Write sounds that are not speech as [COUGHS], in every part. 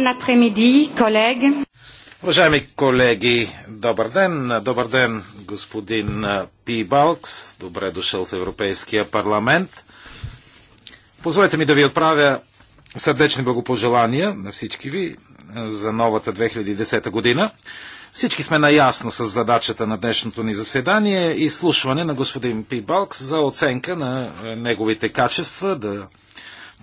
Bon après-midi, колеги. Уважаеми колеги, добър ден. Добър ден, господин Пи Балкс. Добре дошъл в Европейския парламент. Позволете ми да ви отправя сърдечни благопожелания на всички ви за новата 2010 година. Всички сме наясно с задачата на днешното ни заседание и слушване на господин Пи Балкс за оценка на неговите качества, да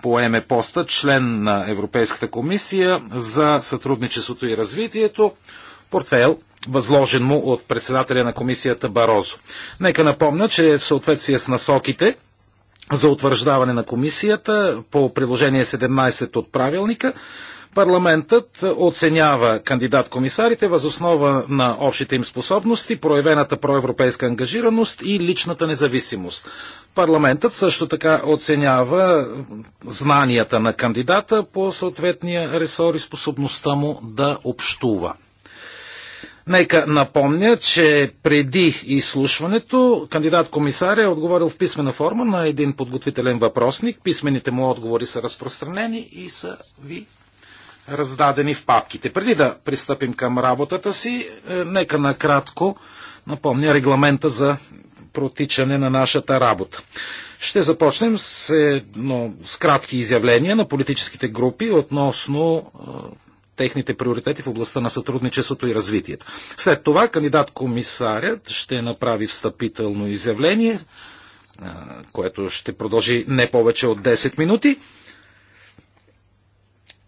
поеме поста член на Европейската комисия за сътрудничеството и развитието, портфейл, възложен му от председателя на комисията Барозо. Нека напомня, че в съответствие с насоките за утвърждаване на комисията по приложение 17 от правилника, Парламентът оценява кандидат-комисарите възоснова на общите им способности, проявената проевропейска ангажираност и личната независимост. Парламентът също така оценява знанията на кандидата по съответния ресор и способността му да общува. Нека напомня, че преди изслушването кандидат-комисаря е отговорил в писмена форма на един подготвителен въпросник. Писмените му отговори са разпространени и са ви раздадени в папките. Преди да пристъпим към работата си, е, нека накратко напомня регламента за протичане на нашата работа. Ще започнем с, едно, с кратки изявления на политическите групи относно е, техните приоритети в областта на сътрудничеството и развитието. След това кандидат-комисарят ще направи встъпително изявление, е, което ще продължи не повече от 10 минути.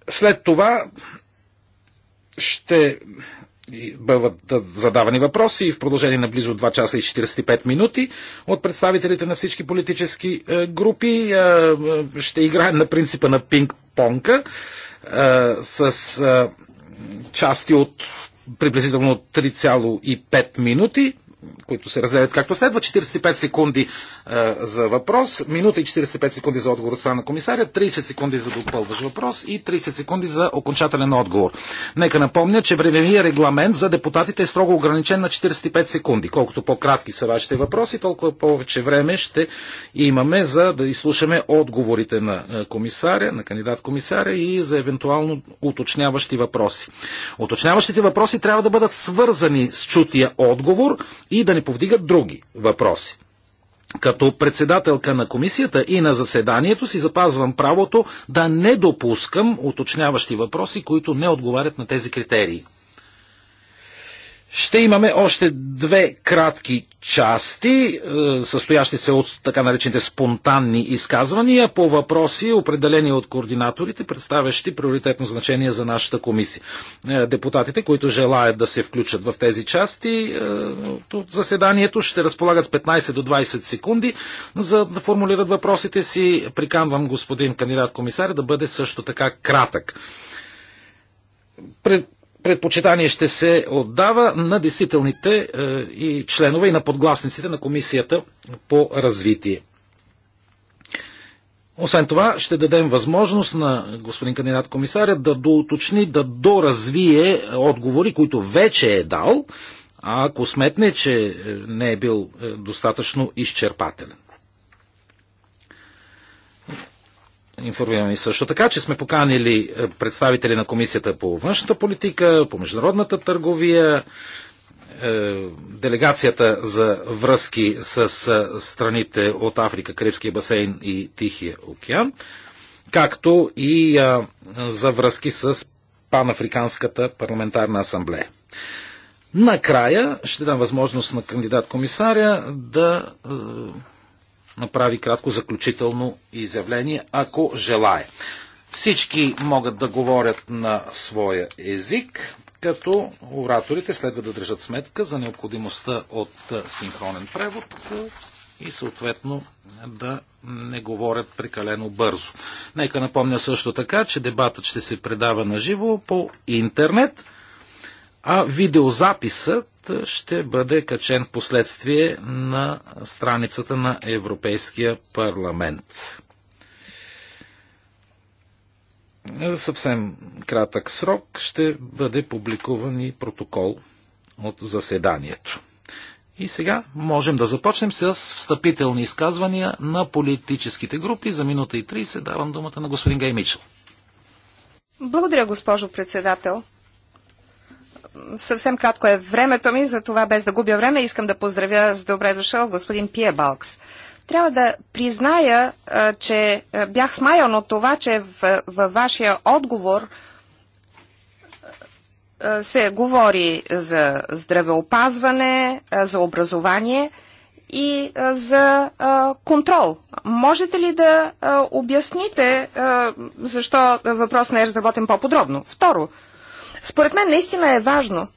След това ще бъдат задавани въпроси в продължение на близо 2 часа и 45 минути от представителите на всички политически е, групи. Е, е, ще играем на принципа на пинг-понка с части от приблизително 3,5 минути които се разделят както следва. 45 секунди а, е, за въпрос, минута и 45 секунди за отговор от страна на комисаря, 30 секунди за допълваш въпрос и 30 секунди за окончателен отговор. Нека напомня, че времевия регламент за депутатите е строго ограничен на 45 секунди. Колкото по-кратки са вашите въпроси, толкова повече време ще имаме за да изслушаме отговорите на е, комисаря, на кандидат комисаря и за евентуално уточняващи въпроси. Уточняващите въпроси трябва да бъдат свързани с чутия отговор и да не повдигат други въпроси. Като председателка на комисията и на заседанието си запазвам правото да не допускам уточняващи въпроси, които не отговарят на тези критерии. Ще имаме още две кратки части, е, състоящи се от така наречените спонтанни изказвания по въпроси, определени от координаторите, представящи приоритетно значение за нашата комисия. Е, депутатите, които желаят да се включат в тези части е, от заседанието, ще разполагат с 15 до 20 секунди, за да формулират въпросите си. Приканвам господин кандидат комисар да бъде също така кратък предпочитание ще се отдава на действителните е, и членове и на подгласниците на Комисията по развитие. Освен това, ще дадем възможност на господин кандидат комисаря да доуточни, да доразвие отговори, които вече е дал, ако сметне, че е, не е бил е, достатъчно изчерпателен. Информираме също така, че сме поканили е, представители на Комисията по външната политика, по международната търговия, е, делегацията за връзки с е, страните от Африка, Карибския басейн и Тихия океан, както и за връзки с Панафриканската парламентарна асамблея. Накрая ще дам възможност на кандидат комисаря да направи кратко заключително изявление, ако желая. Всички могат да говорят на своя език, като ораторите следва да държат сметка за необходимостта от синхронен превод и съответно да не говорят прекалено бързо. Нека напомня също така, че дебатът ще се предава на живо по интернет, а видеозаписът ще бъде качен в последствие на страницата на Европейския парламент. За съвсем кратък срок ще бъде публикуван и протокол от заседанието. И сега можем да започнем с встъпителни изказвания на политическите групи. За минута и 30 давам думата на господин Гаймичел. Благодаря, госпожо председател съвсем кратко е времето ми, за това без да губя време искам да поздравя с добре дошъл господин Пие Балкс. Трябва да призная, че бях смаян от това, че във вашия отговор се говори за здравеопазване, за образование и за контрол. Можете ли да обясните защо въпрос не е разработен по-подробно? Второ, според мен наистина е важно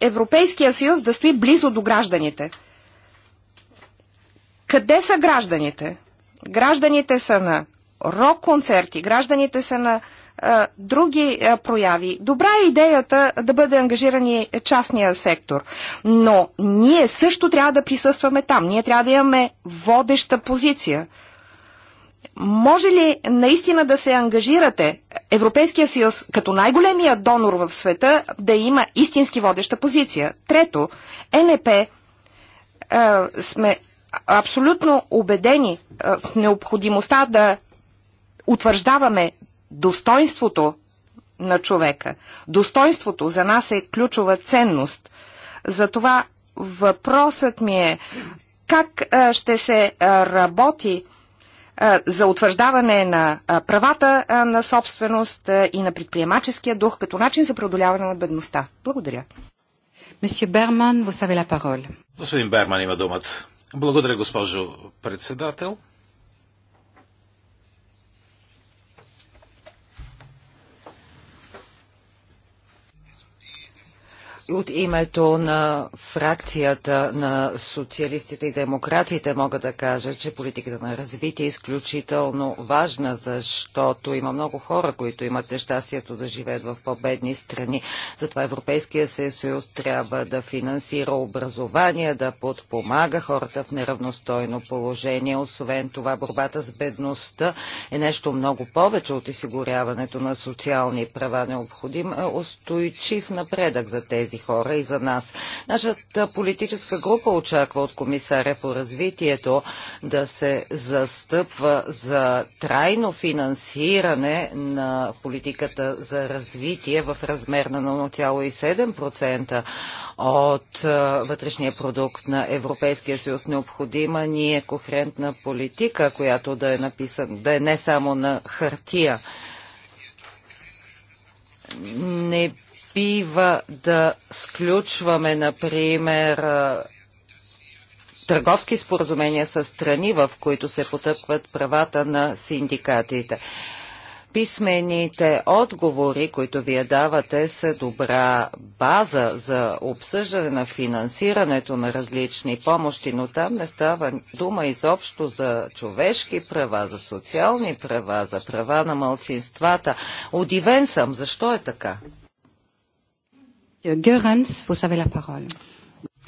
Европейския съюз да стои близо до гражданите. Къде са гражданите? Гражданите са на рок-концерти, гражданите са на а, други а, прояви. Добра е идеята да бъде ангажиран и частния сектор, но ние също трябва да присъстваме там. Ние трябва да имаме водеща позиция – може ли наистина да се ангажирате Европейския съюз като най-големия донор в света да има истински водеща позиция? Трето, НП е, сме абсолютно убедени е, в необходимостта да утвърждаваме достоинството на човека. Достоинството за нас е ключова ценност. Затова въпросът ми е как е, ще се е, работи за утвърждаване на правата на собственост и на предприемаческия дух като начин за преодоляване на бедността. Благодаря. Берман, Господин Берман има думата. Благодаря, госпожо председател. от името на фракцията на социалистите и демократите мога да кажа, че политиката на развитие е изключително важна, защото има много хора, които имат нещастието да живеят в победни страни. Затова Европейския съюз трябва да финансира образование, да подпомага хората в неравностойно положение. Освен това, борбата с бедността е нещо много повече от изсигуряването на социални права. Необходим е устойчив напредък за тези тези хора и за нас. Нашата политическа група очаква от комисаря по развитието да се застъпва за трайно финансиране на политиката за развитие в размер на 0,7% от вътрешния продукт на Европейския съюз. Необходима ни е кохерентна политика, която да е написана, да е не само на хартия. Не бива да сключваме, например, търговски споразумения с страни, в които се потъпват правата на синдикатите. Писмените отговори, които вие давате, са добра база за обсъждане на финансирането на различни помощи, но там не става дума изобщо за човешки права, за социални права, за права на малцинствата. Удивен съм, защо е така? Гюренс, vous avez la parole.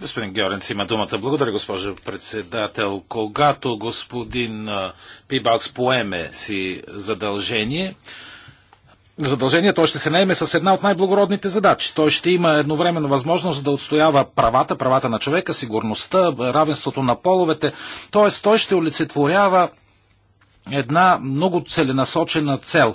Господин Георенц има думата. Благодаря, госпожо председател. Когато господин Пибалкс поеме си задължение, задължението ще се наеме с една от най-благородните задачи. Той ще има едновременно възможност да отстоява правата, правата на човека, сигурността, равенството на половете. Тоест той ще олицетворява една много целенасочена цел.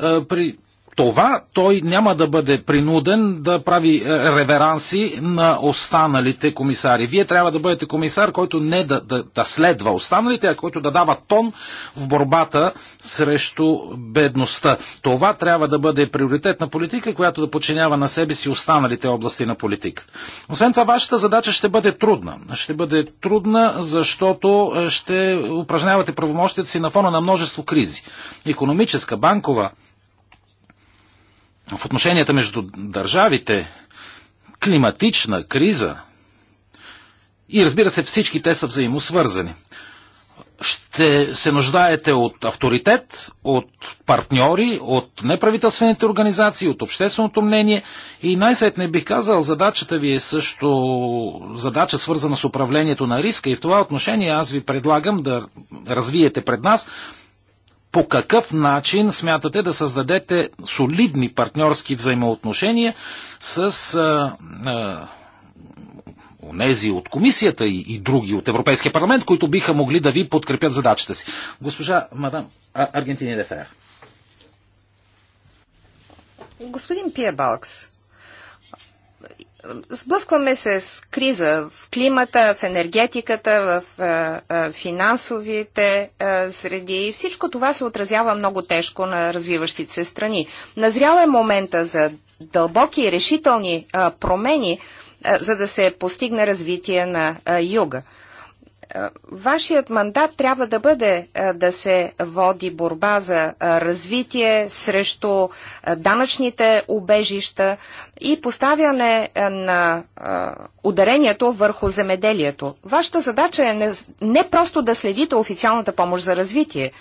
При това той няма да бъде принуден да прави е, реверанси на останалите комисари. Вие трябва да бъдете комисар, който не да, да, да следва останалите, а който да дава тон в борбата срещу бедността. Това трябва да бъде приоритетна политика, която да подчинява на себе си останалите области на политика. Освен това, вашата задача ще бъде трудна. Ще бъде трудна, защото е, ще упражнявате правомощите си на фона на множество кризи. Економическа, банкова, в отношенията между държавите, климатична криза и разбира се всички те са взаимосвързани. Ще се нуждаете от авторитет, от партньори, от неправителствените организации, от общественото мнение и най-сетне бих казал, задачата ви е също задача свързана с управлението на риска и в това отношение аз ви предлагам да развиете пред нас по какъв начин смятате да създадете солидни партньорски взаимоотношения с а, а, онези от комисията и, и други от Европейския парламент, които биха могли да ви подкрепят задачата си. Госпожа мадам Аргентини Дефер. Господин Пия Балкс, Сблъскваме се с криза в климата, в енергетиката, в финансовите среди и всичко това се отразява много тежко на развиващите се страни. Назрял е момента за дълбоки и решителни промени, за да се постигне развитие на юга. Е, вашият мандат трябва да бъде е, да се води борба за е, развитие срещу данъчните убежища и поставяне на ударението върху земеделието. Вашата задача е не, не просто да следите официалната помощ за развитие.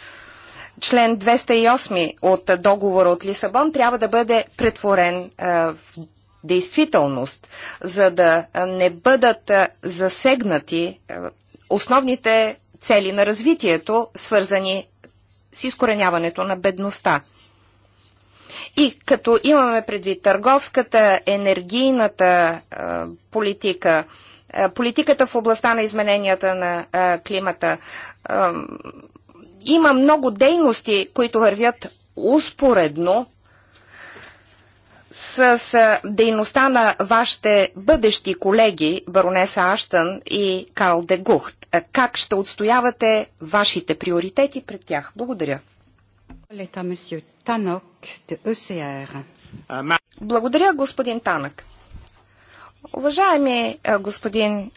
Член 208 от договора от Лисабон трябва да бъде претворен в действителност, за да не бъдат засегнати основните цели на развитието, свързани с изкореняването на бедността. И като имаме предвид търговската, енергийната а, политика, а, политиката в областта на измененията на а, климата, има много дейности, които вървят успоредно с дейността на вашите бъдещи колеги, баронеса Аштън и Карл Де Гухт? Как ще отстоявате вашите приоритети пред тях? Благодаря. E Благодаря, господин Танък. Уважаеми господин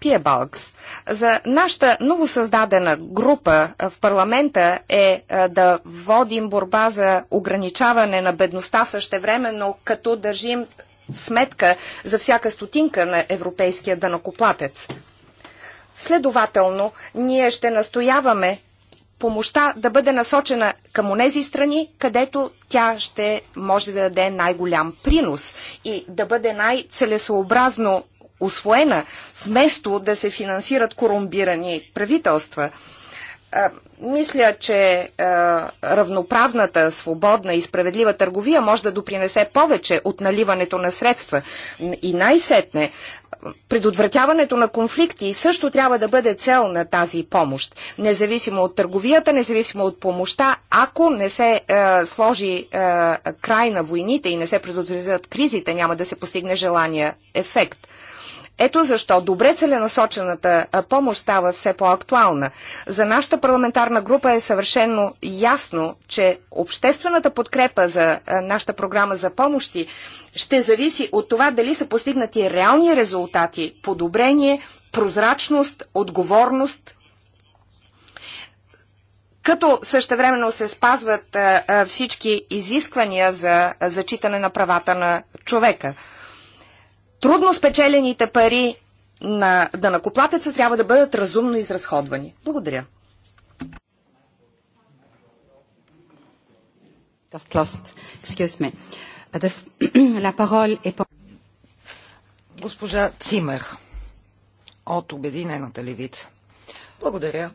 Пиебалкс, за нашата новосъздадена група в парламента е да водим борба за ограничаване на бедността същевременно, като държим сметка за всяка стотинка на европейския данокоплатец. Следователно, ние ще настояваме помощта да бъде насочена към онези страни, където тя ще може да даде най-голям принос и да бъде най-целесообразно освоена, вместо да се финансират корумбирани правителства – мисля, че равноправната, свободна и справедлива търговия може да допринесе повече от наливането на средства. И най-сетне, предотвратяването на конфликти също трябва да бъде цел на тази помощ. Независимо от търговията, независимо от помощта, ако не се е, сложи е, край на войните и не се предотвратят кризите, няма да се постигне желания ефект. Ето защо добре целенасочената помощ става все по-актуална. За нашата парламентарна група е съвършено ясно, че обществената подкрепа за нашата програма за помощи ще зависи от това дали са постигнати реални резултати, подобрение, прозрачност, отговорност, като същевременно се спазват всички изисквания за зачитане на правата на човека – трудно спечелените пари на данакоплатеца трябва да бъдат разумно изразходвани. Благодаря. Uh, [CLEARS THROAT] Госпожа Цимер от Обединената левица. Благодаря.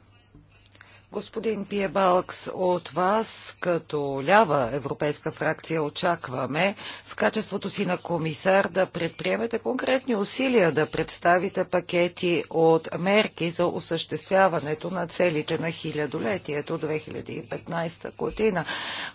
Господин Пиебалкс, от вас като лява европейска фракция очакваме в качеството си на комисар да предприемете конкретни усилия да представите пакети от мерки за осъществяването на целите на хилядолетието 2015 година.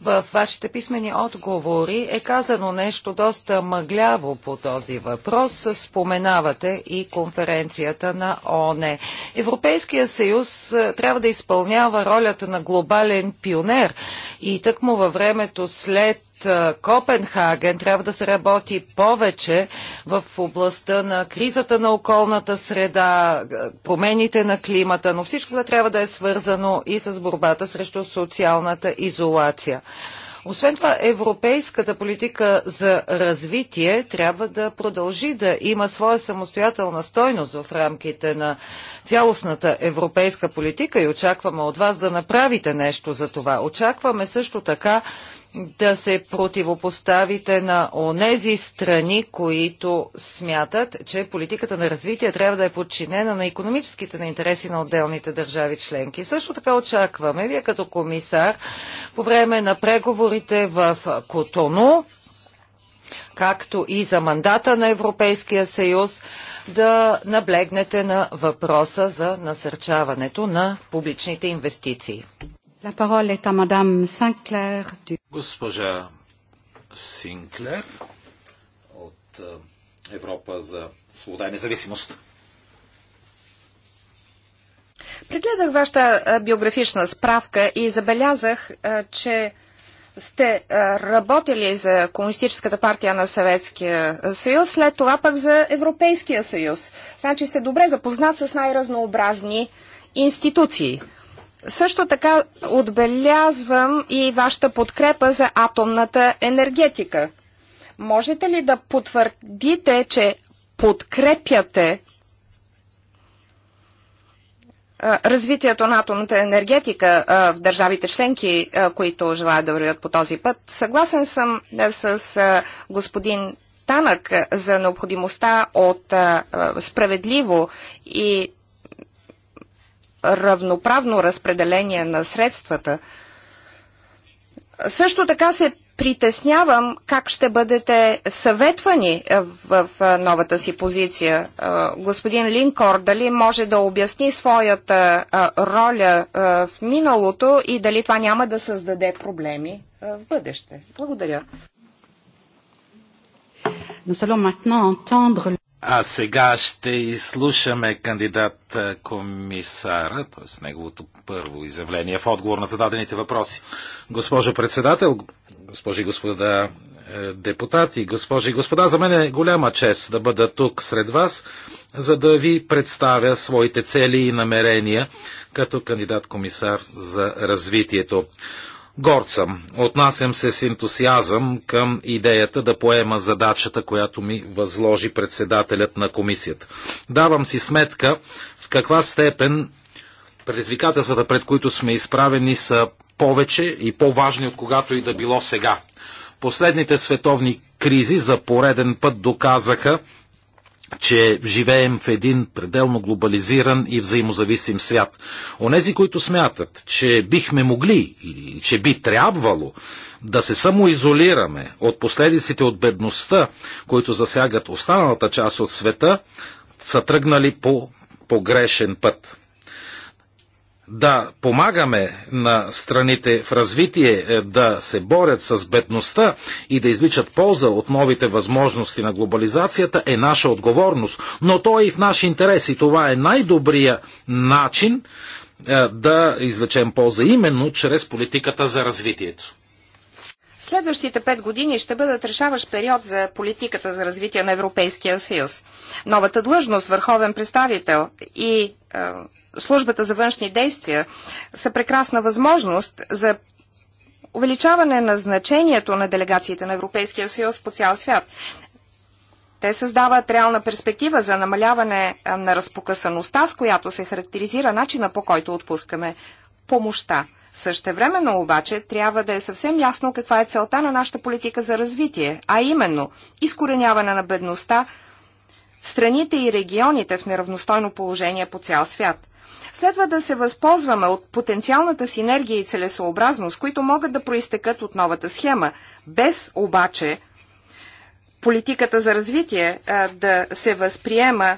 В вашите писмени отговори е казано нещо доста мъгляво по този въпрос. Споменавате и конференцията на ОНЕ. Европейския съюз е, трябва да изпълнява изпълнява ролята на глобален пионер и тъкмо във времето след Копенхаген трябва да се работи повече в областта на кризата на околната среда, промените на климата, но всичко това трябва да е свързано и с борбата срещу социалната изолация. Освен това, европейската политика за развитие трябва да продължи да има своя самостоятелна стойност в рамките на цялостната европейска политика и очакваме от вас да направите нещо за това. Очакваме също така да се противопоставите на онези страни, които смятат, че политиката на развитие трябва да е подчинена на економическите на интереси на отделните държави членки. Също така очакваме, вие като комисар, по време на преговорите в Котону, както и за мандата на Европейския съюз, да наблегнете на въпроса за насърчаването на публичните инвестиции. La parole est à Madame Sinclair. Du... Госпожа Синклер от е, Европа за свобода и независимост. Прегледах вашата е, биографична справка и забелязах, е, че сте работили за Комунистическата партия на Съветския съюз, след това пък за Европейския съюз. Значи сте добре запознат с най-разнообразни институции. Също така отбелязвам и вашата подкрепа за атомната енергетика. Можете ли да потвърдите, че подкрепяте развитието на атомната енергетика в държавите членки, които желаят да вървят по този път. Съгласен съм с господин Танък за необходимостта от справедливо и равноправно разпределение на средствата. Също така се притеснявам как ще бъдете съветвани в, новата си позиция. Господин Линкор, дали може да обясни своята роля в миналото и дали това няма да създаде проблеми в бъдеще? Благодаря. А сега ще изслушаме кандидат комисара, т.е. неговото първо изявление в отговор на зададените въпроси. Госпожо председател, госпожи и господа е, депутати, госпожи и господа, за мен е голяма чест да бъда тук сред вас, за да ви представя своите цели и намерения като кандидат комисар за развитието. Горд съм. Отнасям се с ентусиазъм към идеята да поема задачата, която ми възложи председателят на комисията. Давам си сметка в каква степен предизвикателствата, пред които сме изправени, са повече и по-важни от когато и да било сега. Последните световни кризи за пореден път доказаха, че живеем в един пределно глобализиран и взаимозависим свят. Онези, които смятат, че бихме могли или че би трябвало да се самоизолираме от последиците от бедността, които засягат останалата част от света, са тръгнали по погрешен път да помагаме на страните в развитие е, да се борят с бедността и да изличат полза от новите възможности на глобализацията е наша отговорност. Но то е и в наш интерес и това е най-добрия начин е, да извлечем полза именно чрез политиката за развитието. Следващите пет години ще бъдат решаващ период за политиката за развитие на Европейския съюз. Новата длъжност, върховен представител и е, службата за външни действия са прекрасна възможност за увеличаване на значението на делегациите на Европейския съюз по цял свят. Те създават реална перспектива за намаляване на разпокъсаността, с която се характеризира начина по който отпускаме помощта. Същевременно обаче трябва да е съвсем ясно каква е целта на нашата политика за развитие, а именно изкореняване на бедността в страните и регионите в неравностойно положение по цял свят. Следва да се възползваме от потенциалната синергия и целесообразност, които могат да проистекат от новата схема, без обаче политиката за развитие да се възприема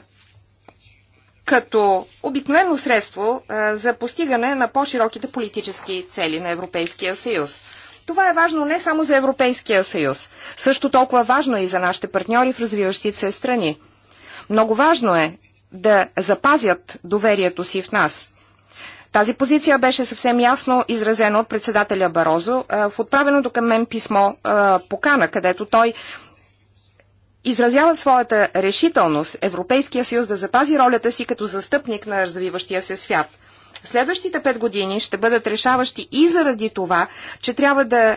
като обикновено средство за постигане на по-широките политически цели на Европейския съюз. Това е важно не само за Европейския съюз, също толкова важно и за нашите партньори в развиващите се страни. Много важно е да запазят доверието си в нас. Тази позиция беше съвсем ясно изразена от председателя Барозо в отправеното към мен писмо покана, където той изразява своята решителност Европейския съюз да запази ролята си като застъпник на развиващия се свят. Следващите пет години ще бъдат решаващи и заради това, че трябва да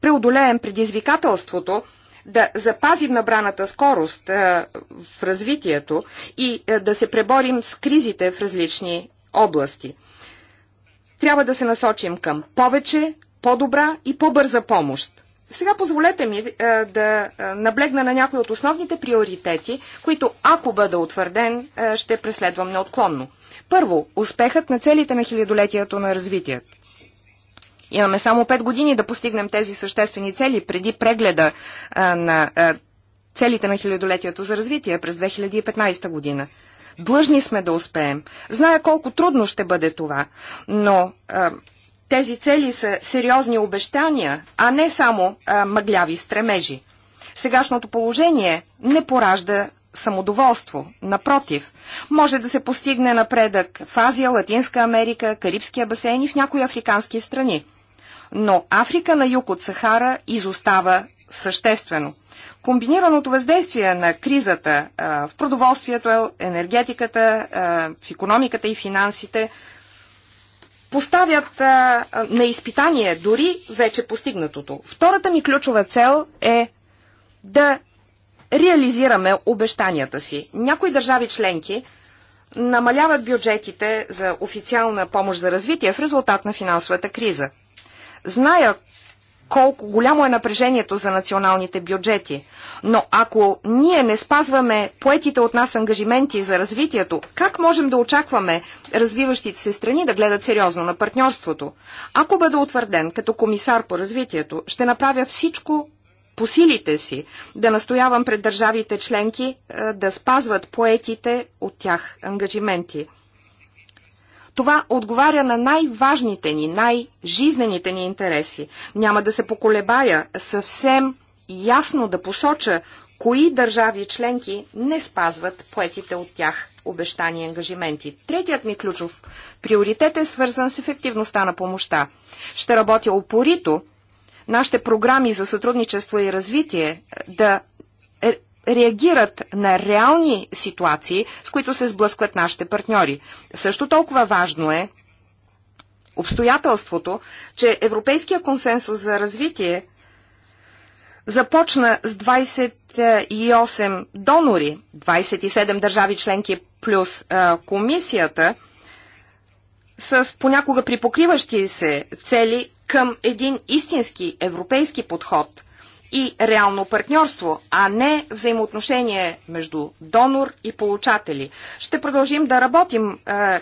преодолеем предизвикателството да запазим набраната скорост в развитието и да се преборим с кризите в различни области. Трябва да се насочим към повече, по-добра и по-бърза помощ. Сега позволете ми да наблегна на някои от основните приоритети, които ако бъда утвърден, ще преследвам неотклонно. Първо, успехът на целите на хилядолетието на развитието. Имаме само 5 години да постигнем тези съществени цели преди прегледа а, на а, целите на хилядолетието за развитие през 2015 година. Длъжни сме да успеем. Зная колко трудно ще бъде това, но а, тези цели са сериозни обещания, а не само а, мъгляви стремежи. Сегашното положение не поражда самодоволство. Напротив, може да се постигне напредък в Азия, Латинска Америка, Карибския басейн и в някои африкански страни но Африка на юг от Сахара изостава съществено. Комбинираното въздействие на кризата а, в продоволствието, енергетиката, а, в економиката и финансите поставят а, на изпитание дори вече постигнатото. Втората ми ключова цел е да реализираме обещанията си. Някои държави членки намаляват бюджетите за официална помощ за развитие в резултат на финансовата криза. Зная колко голямо е напрежението за националните бюджети. Но ако ние не спазваме поетите от нас ангажименти за развитието, как можем да очакваме развиващите се страни да гледат сериозно на партньорството? Ако бъда утвърден като комисар по развитието, ще направя всичко по силите си да настоявам пред държавите членки е, да спазват поетите от тях ангажименти. Това отговаря на най-важните ни, най-жизнените ни интереси. Няма да се поколебая съвсем ясно да посоча кои държави членки не спазват поетите от тях обещани и ангажименти. Третият ми ключов приоритет е свързан с ефективността на помощта. Ще работя опорито нашите програми за сътрудничество и развитие е, да реагират на реални ситуации, с които се сблъскват нашите партньори. Също толкова важно е обстоятелството, че Европейския консенсус за развитие започна с 28 донори, 27 държави членки плюс а, комисията, с понякога припокриващи се цели към един истински европейски подход и реално партньорство, а не взаимоотношение между донор и получатели. Ще продължим да работим е,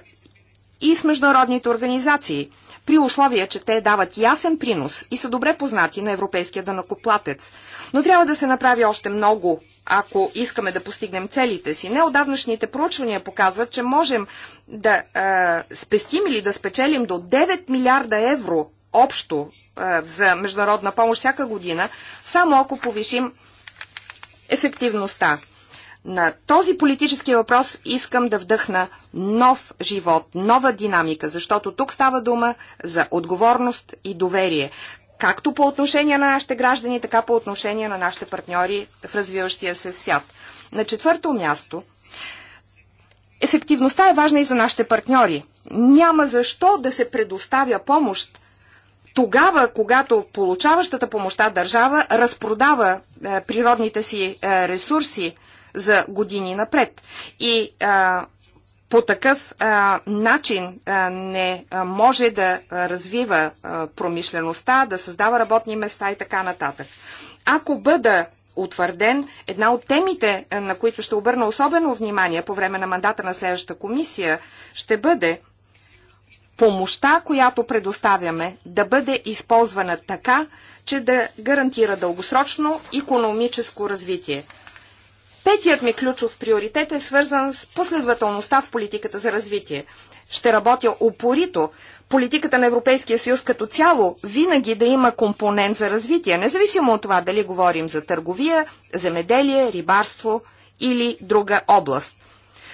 и с международните организации, при условие, че те дават ясен принос и са добре познати на европейския данакоплатец. Но трябва да се направи още много, ако искаме да постигнем целите си. Неодавнашните проучвания показват, че можем да е, спестим или да спечелим до 9 милиарда евро общо за международна помощ всяка година, само ако повишим ефективността. На този политически въпрос искам да вдъхна нов живот, нова динамика, защото тук става дума за отговорност и доверие. Както по отношение на нашите граждани, така по отношение на нашите партньори в развиващия се свят. На четвърто място, ефективността е важна и за нашите партньори. Няма защо да се предоставя помощ тогава, когато получаващата помощта държава разпродава е, природните си е, ресурси за години напред. И е, по такъв а, начин а, не а, може да развива а, промишлеността, да създава работни места и така нататък. Ако бъда утвърден, една от темите, на които ще обърна особено внимание по време на мандата на следващата комисия, ще бъде помощта, която предоставяме, да бъде използвана така, че да гарантира дългосрочно економическо развитие. Петият ми ключов приоритет е свързан с последователността в политиката за развитие. Ще работя упорито политиката на Европейския съюз като цяло винаги да има компонент за развитие, независимо от това дали говорим за търговия, земеделие, рибарство или друга област.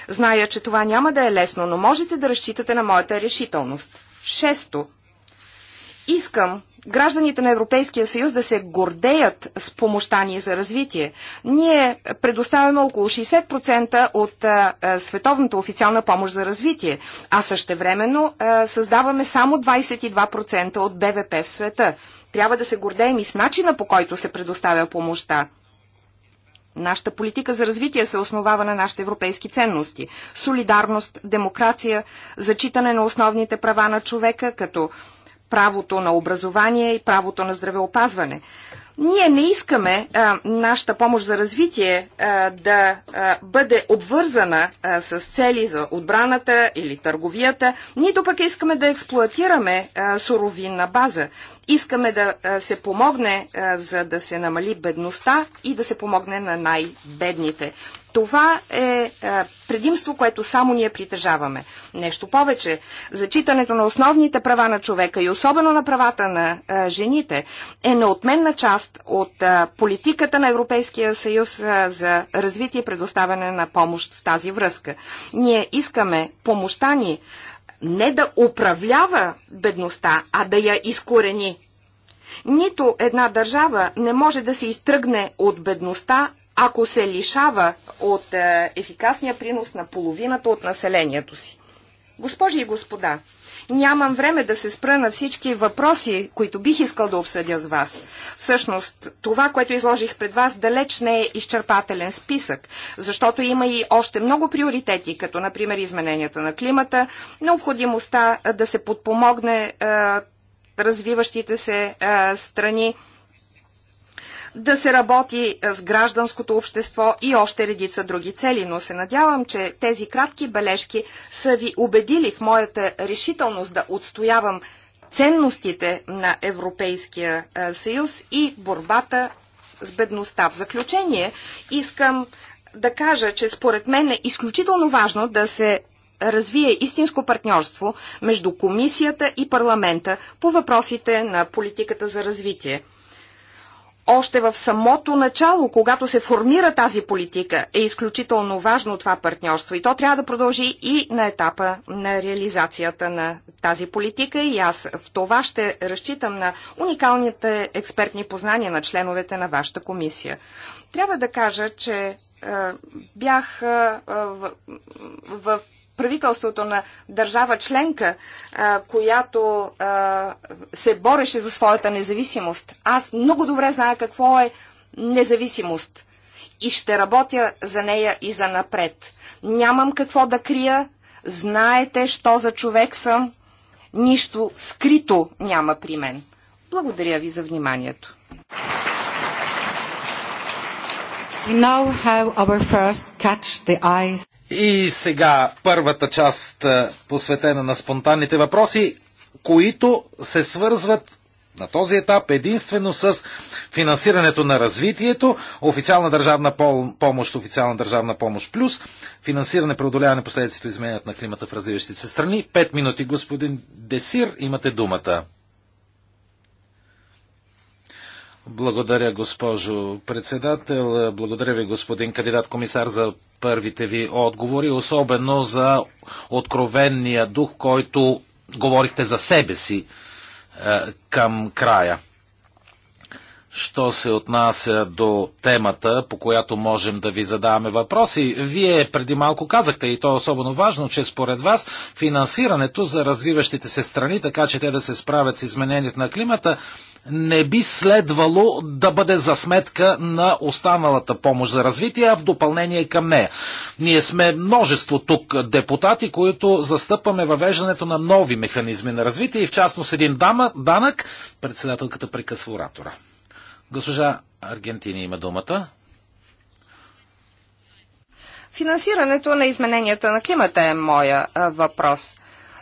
Зная, че това няма да е лесно, но можете да разчитате на моята решителност. Шесто. Искам гражданите на Европейския съюз да се гордеят с помощта ни за развитие. Ние предоставяме около 60% от а, а, световната официална помощ за развитие, а същевременно а, създаваме само 22% от БВП в света. Трябва да се гордеем и с начина по който се предоставя помощта. Нашата политика за развитие се основава на нашите европейски ценности. Солидарност, демокрация, зачитане на основните права на човека, като правото на образование и правото на здравеопазване. Ние не искаме а, нашата помощ за развитие а, да а, бъде обвързана а, с цели за отбраната или търговията, нито пък искаме да експлуатираме а, суровинна база. Искаме да а, се помогне а, за да се намали бедността и да се помогне на най-бедните. Това е, е предимство, което само ние притежаваме. Нещо повече, зачитането на основните права на човека и особено на правата на е, жените е неотменна част от е, политиката на Европейския съюз за развитие и предоставяне на помощ в тази връзка. Ние искаме помощта ни не да управлява бедността, а да я изкорени. Нито една държава не може да се изтръгне от бедността ако се лишава от е, ефикасния принос на половината от населението си. Госпожи и господа, нямам време да се спра на всички въпроси, които бих искал да обсъдя с вас. Всъщност, това, което изложих пред вас, далеч не е изчерпателен списък, защото има и още много приоритети, като например измененията на климата, необходимостта да се подпомогне е, развиващите се е, страни, да се работи е, с гражданското общество и още редица други цели, но се надявам, че тези кратки бележки са ви убедили в моята решителност да отстоявам ценностите на Европейския е, съюз и борбата с бедността. В заключение искам да кажа, че според мен е изключително важно да се развие истинско партньорство между комисията и парламента по въпросите на политиката за развитие още в самото начало, когато се формира тази политика, е изключително важно това партньорство и то трябва да продължи и на етапа на реализацията на тази политика и аз в това ще разчитам на уникалните експертни познания на членовете на вашата комисия. Трябва да кажа, че е, бях е, в, в правителството на държава членка, която се бореше за своята независимост. Аз много добре зная какво е независимост и ще работя за нея и за напред. Нямам какво да крия, знаете, що за човек съм, нищо скрито няма при мен. Благодаря ви за вниманието. We now have our first catch the eyes. И сега първата част е, посветена на спонтанните въпроси, които се свързват на този етап единствено с финансирането на развитието, официална държавна помощ, официална държавна помощ плюс, финансиране, преодоляване последиците изменят на климата в развиващите се страни. Пет минути, господин Десир, имате думата. Благодаря, госпожо председател. Благодаря ви, господин кандидат комисар, за първите ви отговори, особено за откровения дух, който говорихте за себе си е, към края що се отнася до темата, по която можем да ви задаваме въпроси. Вие преди малко казахте, и то е особено важно, че според вас финансирането за развиващите се страни, така че те да се справят с изменението на климата, не би следвало да бъде за сметка на останалата помощ за развитие, а в допълнение към нея. Ние сме множество тук депутати, които застъпваме въвеждането на нови механизми на развитие и в частност един дама, данък, председателката прекъсва оратора. Госпожа Аргентини има думата. Финансирането на измененията на климата е моя въпрос.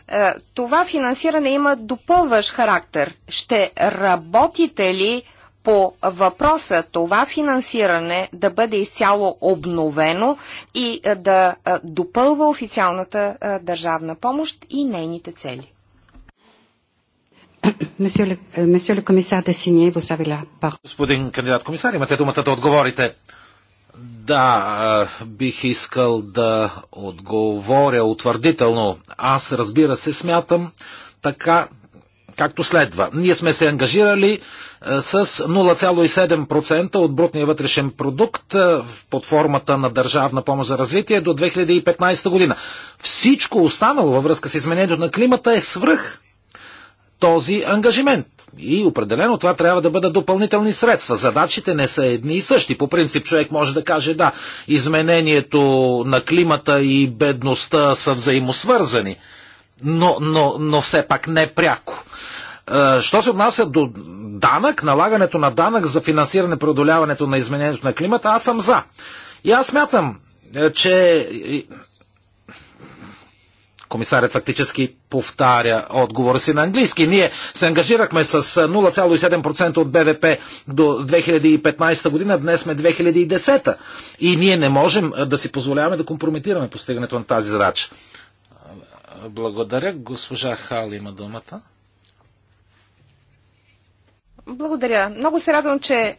Е, това финансиране има допълващ характер. Ще работите ли по въпроса това финансиране да бъде изцяло обновено и да допълва официалната държавна помощ и нейните цели? [COUGHS] Euh, Господин кандидат комисар, имате думата да отговорите. Да, бих искал да отговоря утвърдително. Аз, разбира се, смятам така, както следва. Ние сме се ангажирали с 0,7% от брутния вътрешен продукт под формата на държавна помощ за развитие до 2015 година. Всичко останало във връзка с изменението на климата е свръх този ангажимент. И определено това трябва да бъдат допълнителни средства. Задачите не са едни и същи. По принцип човек може да каже да, изменението на климата и бедността са взаимосвързани, но, но, но все пак не пряко. Е, що се отнася до данък, налагането на данък за финансиране преодоляването на изменението на климата, аз съм за. И аз смятам, е, че Комисарят фактически повтаря отговора си на английски. Ние се ангажирахме с 0,7% от БВП до 2015 година, днес сме 2010. И ние не можем да си позволяваме да компрометираме постигането на тази задача. Благодаря. Госпожа Хал има думата. Благодаря. Много се радвам, че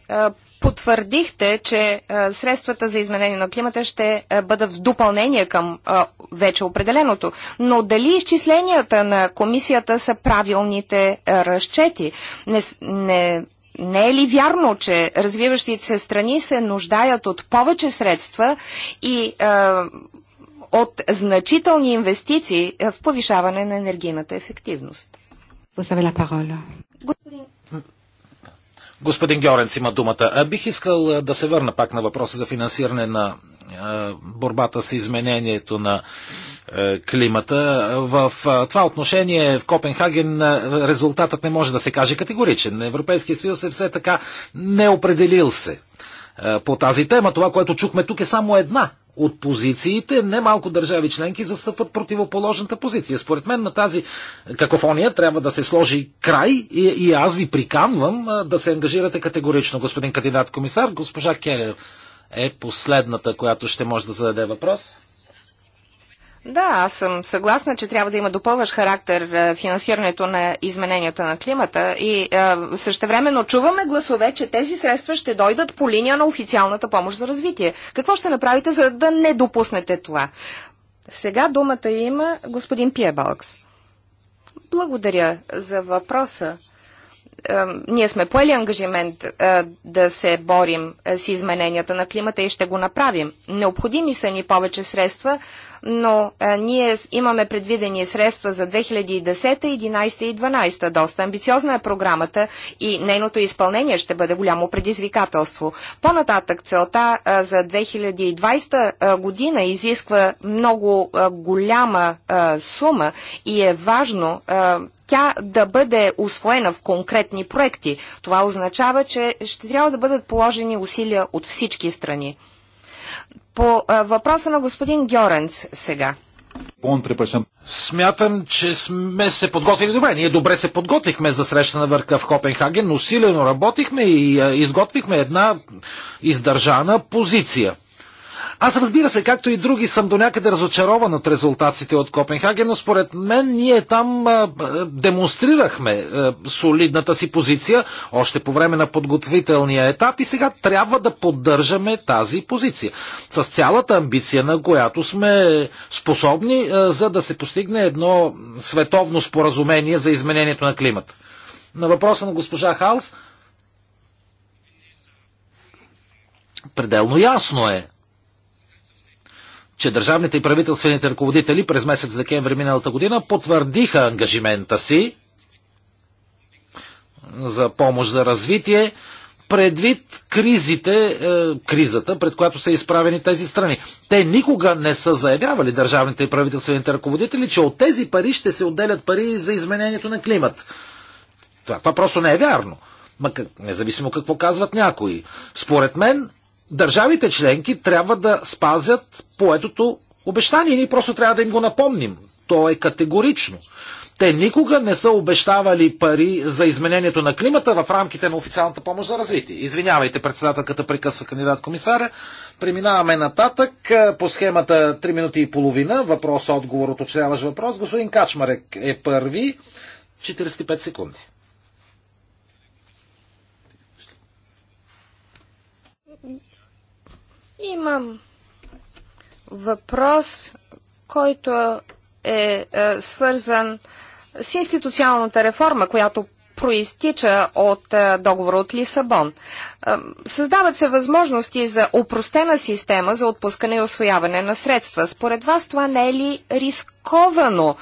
потвърдихте, че е, средствата за изменение на климата ще е, бъдат в допълнение към е, вече определеното. Но дали изчисленията на комисията са правилните разчети? Не, не, не е ли вярно, че развиващите се страни се нуждаят от повече средства и е, от значителни инвестиции в повишаване на енергийната ефективност? Господин Господин Георенц има думата. Бих искал да се върна пак на въпроса за финансиране на борбата с изменението на климата. В това отношение в Копенхаген резултатът не може да се каже категоричен. Европейския съюз е все така неопределил се по тази тема. Това, което чухме тук е само една от позициите, немалко държави членки застъпват противоположната позиция. Според мен на тази какофония трябва да се сложи край и, и аз ви приканвам да се ангажирате категорично, господин кандидат комисар. Госпожа Келер е последната, която ще може да зададе въпрос. Да, аз съм съгласна, че трябва да има допълващ характер е, финансирането на измененията на климата и е, същевременно чуваме гласове, че тези средства ще дойдат по линия на официалната помощ за развитие. Какво ще направите, за да не допуснете това? Сега думата има господин Пиебалкс. Благодаря за въпроса. Е, ние сме поели ангажимент е, да се борим с измененията на климата и ще го направим. Необходими са ни повече средства, но а, е, ние имаме предвидени средства за 2010, 2011 и 2012. Доста амбициозна е програмата и нейното изпълнение ще бъде голямо предизвикателство. По-нататък целта а, е, за 2020 а, е, година изисква много а, голяма а, сума и е важно а, тя да бъде освоена в конкретни проекти. Това означава, че ще трябва да бъдат положени усилия от всички страни. По а, въпроса на господин Гьоренц сега. Смятам, че сме се подготвили добре. Ние добре се подготвихме за среща на върха в Копенхаген, но усилено работихме и изготвихме една издържана позиция. Аз разбира се, както и други, съм до някъде разочарован от резултатите от Копенхаген, но според мен ние там демонстрирахме солидната си позиция още по време на подготвителния етап и сега трябва да поддържаме тази позиция. С цялата амбиция, на която сме способни, за да се постигне едно световно споразумение за изменението на климата. На въпроса на госпожа Халс, пределно ясно е, че държавните и правителствените ръководители през месец декември миналата година потвърдиха ангажимента си за помощ за развитие предвид кризите, е, кризата, пред която са изправени тези страни. Те никога не са заявявали държавните и правителствените ръководители, че от тези пари ще се отделят пари за изменението на климат. Това, това просто не е вярно. Ма, независимо какво казват някои. Според мен, държавите членки трябва да спазят поетото обещание. Ние просто трябва да им го напомним. То е категорично. Те никога не са обещавали пари за изменението на климата в рамките на официалната помощ за развитие. Извинявайте, председателката прекъсва кандидат комисаря. Преминаваме нататък по схемата 3 минути и половина. Въпрос, отговор, уточняваш въпрос. Господин Качмарек е първи. 45 секунди. Имам въпрос, който е, е свързан с институционалната реформа, която проистича от е, договора от Лисабон. Е, създават се възможности за упростена система за отпускане и освояване на средства. Според вас това не е ли рисковано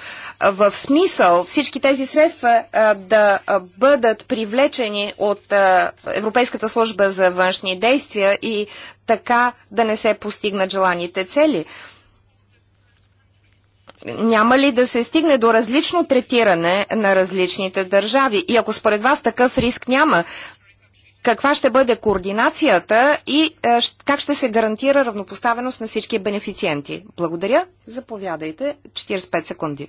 в смисъл всички тези средства е, да бъдат привлечени от Европейската служба за външни действия и така да не се постигнат желаните цели? няма ли да се стигне до различно третиране на различните държави? И ако според вас такъв риск няма, каква ще бъде координацията и е, как ще се гарантира равнопоставеност на всички бенефициенти? Благодаря. Заповядайте. 45 секунди.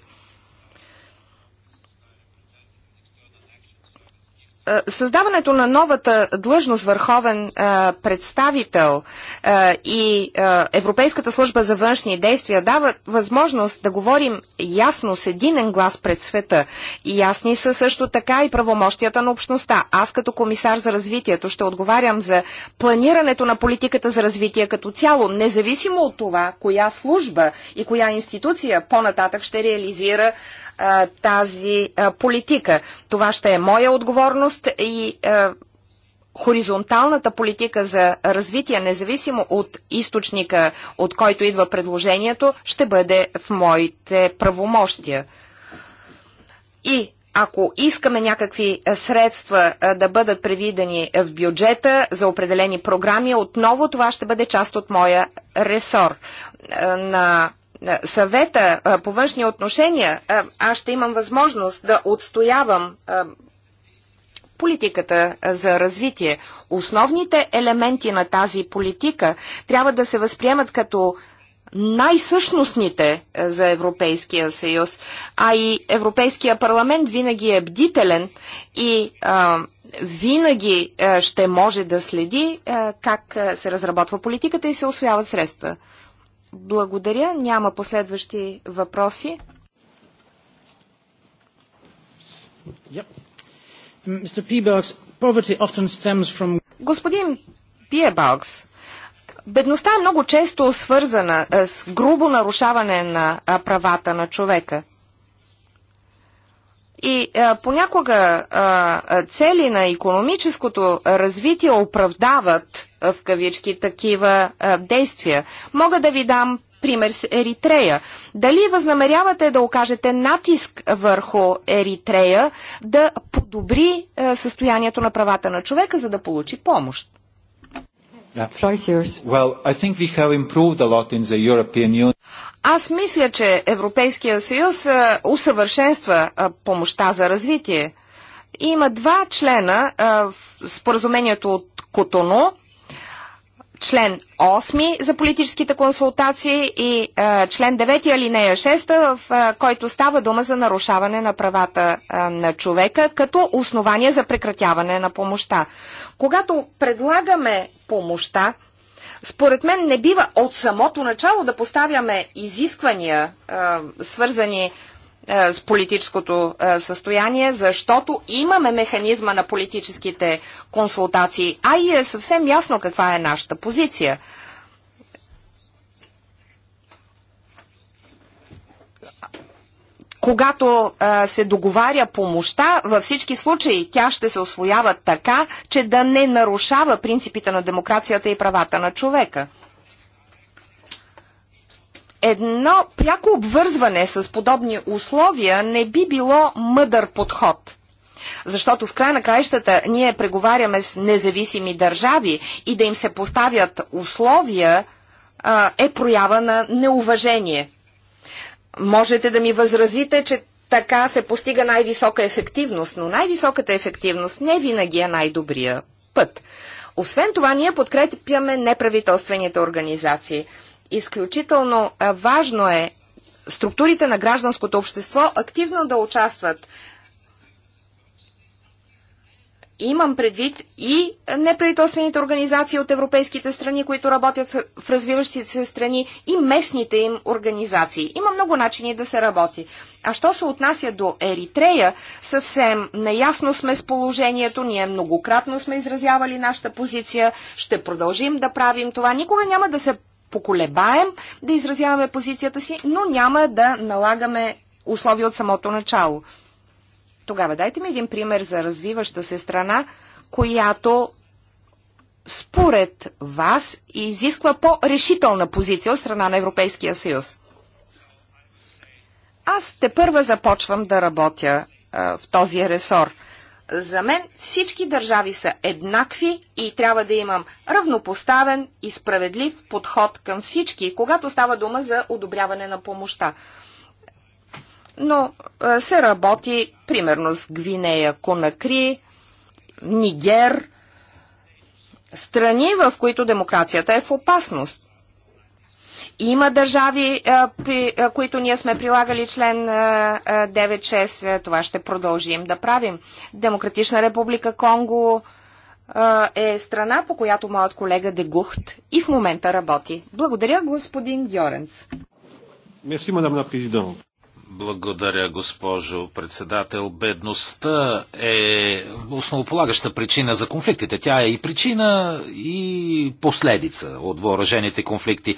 Е, създаването на новата длъжност върховен а, е, представител а, е, и а, Европейската служба за външни действия дава възможност да говорим ясно с единен глас пред света. И ясни са също така и правомощията на общността. Аз като комисар за развитието ще отговарям за планирането на политиката за развитие като цяло, независимо от това коя служба и коя институция по-нататък ще реализира а, тази а, политика. Това ще е моя отговорност и а, хоризонталната политика за развитие, независимо от източника, от който идва предложението, ще бъде в моите правомощия. И ако искаме някакви средства да бъдат предвидени в бюджета за определени програми, отново това ще бъде част от моя ресор. На е, съвета е, по външни отношения е, аз ще имам възможност да отстоявам политиката за развитие. Основните елементи на тази политика трябва да се възприемат като най-същностните за Европейския съюз, а и Европейския парламент винаги е бдителен и а, винаги а, ще може да следи а, как се разработва политиката и се освояват средства. Благодаря. Няма последващи въпроси. Господин Пиебалкс, бедността е много често свързана е, с грубо нарушаване на правата на човека. И понякога цели на економическото развитие оправдават в кавички такива а, действия. Мога да ви дам пример с Еритрея. Дали възнамерявате да окажете натиск върху Еритрея да подобри а, състоянието на правата на човека, за да получи помощ? Аз мисля, че Европейския съюз усъвършенства помощта за развитие. Има два члена в споразумението от Котоно, член 8 за политическите консултации и а, е, член 9 алинея 6, в а, е, който става дума за нарушаване на правата а, е, на човека като основание за прекратяване на помощта. Когато предлагаме помощта, според мен не бива от самото начало да поставяме изисквания, а, свързани е, с политическото е, състояние, защото имаме механизма на политическите консултации, а и е съвсем ясно каква е нашата позиция. Когато е, се договаря помощта, във всички случаи тя ще се освоява така, че да не нарушава принципите на демокрацията и правата на човека. Едно пряко обвързване с подобни условия не би било мъдър подход. Защото в край на краищата ние преговаряме с независими държави и да им се поставят условия а, е проява на неуважение. Можете да ми възразите, че така се постига най-висока ефективност, но най-високата ефективност не винаги е най-добрия път. Освен това, ние подкрепяме неправителствените организации. Изключително важно е структурите на гражданското общество активно да участват. Имам предвид и неправителствените организации от европейските страни, които работят в развиващите се страни и местните им организации. Има много начини да се работи. А що се отнася до Еритрея, съвсем наясно сме с положението, ние многократно сме изразявали нашата позиция, ще продължим да правим това. Никога няма да се поколебаем да изразяваме позицията си, но няма да налагаме условия от самото начало. Тогава дайте ми един пример за развиваща се страна, която според вас изисква по-решителна позиция от страна на Европейския съюз. Аз те първа започвам да работя а, в този ресор – за мен всички държави са еднакви и трябва да имам равнопоставен и справедлив подход към всички, когато става дума за одобряване на помощта. Но се работи примерно с Гвинея, Конакри, Нигер, страни, в които демокрацията е в опасност. Има държави, при които ние сме прилагали член 9-6, Това ще продължим да правим. Демократична република Конго е страна, по която моят колега Дегухт и в момента работи. Благодаря, господин Гьоренц. Мерси, мадам на президент. Благодаря, госпожо председател. Бедността е основополагаща причина за конфликтите. Тя е и причина, и последица от въоръжените конфликти.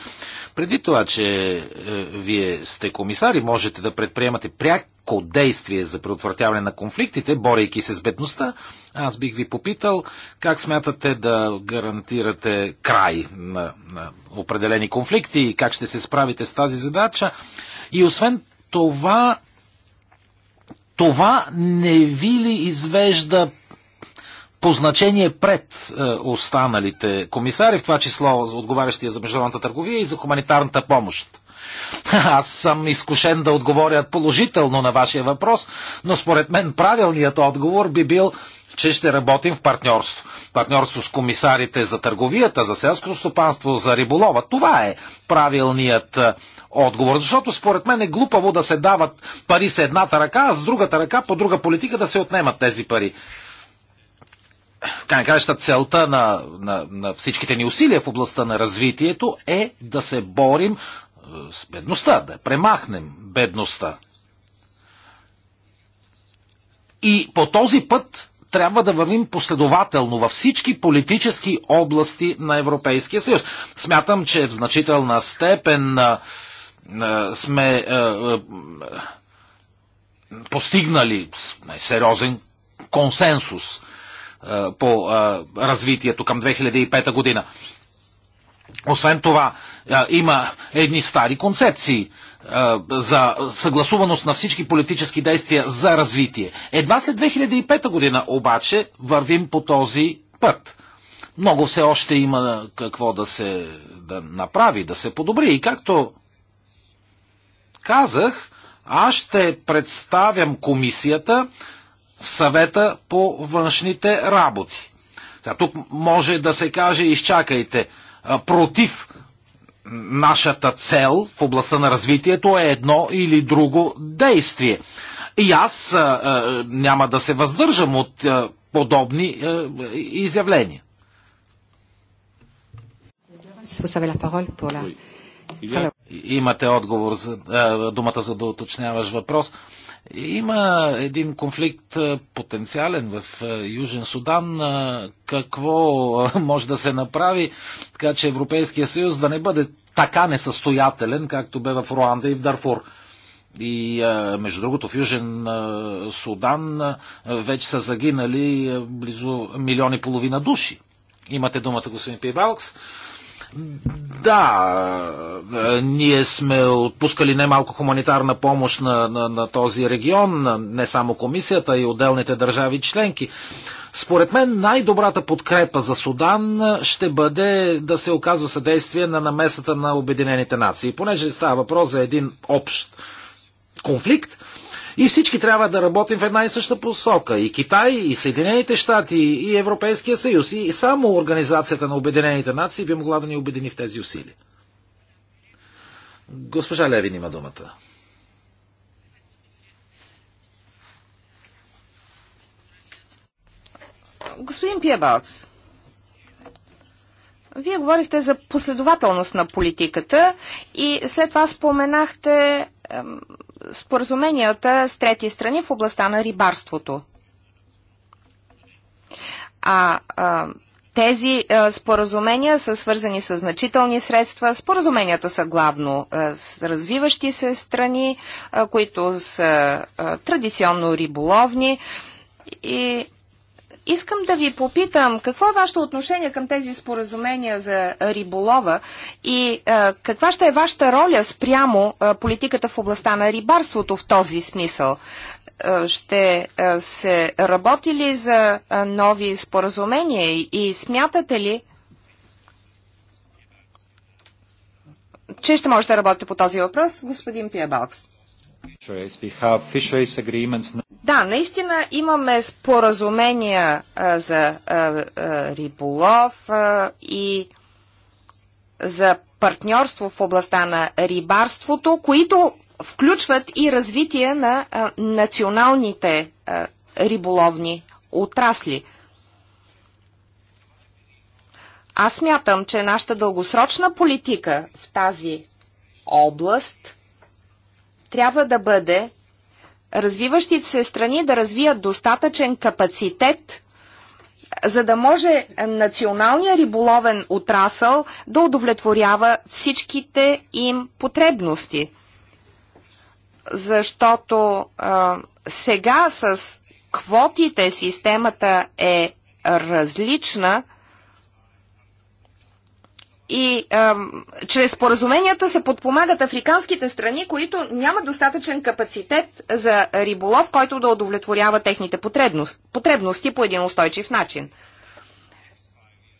Преди това, че е, вие сте комисари, можете да предприемате пряко действие за предотвратяване на конфликтите, борейки се с бедността. Аз бих ви попитал как смятате да гарантирате край на, на определени конфликти и как ще се справите с тази задача. И освен това, това не ви ли извежда по значение пред е, останалите комисари, в това число за отговарящия за международната търговия и за хуманитарната помощ? [LAUGHS] Аз съм изкушен да отговоря положително на вашия въпрос, но според мен правилният отговор би бил, че ще работим в партньорство. Партньорство с комисарите за търговията, за селското стопанство, за риболова. Това е правилният е, отговор. Защото според мен е глупаво да се дават пари с едната ръка, а с другата ръка по друга политика да се отнемат тези пари. Как кажа, целта на, на, на всичките ни усилия в областта на развитието е да се борим е, с бедността, да премахнем бедността. И по този път трябва да вървим последователно във всички политически области на Европейския съюз. Смятам, че в значителна степен е, сме постигнали сериозен консенсус по развитието към 2005 година. Освен това, има едни стари концепции за съгласуваност на всички политически действия за развитие. Едва след 2005 година обаче вървим по този път. Много все още има какво да се да направи, да се подобри. И както казах, аз ще представям комисията в съвета по външните работи. Сега, тук може да се каже, изчакайте, против нашата цел в областта на развитието е едно или друго действие. И аз а, а, няма да се въздържам от а, подобни а, изявления. Oui. Имате отговор за думата за да уточняваш въпрос. Има един конфликт потенциален в Южен Судан. Какво може да се направи, така че Европейския съюз да не бъде така несъстоятелен, както бе в Руанда и в Дарфур? И между другото в Южен Судан вече са загинали близо милиони и половина души. Имате думата, господин Пейбалкс. Да, е, ние сме отпускали немалко хуманитарна помощ на, на, на този регион, не само комисията и отделните държави членки. Според мен най-добрата подкрепа за Судан ще бъде да се оказва съдействие на намесата на Обединените нации. Понеже става въпрос за един общ конфликт, и всички трябва да работим в една и съща посока. И Китай, и Съединените щати, и Европейския съюз. И само Организацията на Обединените нации би могла да ни обедини в тези усилия. Госпожа Левин има думата. Господин Пиебалкс, вие говорихте за последователност на политиката и след това споменахте споразуменията с трети страни в областта на рибарството. А, а тези а, споразумения са свързани с значителни средства. Споразуменията са главно а, с развиващи се страни, а, които са а, традиционно риболовни и Искам да ви попитам какво е вашето отношение към тези споразумения за риболова и а, каква ще е вашата роля спрямо а, политиката в областта на рибарството в този смисъл? ще се работи ли за нови споразумения и смятате ли, че ще можете да работите по този въпрос, господин Пиебалкс? Да, наистина имаме споразумения а, за а, а, риболов а, и за партньорство в областта на рибарството, които включват и развитие на а, националните а, риболовни отрасли. Аз мятам, че нашата дългосрочна политика в тази област – трябва да бъде развиващите се страни да развият достатъчен капацитет, за да може националния риболовен отрасъл да удовлетворява всичките им потребности. Защото а, сега с квотите системата е различна и а, чрез споразуменията се подпомагат африканските страни, които нямат достатъчен капацитет за риболов, който да удовлетворява техните потребности по един устойчив начин.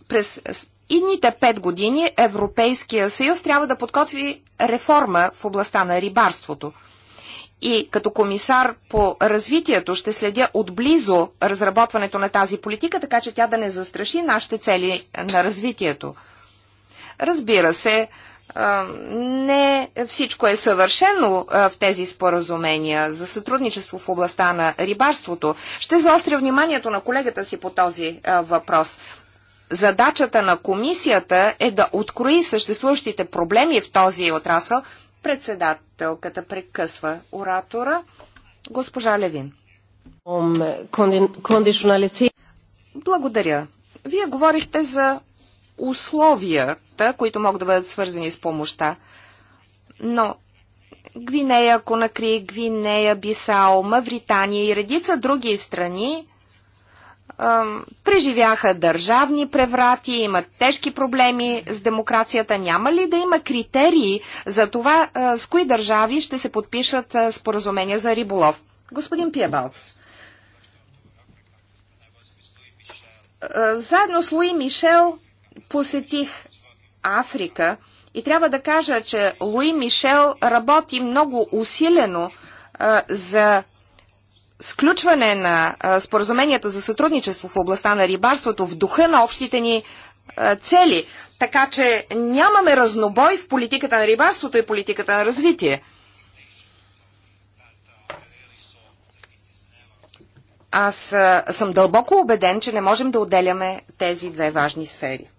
През идните пет години Европейския съюз трябва да подготви реформа в областта на рибарството. И като комисар по развитието ще следя отблизо разработването на тази политика, така че тя да не застраши нашите цели на развитието. Разбира се, не всичко е съвършено в тези споразумения за сътрудничество в областта на рибарството. Ще заостря вниманието на колегата си по този въпрос. Задачата на комисията е да открои съществуващите проблеми в този отрасъл. Председателката прекъсва оратора. Госпожа Левин. Благодаря. Вие говорихте за условията, които могат да бъдат свързани с помощта. Но Гвинея, Конакри, Гвинея, Бисао, Мавритания и редица други страни преживяха държавни преврати, имат тежки проблеми с демокрацията. Няма ли да има критерии за това с кои държави ще се подпишат споразумения за риболов? Господин Пиебалц. Заедно с Луи Мишел посетих Африка и трябва да кажа, че Луи Мишел работи много усилено а, за сключване на а, споразуменията за сътрудничество в областта на рибарството в духа на общите ни а, цели. Така че нямаме разнобой в политиката на рибарството и политиката на развитие. Аз съм дълбоко убеден, че не можем да отделяме тези две важни сфери.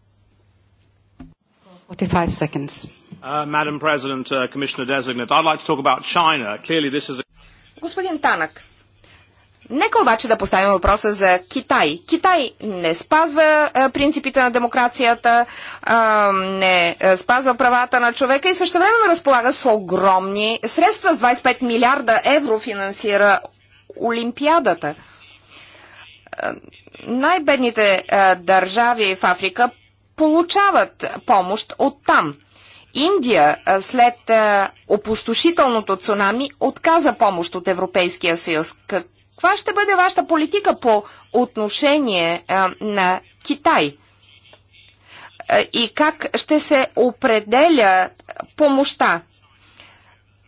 45 seconds. Uh, Madam President, uh, Commissioner Designate, I'd like to talk about China. Clearly this is a... Господин Танък, Нека обаче да поставим въпроса за Китай. Китай не спазва а, принципите на демокрацията, а, не а, спазва правата на човека и също времено разполага с огромни средства. С 25 милиарда евро финансира Олимпиадата. най-бедните държави в Африка получават помощ от там. Индия след опустошителното цунами отказа помощ от Европейския съюз. Каква ще бъде вашата политика по отношение на Китай? И как ще се определя помощта?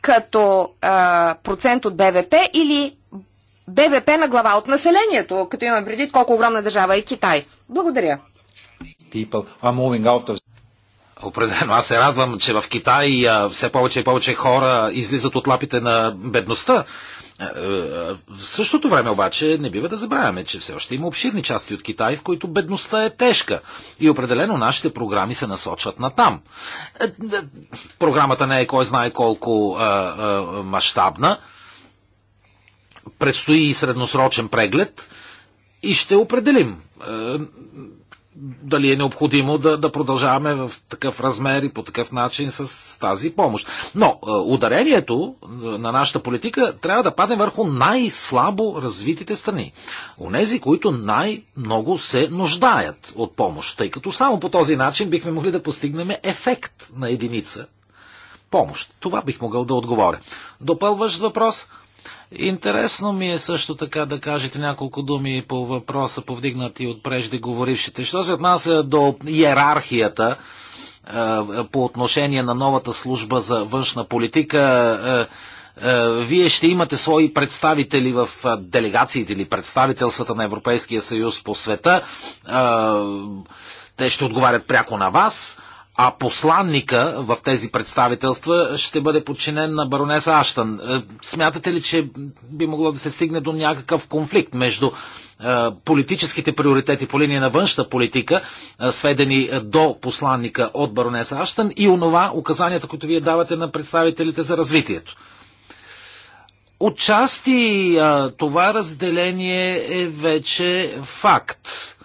Като процент от БВП или БВП на глава от населението, като имаме предвид колко огромна държава е Китай? Благодаря people are moving out of Определено. Аз се радвам, че в Китай все повече и повече хора излизат от лапите на бедността. Е, е, в същото време обаче не бива да забравяме, че все още има обширни части от Китай, в които бедността е тежка. И определено нашите програми се насочват на там. Е, програмата не е кой знае колко мащабна. Предстои и средносрочен преглед и ще определим дали е необходимо да, да продължаваме в такъв размер и по такъв начин с, с тази помощ. Но е, ударението е, на нашата политика трябва да падне върху най-слабо развитите страни. Онези, които най-много се нуждаят от помощ, тъй като само по този начин бихме могли да постигнем ефект на единица помощ. Това бих могъл да отговоря. Допълващ въпрос – Интересно ми е също така да кажете няколко думи по въпроса, повдигнати от преждеговорившите. Що се отнася до иерархията е, по отношение на новата служба за външна политика, е, е, вие ще имате свои представители в делегациите или представителствата на Европейския съюз по света. Те ще отговарят пряко на вас а посланника в тези представителства ще бъде подчинен на баронеса Аштън. Е, смятате ли, че би могло да се стигне до някакъв конфликт между е, политическите приоритети по линия на външна политика, е, сведени до посланника от баронеса Аштън и онова указанията, които вие давате на представителите за развитието? Отчасти това разделение е вече факт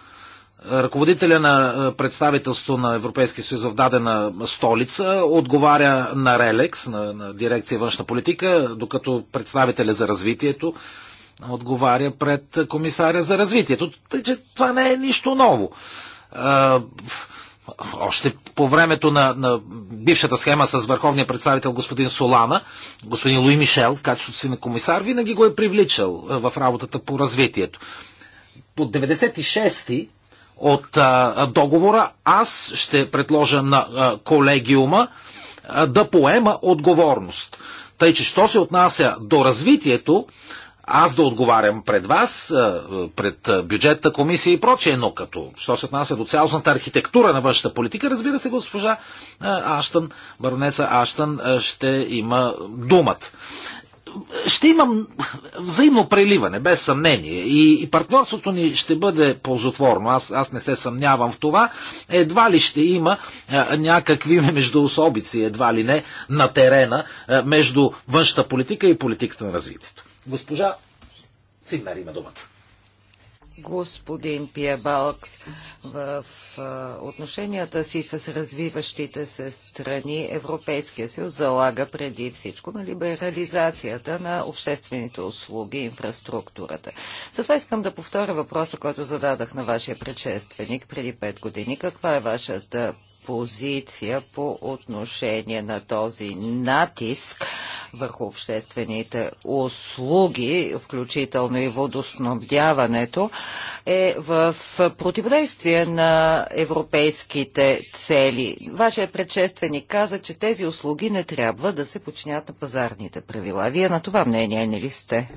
ръководителя на представителство на Европейския съюз в дадена столица отговаря на Релекс, на, на дирекция външна политика, докато представителя за развитието отговаря пред комисаря за развитието. Тъй, че това не е нищо ново. А, още по времето на, на бившата схема с върховния представител господин Солана, господин Луи Мишел, в качеството си на комисар, винаги го е привличал в работата по развитието. По 96-ти от а, договора, аз ще предложа на а, колегиума а, да поема отговорност. Тъй, че що се отнася до развитието, аз да отговарям пред вас, пред бюджетната комисия и прочее, но като, що се отнася до цялостната архитектура на външната политика, разбира се, госпожа Аштън, баронеса Аштън ще има думат ще имам взаимно преливане, без съмнение. И, и партньорството ни ще бъде ползотворно. Аз, аз не се съмнявам в това. Едва ли ще има а, някакви [LAUGHS] междуособици, едва ли не, на терена а, между външната политика и политиката на развитието. Госпожа Цигнер има думата господин Пиебалкс. В отношенията си с развиващите се страни Европейския съюз залага преди всичко на либерализацията на обществените услуги и инфраструктурата. Затова искам да повторя въпроса, който зададах на вашия предшественик преди 5 години. Каква е вашата позиция по отношение на този натиск върху обществените услуги, включително и водоснабдяването, е в противодействие на европейските цели. Вашия предшественик каза, че тези услуги не трябва да се починят на пазарните правила. Вие на това мнение не ли сте?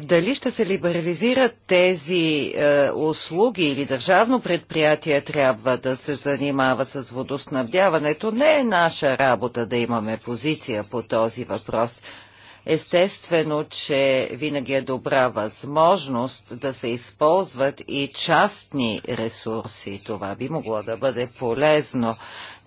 Дали ще се либерализират тези е, услуги или държавно предприятие трябва да се занимава с водоснабдяването? Не е наша работа да имаме позиция по този въпрос. Естествено, че винаги е добра възможност да се използват и частни ресурси. Това би могло да бъде полезно.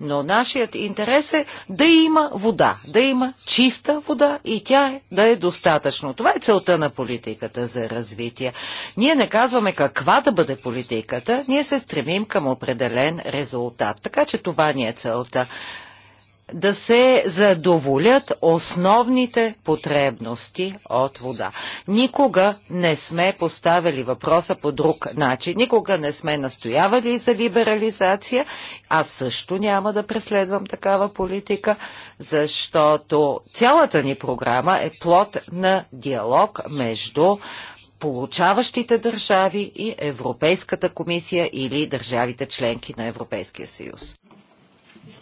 Но нашият интерес е да има вода, да има чиста вода и тя е, да е достатъчно. Това е целта на политиката за развитие. Ние не казваме каква да бъде политиката, ние се стремим към определен резултат. Така че това ни е целта да се задоволят основните потребности от вода. Никога не сме поставили въпроса по друг начин. Никога не сме настоявали за либерализация. Аз също няма да преследвам такава политика, защото цялата ни програма е плод на диалог между получаващите държави и Европейската комисия или държавите членки на Европейския съюз.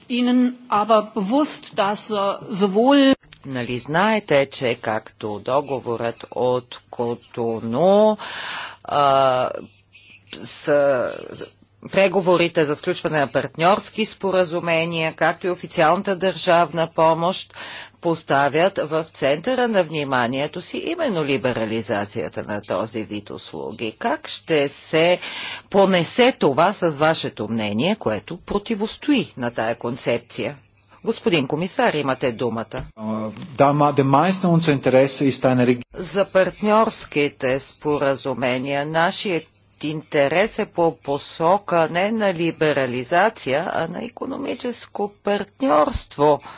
Äh, нали знаете, че както договорът от Котоно а, с преговорите за сключване на партньорски споразумения, както и официалната държавна помощ, поставят в центъра на вниманието си именно либерализацията на този вид услуги. Как ще се понесе това с вашето мнение, което противостои на тая концепция? Господин комисар, имате думата. За партньорските споразумения нашият интерес е по посока не на либерализация, а на економическо партньорство –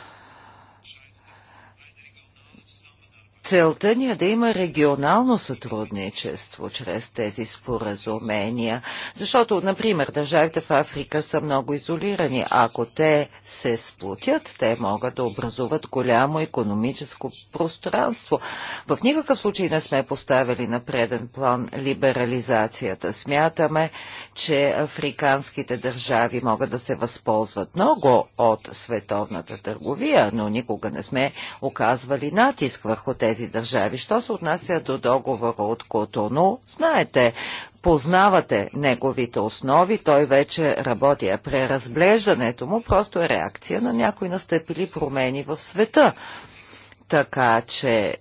Целта ни е да има регионално сътрудничество чрез тези споразумения, защото, например, държавите в Африка са много изолирани. Ако те се сплотят, те могат да образуват голямо економическо пространство. В никакъв случай не сме поставили на преден план либерализацията. Смятаме, че африканските държави могат да се възползват много от световната търговия, но никога не сме оказвали натиск върху тези тези държави. Що се отнася до договора от Котону, знаете, познавате неговите основи, той вече работи, а преразглеждането му просто е реакция на някои настъпили промени в света. Така че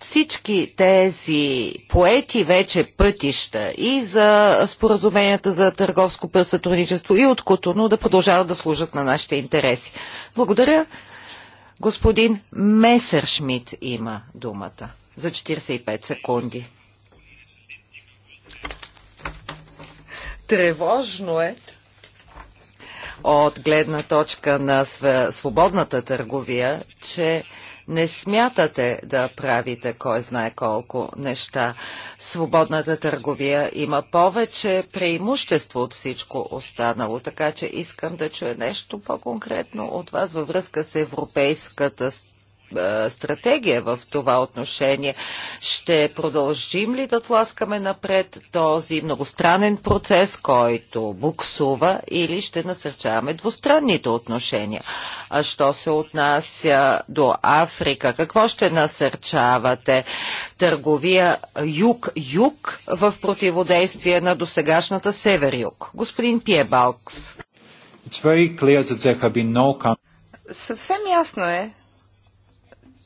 всички тези поети вече пътища и за споразуменията за търговско сътрудничество и от Котоно да продължават да служат на нашите интереси. Благодаря. Господин Месершмит има думата за 45 секунди. Тревожно е от гледна точка на свободната търговия, че не смятате да правите кой знае колко неща. Свободната търговия има повече преимущество от всичко останало, така че искам да чуя нещо по-конкретно от вас във връзка с европейската е, стратегия в това отношение. Ще продължим ли да тласкаме напред този многостранен процес, който буксува или ще насърчаваме двустранните отношения? А що се отнася до Африка? Какво ще насърчавате? Търговия юг-юг в противодействие на досегашната север-юг. Господин Пиебалкс. It's very clear that there have been no... Съвсем ясно е,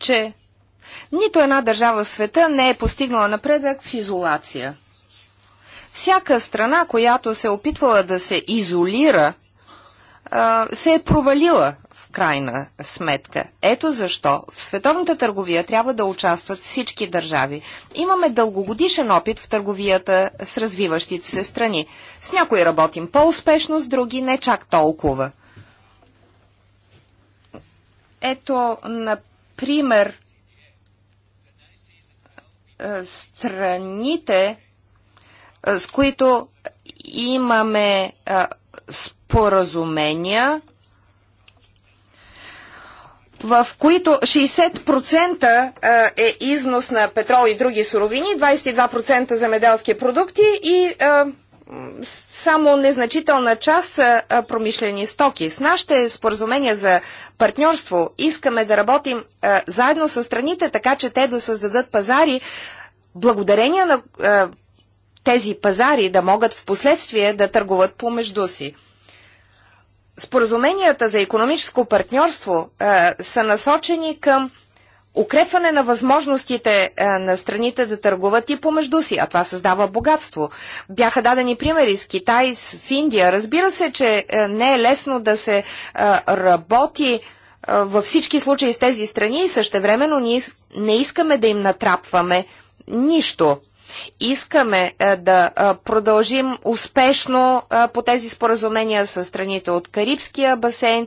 че нито една държава в света не е постигнала напредък в изолация. Всяка страна, която се е опитвала да се изолира, се е провалила в крайна сметка. Ето защо в световната търговия трябва да участват всички държави. Имаме дългогодишен опит в търговията с развиващите се страни. С някои работим по-успешно, с други не чак толкова. Ето, например, пример е, страните, е, с които имаме е, споразумения, в които 60% е износ на петрол и други суровини, 22% за меделски продукти и само незначителна част са промишлени стоки. С нашите споразумения за партньорство искаме да работим заедно с страните, така че те да създадат пазари, благодарение на тези пазари да могат в последствие да търгуват помежду си. Споразуменията за економическо партньорство са насочени към укрепване на възможностите е, на страните да търгуват и помежду си, а това създава богатство. Бяха дадени примери с Китай, с Индия. Разбира се, че е, не е лесно да се е, работи във всички случаи с тези страни и същевременно ние не искаме да им натрапваме нищо. Искаме е, да е, продължим успешно е, по тези споразумения с страните от Карибския басейн.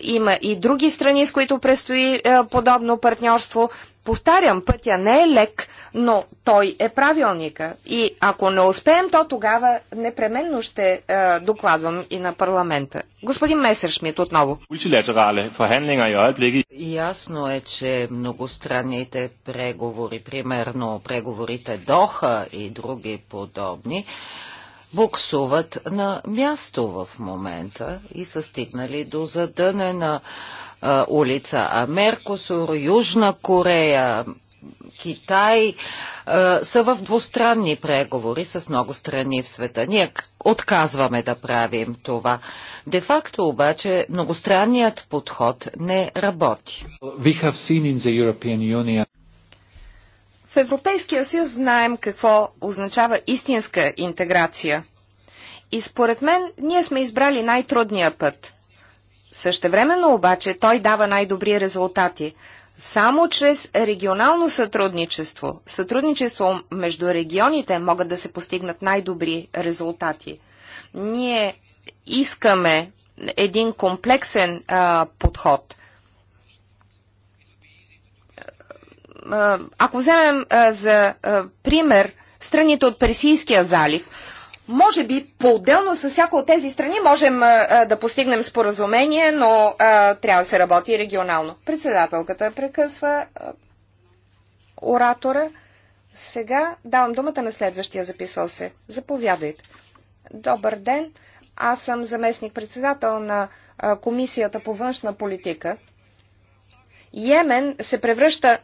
Има и други страни, с които предстои подобно партньорство. Повтарям, пътя не е лек, но той е правилника. И ако не успеем, то тогава непременно ще е, докладвам и на парламента. Господин Месершмит отново. Ясно е, че многостранните преговори, примерно преговорите Доха и други подобни, буксуват на място в момента и са стигнали до задънена на улица, а Меркосур, Южна Корея, Китай са в двустранни преговори с много страни в света. Ние отказваме да правим това. Де факто обаче многостранният подход не работи. В Европейския съюз знаем какво означава истинска интеграция. И според мен ние сме избрали най-трудния път – Същевременно обаче той дава най-добри резултати само чрез регионално сътрудничество, сътрудничество между регионите могат да се постигнат най-добри резултати. Ние искаме един комплексен а, подход. Ако вземем а, за а, пример страните от Персийския залив, може би по-отделно с всяко от тези страни можем да постигнем споразумение, но трябва да се работи регионално. Председателката прекъсва оратора. Сега давам думата на следващия записал се. Заповядайте. Добър ден. Аз съм заместник-председател на Комисията по външна политика. Йемен се превръща.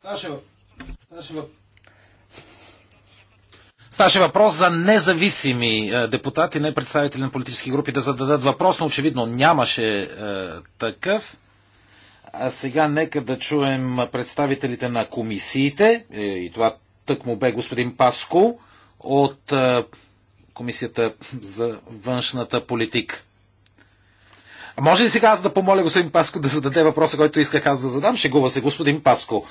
Сташе, въпрос. Ставаше е въпрос за независими е, депутати, не представители на политически групи да зададат въпрос, но очевидно нямаше е, такъв. А сега нека да чуем представителите на комисиите, и това тък му бе господин Паско, от Комисията за външната политика. може ли сега аз да помоля господин Паско да зададе въпроса, който исках аз да задам? Шегува се господин Паско.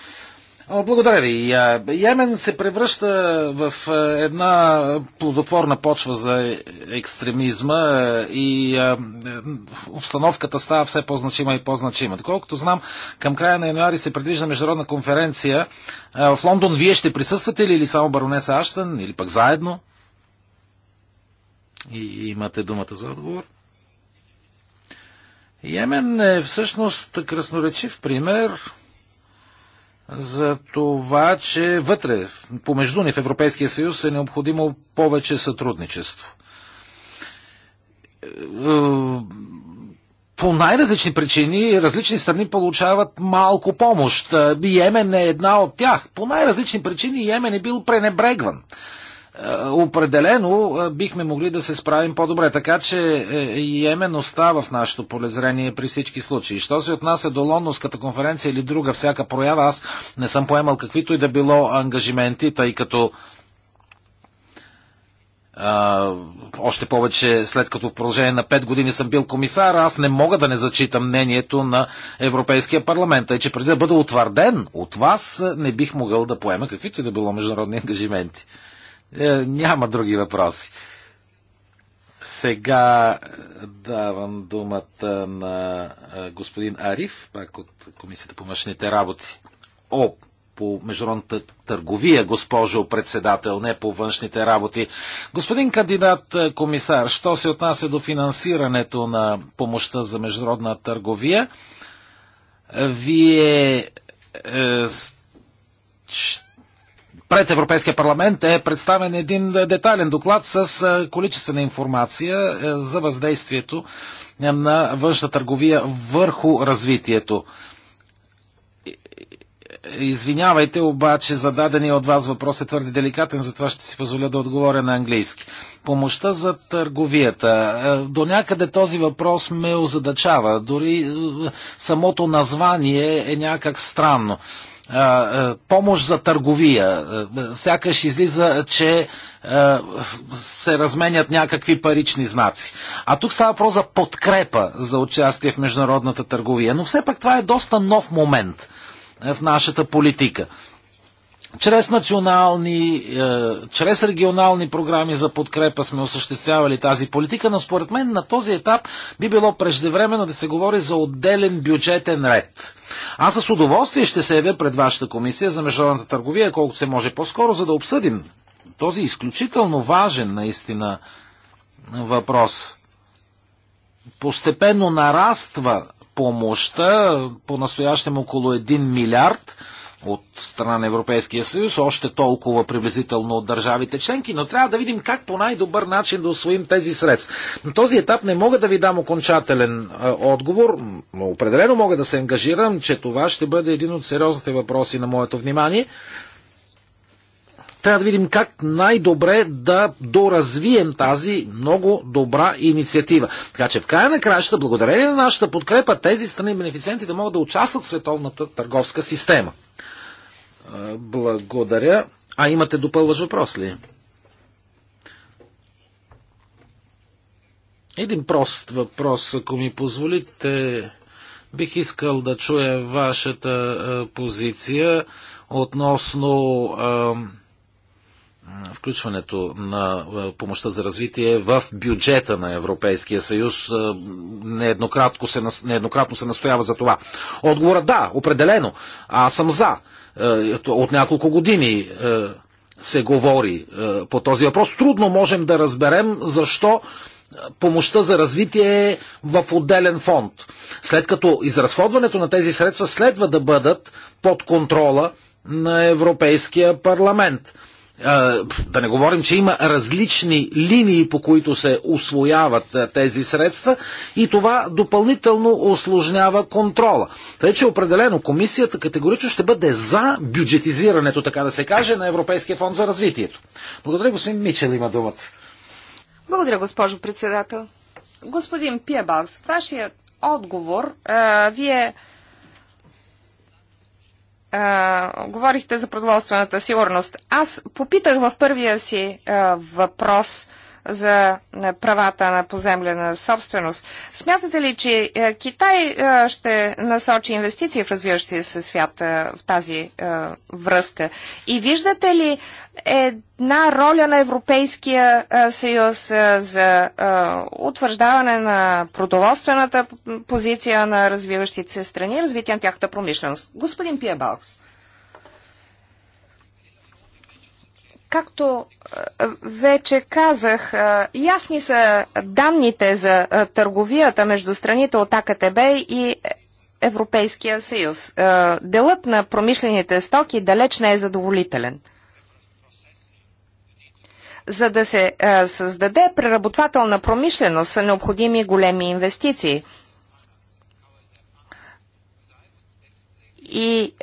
Благодаря ви. Йемен се превръща в една плодотворна почва за екстремизма и обстановката става все по-значима и по-значима. Доколкото знам, към края на януари се предвижда международна конференция. В Лондон вие ще присъствате ли или само баронеса Аштън или пък заедно? И имате думата за отговор. Йемен е всъщност красноречив пример за това, че вътре, помежду ни в Европейския съюз е необходимо повече сътрудничество. Е, по най-различни причини различни страни получават малко помощ. Е, Йемен е една от тях. По най-различни причини Йемен е бил пренебрегван е, определено е, бихме могли да се справим по-добре. Така че е, Йемен остава в нашето полезрение при всички случаи. Що се отнася до Лондонската конференция или друга всяка проява, аз не съм поемал каквито и да било ангажименти, тъй като а, още повече след като в продължение на 5 години съм бил комисар, аз не мога да не зачитам мнението на Европейския парламент. Тъй, че преди да бъда утвърден от вас, не бих могъл да поема каквито и да било международни ангажименти. Е, няма други въпроси. Сега е, давам думата на е, господин Ариф, пак от Комисията по мъжните работи. О, по международната търговия, госпожо председател, не по външните работи. Господин кандидат е, комисар, що се отнася до финансирането на помощта за международна търговия, вие е, ще пред Европейския парламент е представен един детайлен доклад с е, количествена информация е, за въздействието на външна търговия върху развитието. Извинявайте, обаче зададения от вас въпрос е твърде деликатен, затова ще си позволя да отговоря на английски. Помощта за търговията. Е, до някъде този въпрос ме озадачава. Дори самото название е някак странно помощ за търговия. Сякаш излиза, че се разменят някакви парични знаци. А тук става въпрос за подкрепа за участие в международната търговия. Но все пак това е доста нов момент в нашата политика. Чрез национални, е, чрез регионални програми за подкрепа сме осъществявали тази политика, но според мен на този етап би било преждевременно да се говори за отделен бюджетен ред. Аз с удоволствие ще се явя пред вашата комисия за международната търговия, колкото се може по-скоро, за да обсъдим този изключително важен наистина въпрос. Постепенно нараства помощта, по-настоящем около 1 милиард – от страна на Европейския съюз, още толкова приблизително от държавите членки, но трябва да видим как по най-добър начин да освоим тези средства. На този етап не мога да ви дам окончателен а, отговор, но определено мога да се ангажирам, че това ще бъде един от сериозните въпроси на моето внимание. Трябва да видим как най-добре да доразвием тази много добра инициатива. Така че в края на краищата, благодарение на нашата подкрепа, тези страни бенефициенти да могат да участват в световната търговска система. Благодаря. А имате допълваш въпрос ли? Един прост въпрос, ако ми позволите. Бих искал да чуя вашата позиция относно включването на помощта за развитие в бюджета на Европейския съюз. Нееднократно се, нееднократно се настоява за това. Отговора да, определено. Аз съм за. Е, от няколко години е, се говори е, по този въпрос. Трудно можем да разберем защо помощта за развитие е в отделен фонд. След като изразходването на тези средства следва да бъдат под контрола на Европейския парламент. Да не говорим, че има различни линии, по които се освояват тези средства и това допълнително осложнява контрола. Тъй, че определено комисията категорично ще бъде за бюджетизирането, така да се каже, на Европейския фонд за развитието. Благодаря, господин Мичел има думата. Благодаря, госпожо председател. Господин Пиебалс, вашият отговор, а, вие а, говорихте за продоволствената сигурност. Аз попитах в първия си а, въпрос а, за е, правата на поземлена собственост. Смятате ли, че е, Китай е, ще насочи инвестиции в развиващия се свят в тази връзка? И виждате ли една роля на Европейския съюз за утвърждаване на продоволствената позиция на развиващите се страни и развитие на тяхната промишленост? Господин Пия Балкс. Както е, вече казах, е, ясни са данните за е, търговията между страните от АКТБ и Европейския съюз. Делът на промишлените стоки далеч не е задоволителен. За да се създаде преработвателна промишленост са необходими големи инвестиции. И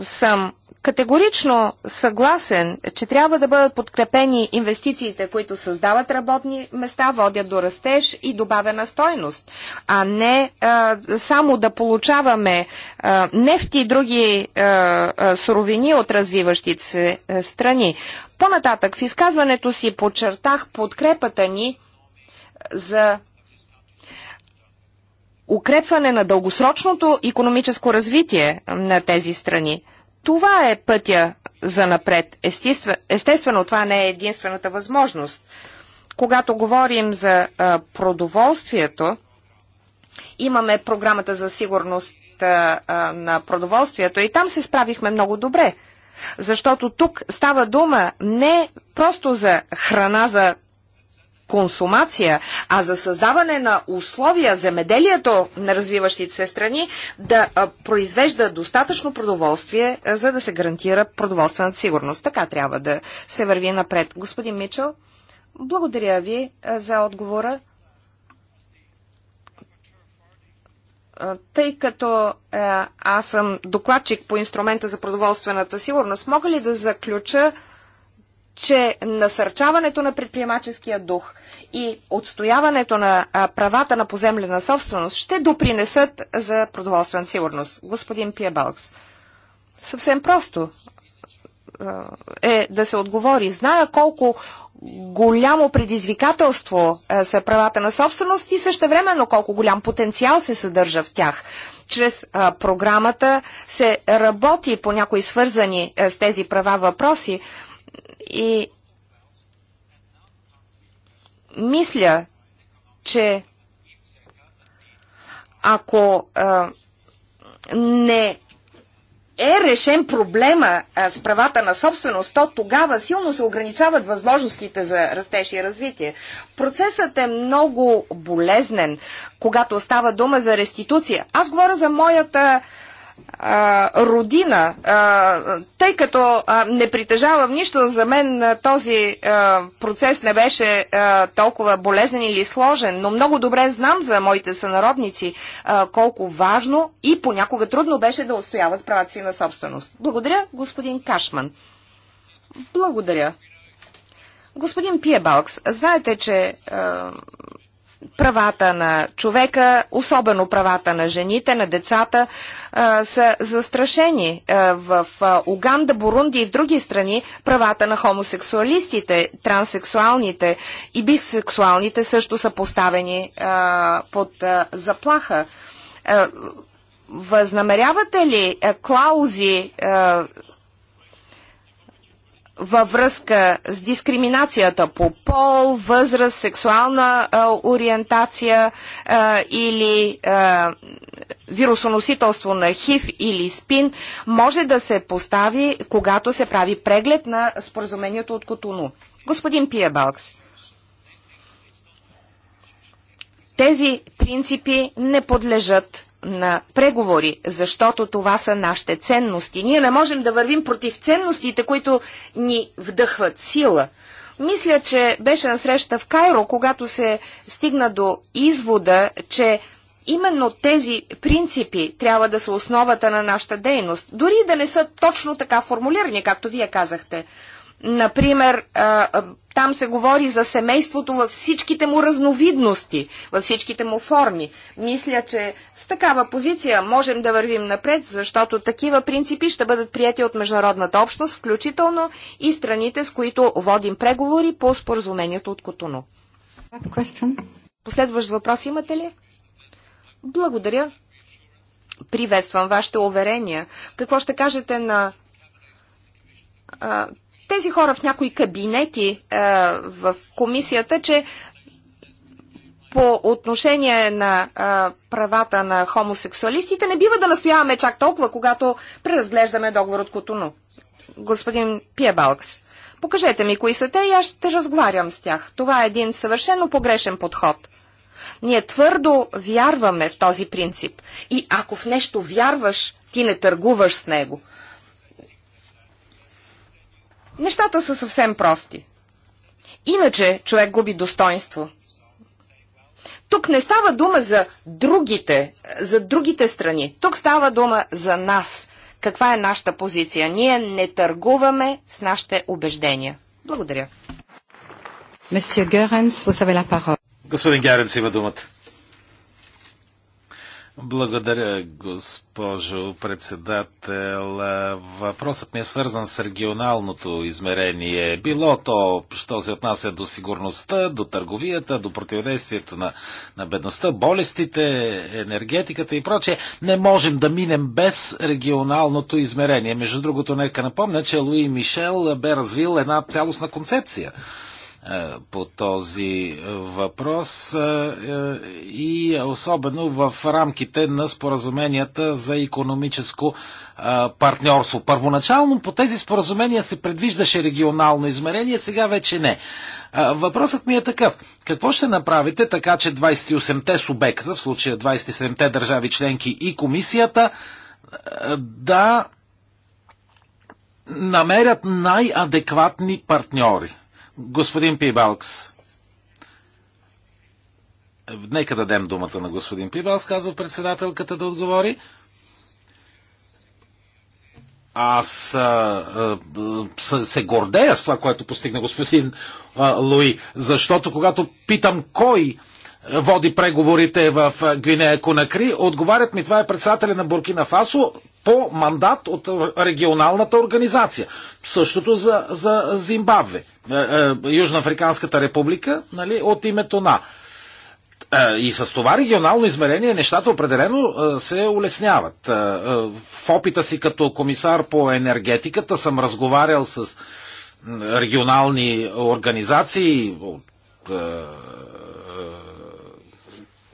съм категорично съгласен, че трябва да бъдат подкрепени инвестициите, които създават работни места, водят до растеж и добавена стойност, а не а, само да получаваме а, нефти и други а, а, суровини от развиващите се а, страни. По-нататък в изказването си подчертах подкрепата ни за укрепване на дългосрочното економическо развитие на тези страни. Това е пътя за напред. Естествено, това не е единствената възможност. Когато говорим за продоволствието, имаме програмата за сигурност на продоволствието и там се справихме много добре. Защото тук става дума не просто за храна за консумация, а за създаване на условия земеделието на развиващите се страни да произвежда достатъчно продоволствие, за да се гарантира продоволствената сигурност. Така трябва да се върви напред. Господин Мичел, благодаря ви за отговора. Тъй като аз съм докладчик по инструмента за продоволствената сигурност, мога ли да заключа че насърчаването на предприемаческия дух и отстояването на правата на поземлена собственост ще допринесат за продоволствена сигурност. Господин Пиебалкс, съвсем просто е да се отговори. Зная колко голямо предизвикателство са правата на собственост и също времено колко голям потенциал се съдържа в тях. Чрез програмата се работи по някои свързани с тези права въпроси, и мисля, че ако а, не е решен проблема а, с правата на собственост, то тогава силно се ограничават възможностите за растеж и развитие. Процесът е много болезнен, когато става дума за реституция. Аз говоря за моята родина, тъй като не притежавам нищо, за мен този процес не беше толкова болезнен или сложен, но много добре знам за моите сънародници колко важно и понякога трудно беше да устояват правата си на собственост. Благодаря, господин Кашман. Благодаря. Господин Пиебалкс, знаете, че правата на човека, особено правата на жените, на децата, са застрашени. в Уганда, Бурунди и в други страни правата на хомосексуалистите, транссексуалните и бисексуалните също са поставени под заплаха. възнамерявате ли клаузи във връзка с дискриминацията по пол, възраст, сексуална а, ориентация а, или а, вирусоносителство на ХИВ или СПИН може да се постави, когато се прави преглед на споразумението от Котуну. Господин Пиебалкс, тези принципи не подлежат на преговори, защото това са нашите ценности. Ние не можем да вървим против ценностите, които ни вдъхват сила. Мисля, че беше на среща в Кайро, когато се стигна до извода, че именно тези принципи трябва да са основата на нашата дейност, дори да не са точно така формулирани, както вие казахте. Например, там се говори за семейството във всичките му разновидности, във всичките му форми. Мисля, че с такава позиция можем да вървим напред, защото такива принципи ще бъдат прияти от международната общност, включително и страните, с които водим преговори по споразумението от Котоно. Последващ въпрос имате ли? Благодаря. Приветствам вашите уверения. Какво ще кажете на тези хора в някои кабинети е, в комисията, че по отношение на е, правата на хомосексуалистите, не бива да настояваме чак толкова, когато преразглеждаме договор от Котону. Господин Пиебалкс, покажете ми кои са те и аз ще разговарям с тях. Това е един съвършено погрешен подход. Ние твърдо вярваме в този принцип. И ако в нещо вярваш, ти не търгуваш с него. Нещата са съвсем прости. Иначе човек губи достоинство. Тук не става дума за другите, за другите страни. Тук става дума за нас. Каква е нашата позиция? Ние не търгуваме с нашите убеждения. Благодаря. Господин Геренс има думата. Благодаря, госпожо председател. Въпросът ми е свързан с регионалното измерение. Било то, що се отнася до сигурността, до търговията, до противодействието на, на бедността, болестите, енергетиката и прочее. Не можем да минем без регионалното измерение. Между другото, нека напомня, че Луи Мишел бе развил една цялостна концепция е, по този е, въпрос е, и особено в рамките на споразуменията за економическо партньорство. Първоначално по тези споразумения се предвиждаше регионално измерение, сега вече не. Въпросът ми е такъв. Какво ще направите така, че 28-те субекта, в случая 27-те държави членки и комисията, да намерят най-адекватни партньори? Господин Пибалкс, нека дадем думата на господин Пибалкс, казва председателката да отговори. Аз а, а, се гордея с това, което постигна господин а, Луи, защото когато питам кой води преговорите в Гвинея Конакри, отговарят ми това е председателя на Буркина Фасо, по мандат от регионалната организация. Същото за, за Зимбабве. Е, е, Южноафриканската република нали, от името на. Е, и с това регионално измерение нещата определено се улесняват. В опита си като комисар по енергетиката съм разговарял с регионални организации от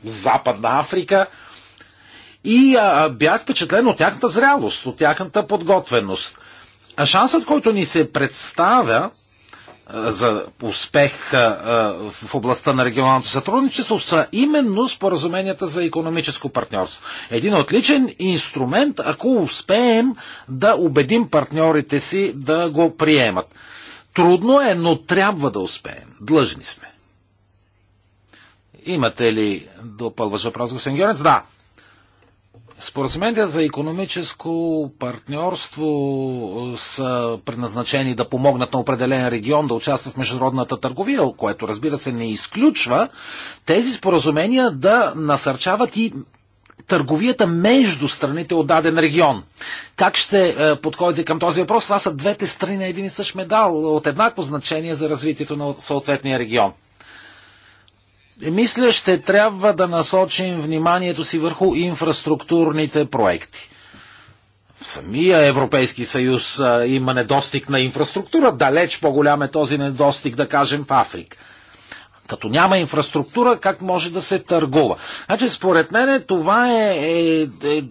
Западна Африка, и а, бях впечатлен от тяхната зрялост, от тяхната подготвеност. А шансът, който ни се представя а, за успех а, в областта на регионалното сътрудничество са именно споразуменията за економическо партньорство. Един отличен инструмент, ако успеем да убедим партньорите си да го приемат. Трудно е, но трябва да успеем. Длъжни сме. Имате ли допълваш въпрос, господин Георгиев? Да. Споразумения за економическо партньорство е, са предназначени да помогнат на определен регион да участва в международната търговия, което разбира се не изключва тези споразумения да насърчават и търговията между страните от даден регион. Как ще е, подходите към този въпрос? Това са двете страни на един и същ медал от еднакво значение за развитието на съответния регион мисля, ще трябва да насочим вниманието си върху инфраструктурните проекти. В самия Европейски съюз а, има недостиг на инфраструктура. Далеч по-голям е този недостиг, да кажем, в Африка. Като няма инфраструктура, как може да се търгува? Значи, според мен това е, е, е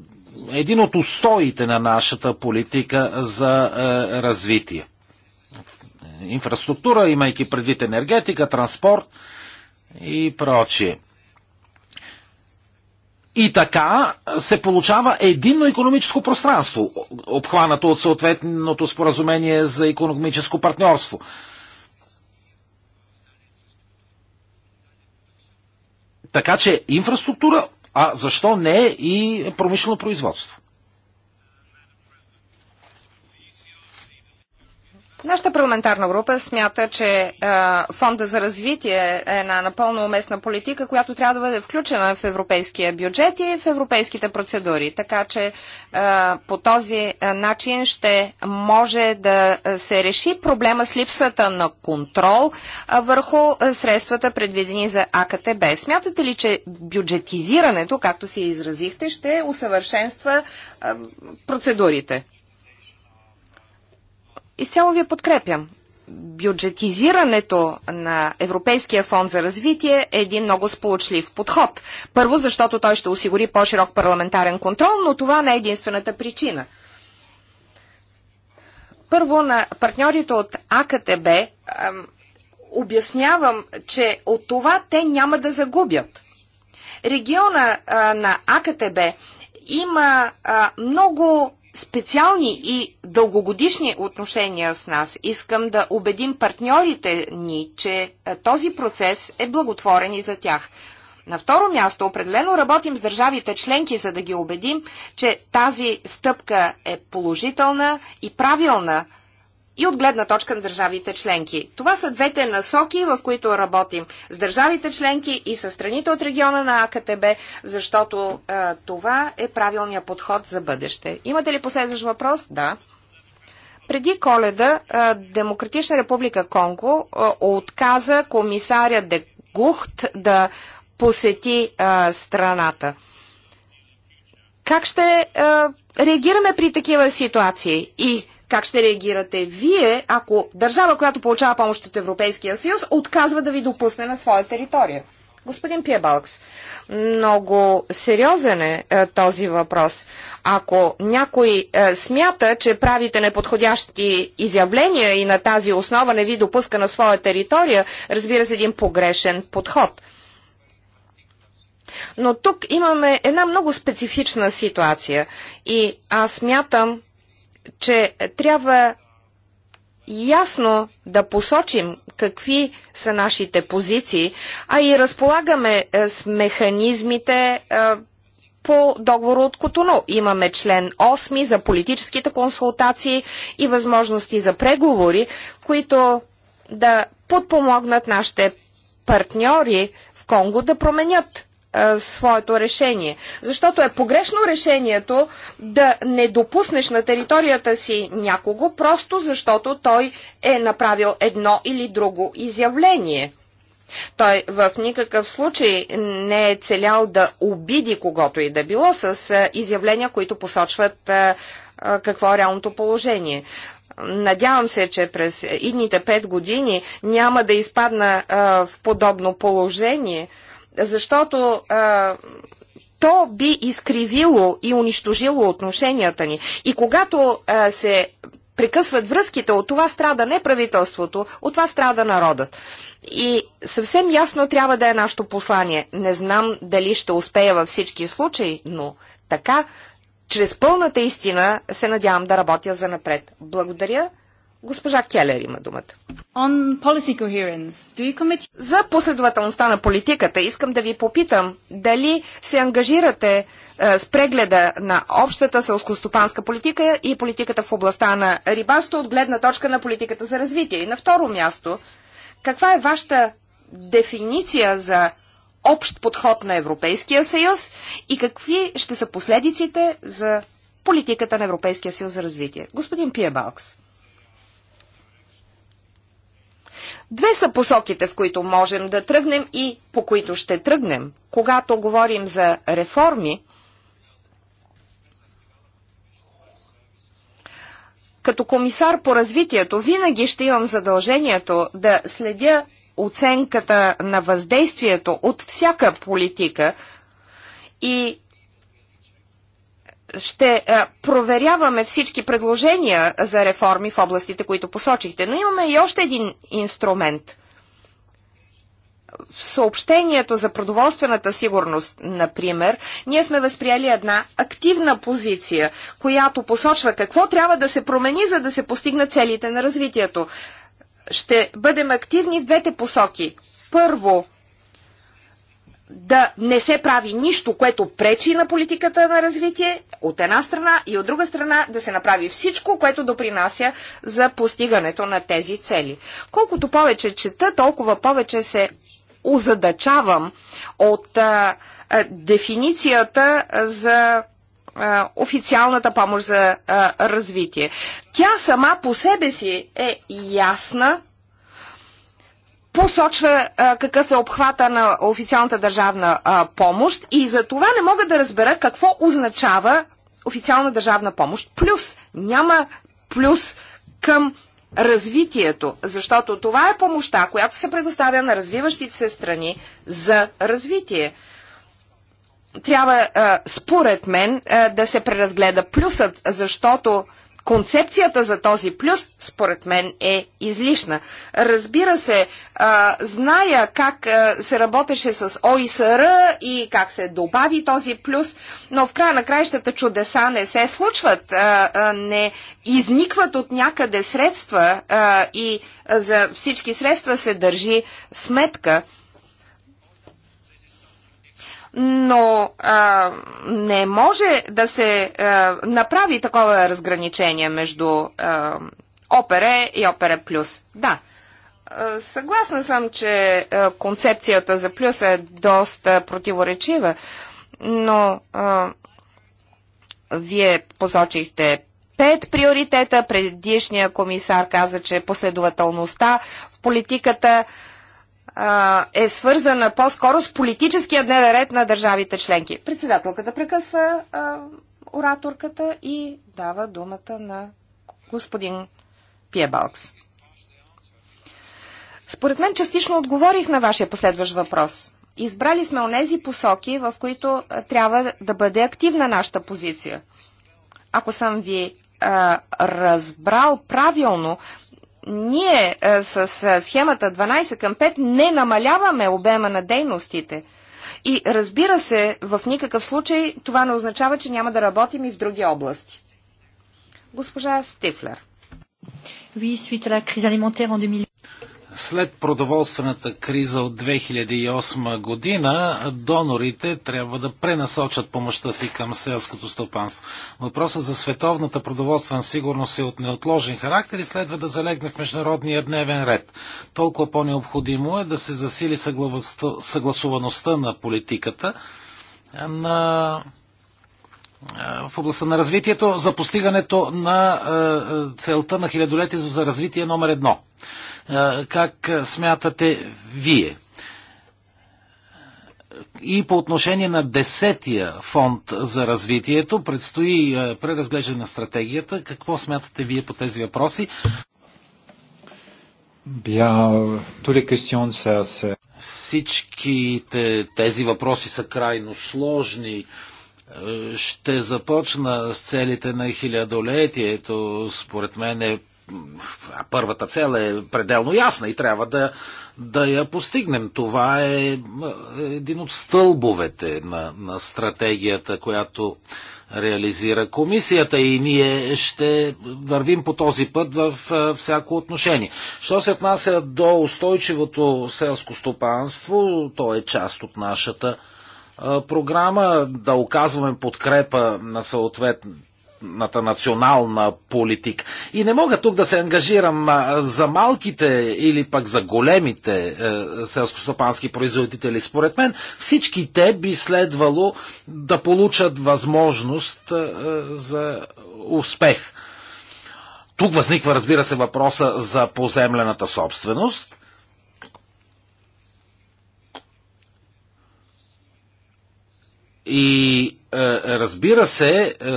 един от устоите на нашата политика за е, развитие. Инфраструктура, имайки предвид енергетика, транспорт, и прочие. И така се получава единно економическо пространство, обхванато от съответното споразумение за економическо партньорство. Така че инфраструктура, а защо не и промишлено производство? Нашата парламентарна група смята, че фонда за развитие е една напълно уместна политика, която трябва да бъде включена в европейския бюджет и в европейските процедури. Така че по този начин ще може да се реши проблема с липсата на контрол върху средствата предвидени за АКТБ. Смятате ли, че бюджетизирането, както си изразихте, ще усъвършенства процедурите? Изцяло ви подкрепям. Бюджетизирането на Европейския фонд за развитие е един много сполучлив подход. Първо, защото той ще осигури по-широк парламентарен контрол, но това не е единствената причина. Първо, на партньорите от АКТБ ам, обяснявам, че от това те няма да загубят. Региона а, на АКТБ има а, много специални и дългогодишни отношения с нас. Искам да убедим партньорите ни, че е, този процес е благотворен и за тях. На второ място, определено работим с държавите членки, за да ги убедим, че тази стъпка е положителна и правилна и от гледна точка на държавите членки. Това са двете насоки, в които работим с държавите членки и с страните от региона на АКТБ, защото а, е, това е правилният подход за бъдеще. Имате ли последващ въпрос? Да. Преди коледа а, е, Демократична република Конго а, е, отказа комисаря Де Гухт да посети а, страната. Как ще а, реагираме при такива ситуации? И как ще реагирате вие, ако държава, която получава помощ от Европейския съюз, отказва да ви допусне на своя територия? Господин Пиебалкс, много сериозен е, е, този въпрос. Ако някой е, смята, че правите неподходящи изявления и на тази основа не ви допуска на своя територия, разбира се, един погрешен подход. Но тук имаме една много специфична ситуация и аз смятам че трябва ясно да посочим какви са нашите позиции, а и разполагаме е, с механизмите е, по договора от Котоно. Имаме член 8 за политическите консултации и възможности за преговори, които да подпомогнат нашите партньори в Конго да променят своето решение. Защото е погрешно решението да не допуснеш на територията си някого, просто защото той е направил едно или друго изявление. Той в никакъв случай не е целял да обиди когото и да било с изявления, които посочват какво е реалното положение. Надявам се, че през идните пет години няма да изпадна в подобно положение – защото а, то би изкривило и унищожило отношенията ни. И когато а, се прекъсват връзките, от това страда не правителството, от това страда народът. И съвсем ясно трябва да е нашето послание. Не знам дали ще успея във всички случаи, но така, чрез пълната истина се надявам да работя за напред. Благодаря. Госпожа Келер има думата. Commit... За последователността на политиката искам да ви попитам дали се ангажирате е, с прегледа на общата селскостопанска политика и политиката в областта на рибасто от гледна точка на политиката за развитие. И на второ място, каква е вашата дефиниция за общ подход на Европейския съюз и какви ще са последиците за политиката на Европейския съюз за развитие? Господин Пия Балкс. Две са посоките, в които можем да тръгнем и по които ще тръгнем. Когато говорим за реформи, като комисар по развитието винаги ще имам задължението да следя оценката на въздействието от всяка политика и ще е, проверяваме всички предложения за реформи в областите, които посочихте. Но имаме и още един инструмент. В съобщението за продоволствената сигурност, например, ние сме възприели една активна позиция, която посочва какво трябва да се промени, за да се постигнат целите на развитието. Ще бъдем активни в двете посоки. Първо, да не се прави нищо, което пречи на политиката на развитие, от една страна, и от друга страна да се направи всичко, което допринася за постигането на тези цели. Колкото повече чета, толкова повече се озадачавам от а, а, дефиницията за а, официалната помощ за а, развитие. Тя сама по себе си е ясна посочва а, какъв е обхвата на официалната държавна а, помощ и за това не мога да разбера какво означава официална държавна помощ плюс. Няма плюс към развитието, защото това е помощта, която се предоставя на развиващите се страни за развитие. Трябва, а, според мен, а, да се преразгледа плюсът, защото концепцията за този плюс, според мен, е излишна. Разбира се, а, зная как а, се работеше с ОИСР и как се добави този плюс, но в края на краищата чудеса не се случват, а, а, не изникват от някъде средства а, и а, за всички средства се държи сметка но а, не може да се а, направи такова разграничение между а, опере и опере плюс. Да, а, съгласна съм, че а, концепцията за плюс е доста противоречива, но а, вие посочихте пет приоритета. Предишния комисар каза, че последователността в политиката е свързана по-скоро с политическия дневен ред на държавите членки. Председателката прекъсва а, ораторката и дава думата на господин Пиебалкс. Според мен частично отговорих на вашия последващ въпрос. Избрали сме онези посоки, в които трябва да бъде активна нашата позиция. Ако съм ви а, разбрал правилно, ние а, е, с а, е, схемата 12 към 5 не намаляваме обема на дейностите. И разбира се, в никакъв случай това не означава, че няма да работим и в други области. Госпожа Стифлер. Oui, suite à la crise alimentaire en 2000. След продоволствената криза от 2008 година, донорите трябва да пренасочат помощта си към селското стопанство. Въпросът за световната продоволствена сигурност е от неотложен характер и следва да залегне в международния дневен ред. Толкова по-необходимо е да се засили съгласуваността на политиката на в областта на развитието за постигането на целта на хилядолетието за развитие номер едно. Как смятате вие? И по отношение на десетия фонд за развитието, предстои преразглеждане на стратегията. Какво смятате вие по тези въпроси? Всичките тези въпроси са крайно сложни. Uh, ще започна с целите на хилядолетието. Според мен е първата цел е пределно ясна и трябва да, да я постигнем. Това е, е един от стълбовете на, на стратегията, която реализира комисията и ние ще вървим по този път в е, всяко отношение. Що се отнася до устойчивото селско стопанство, то е част от нашата програма, да оказваме подкрепа на съответно национална политика. И не мога тук да се ангажирам за малките или пък за големите селско селскостопански производители. Според мен всички те би следвало да получат възможност е, за успех. Тук възниква, разбира се, въпроса за поземлената собственост. И е, разбира се, е,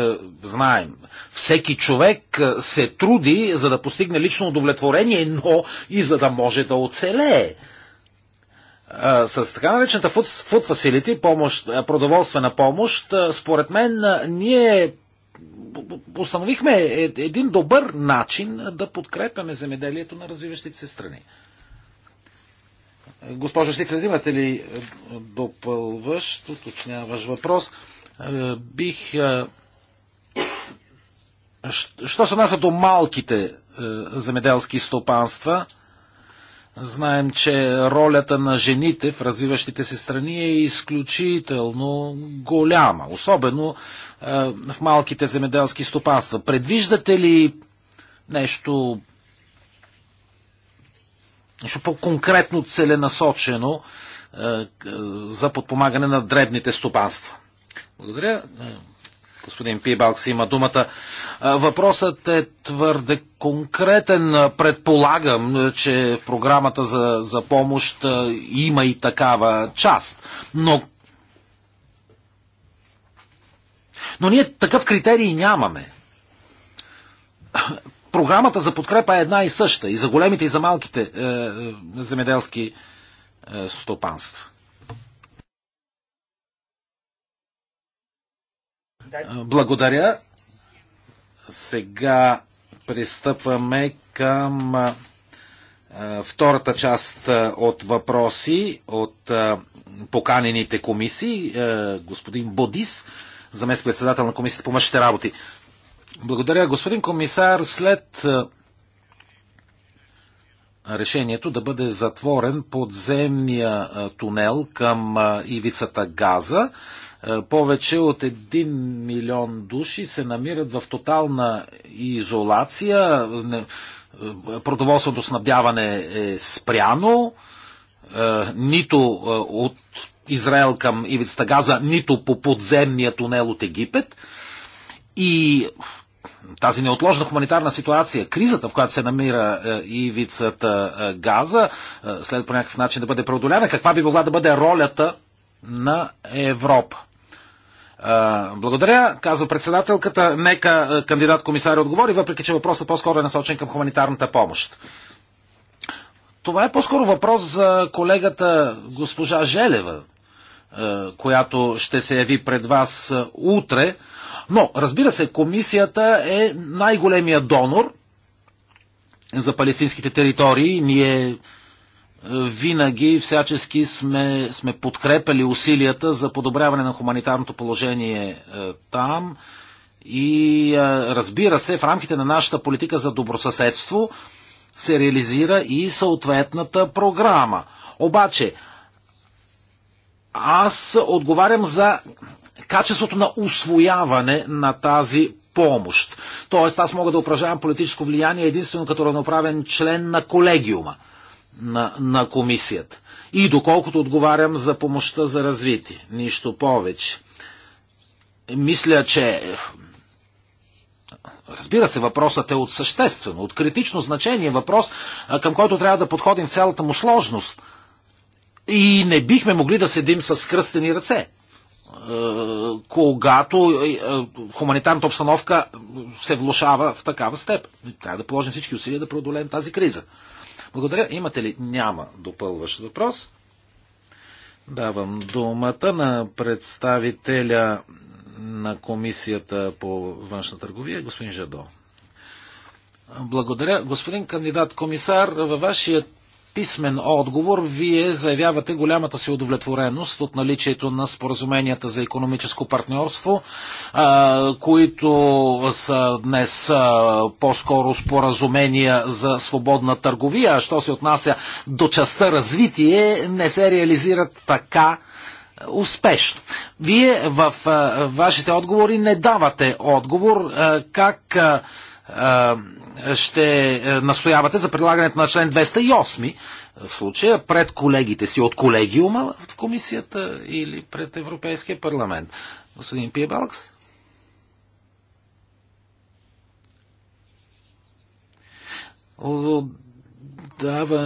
знаем, всеки човек е, се труди, за да постигне лично удовлетворение, но и за да може да оцелее. С така наречената Food, food Facility, помощ, продоволствена помощ, според мен ние установихме един добър начин да подкрепяме земеделието на развиващите се страни. Госпожо Сифред, имате ли е, допълващ, уточняваш въпрос? Е, бих... Е, що се отнася до малките земеделски стопанства, знаем, че ролята на жените в развиващите се страни е изключително голяма, особено в малките земеделски стопанства. Предвиждате ли нещо нещо по-конкретно целенасочено е, е, за подпомагане на дребните стопанства. Благодаря. Е, господин Пибалкс има думата. Въпросът е твърде конкретен. Предполагам, че в програмата за, за помощ има и такава част. Но, но ние такъв критерий нямаме програмата за подкрепа е една и съща и за големите и за малките е, е земеделски е, стопанства. Е, благодаря. Сега пристъпваме към е, втората част от въпроси от поканените комисии. Господин Бодис, заместник председател на комисията по мъжките работи. Благодаря, господин комисар. След е, решението да бъде затворен подземния е, тунел към е, ивицата Газа, повече от 1 милион души се намират в тотална изолация. Продоволственото снабдяване е спряно. Нито от Израел към ивицата Газа, нито по подземния тунел от Египет. И тази неотложна хуманитарна ситуация, кризата, в която се намира е, и вицата е, Газа, е, след по някакъв начин да бъде преодоляна, каква би могла да бъде ролята на Европа? Благодаря, казва председателката. Нека кандидат комисар отговори, въпреки че въпросът по-скоро е насочен към хуманитарната помощ. Това е по-скоро въпрос за колегата госпожа Желева, която ще се яви пред вас утре но, разбира се, комисията е най-големия донор за палестинските територии. Ние е, винаги всячески сме, сме подкрепили усилията за подобряване на хуманитарното положение е, там. И е, разбира се, в рамките на нашата политика за добросъседство се реализира и съответната програма. Обаче, аз отговарям за качеството на освояване на тази помощ. Тоест, аз мога да упражнявам политическо влияние единствено като равноправен член на колегиума на, на комисията. И доколкото отговарям за помощта за развитие. Нищо повече. Мисля, че Разбира се, въпросът е от съществено, от критично значение, въпрос, към който трябва да подходим в цялата му сложност. И не бихме могли да седим с кръстени ръце. Е, когато е, е, хуманитарната обстановка се влушава в такава степен. Трябва да положим всички усилия да преодолеем тази криза. Благодаря. Имате ли? Няма допълващ въпрос. Давам думата на представителя на Комисията по външна търговия, господин Жадо. Благодаря. Господин кандидат комисар, във вашият писмен отговор вие заявявате голямата си удовлетвореност от наличието на споразуменията за економическо партньорство, които са днес по-скоро споразумения за свободна търговия, а що се отнася до частта развитие, не се реализират така успешно. Вие в вашите отговори не давате отговор как ще е, настоявате за прилагането на член 208 е, в случая пред колегите си от колегиума в комисията или пред Европейския парламент. Господин Пиебалкс? Отдава,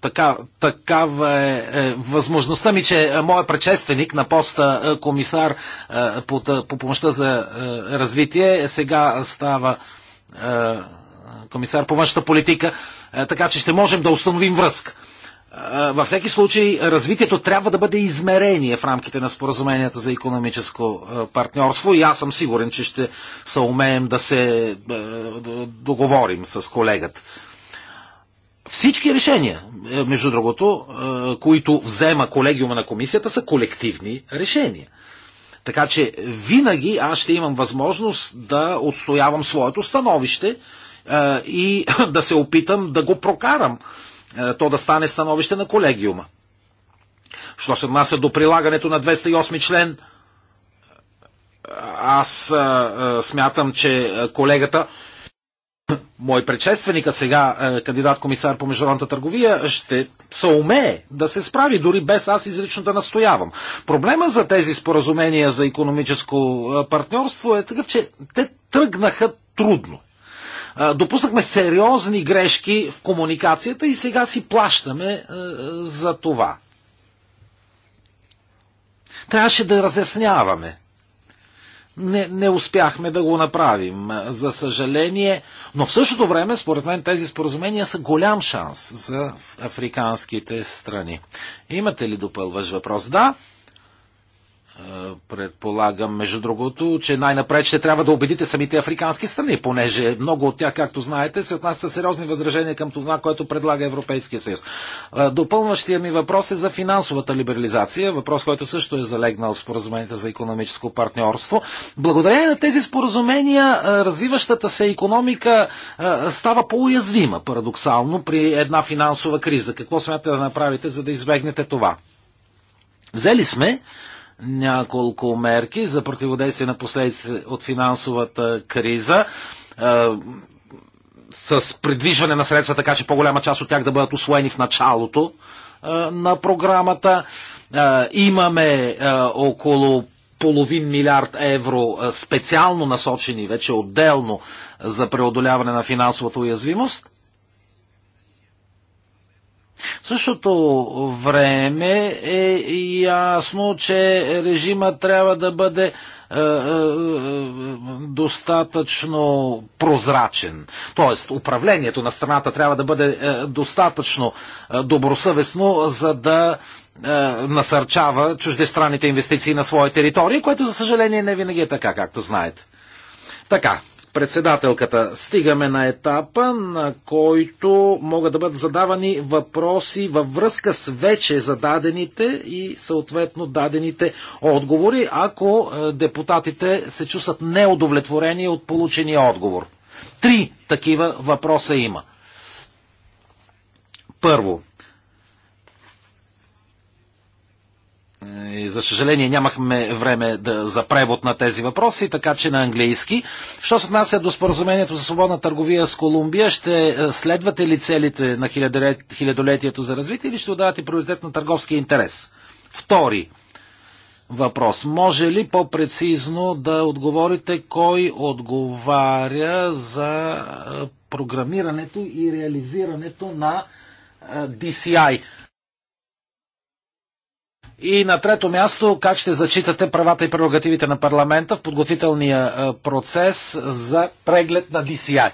така, такава е, е възможността ми, че е, моят предшественик на поста е, комисар е, по, е, по помощта за е, развитие сега става е, комисар по външната политика, е, така че ще можем да установим връзка. Е, във всеки случай, развитието трябва да бъде измерение в рамките на споразуменията за економическо партньорство и аз съм сигурен, че ще съумеем да се договорим с колегата. Всички решения, е, между другото, е, които взема колегиума на комисията, са колективни решения. Така че винаги аз ще имам възможност да отстоявам своето становище е, и [LAUGHS] да се опитам да го прокарам, то да стане становище на колегиума. Що се отнася до прилагането на 208 член, аз смятам, че колегата мой предшественика, сега е, кандидат-комисар по международната търговия, ще се умее да се справи, дори без аз изрично да настоявам. Проблема за тези споразумения за економическо е, партньорство е такъв, че те тръгнаха трудно. Е, допуснахме сериозни грешки в комуникацията и сега си плащаме за това. Трябваше да разясняваме не, не успяхме да го направим, за съжаление. Но в същото време, според мен, тези споразумения са голям шанс за африканските страни. Имате ли допълваш въпрос? Да предполагам, между другото, че най-напред ще трябва да убедите самите африкански страни, понеже много от тях, както знаете, се отнасят сериозни възражения към това, което предлага Европейския съюз. Допълващия ми въпрос е за финансовата либерализация, въпрос, който също е залегнал в споразумените за економическо партньорство. Благодарение на тези споразумения, развиващата се економика става по-уязвима, парадоксално, при една финансова криза. Какво смятате да направите, за да избегнете това? Взели сме няколко мерки за противодействие на последиците от финансовата криза с придвижване на средства, така че по-голяма част от тях да бъдат освоени в началото на програмата. Имаме около половин милиард евро специално насочени вече отделно за преодоляване на финансовата уязвимост. В същото време е ясно, че режима трябва да бъде е, е, е, достатъчно прозрачен. Тоест, управлението на страната трябва да бъде достатъчно добросъвестно, за да насърчава чуждестранните инвестиции на своя територия, което за съжаление не винаги е така, както знаете. Така, председателката. Стигаме на етапа, на който могат да бъдат задавани въпроси във връзка с вече зададените и съответно дадените отговори, ако е, депутатите се чувстват неудовлетворени от получения отговор. Три такива въпроса има. Първо, Е, за съжаление нямахме време да, за превод на тези въпроси, така че на английски. Що се отнася до споразумението за свободна търговия с Колумбия, ще е, следвате ли целите на хилядолетието за развитие или ще отдавате приоритет на търговския интерес? Втори въпрос. Може ли по-прецизно да отговорите кой отговаря за е, програмирането и реализирането на DCI? И на трето място, как ще зачитате правата и прерогативите на парламента в подготвителния е, процес за преглед на DCI?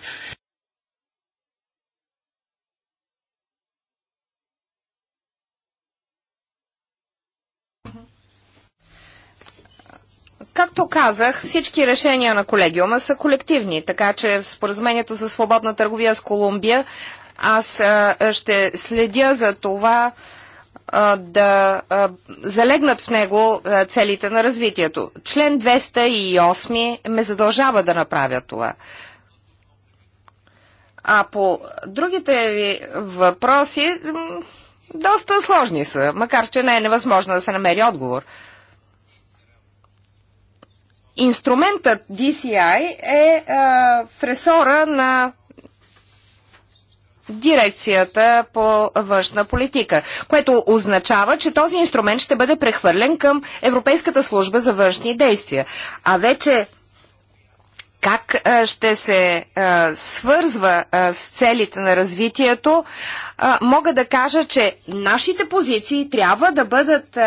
Както казах, всички решения на колегиума са колективни, така че в споразумението за свободна търговия с Колумбия аз е, ще следя за това, да залегнат в него целите на развитието. Член 208 ме задължава да направя това. А по другите ви въпроси, доста сложни са, макар че не е невъзможно да се намери отговор. Инструментът DCI е а, в ресора на дирекцията по външна политика, което означава, че този инструмент ще бъде прехвърлен към Европейската служба за външни действия. А вече как ще се свързва с целите на развитието, мога да кажа, че нашите позиции трябва да бъдат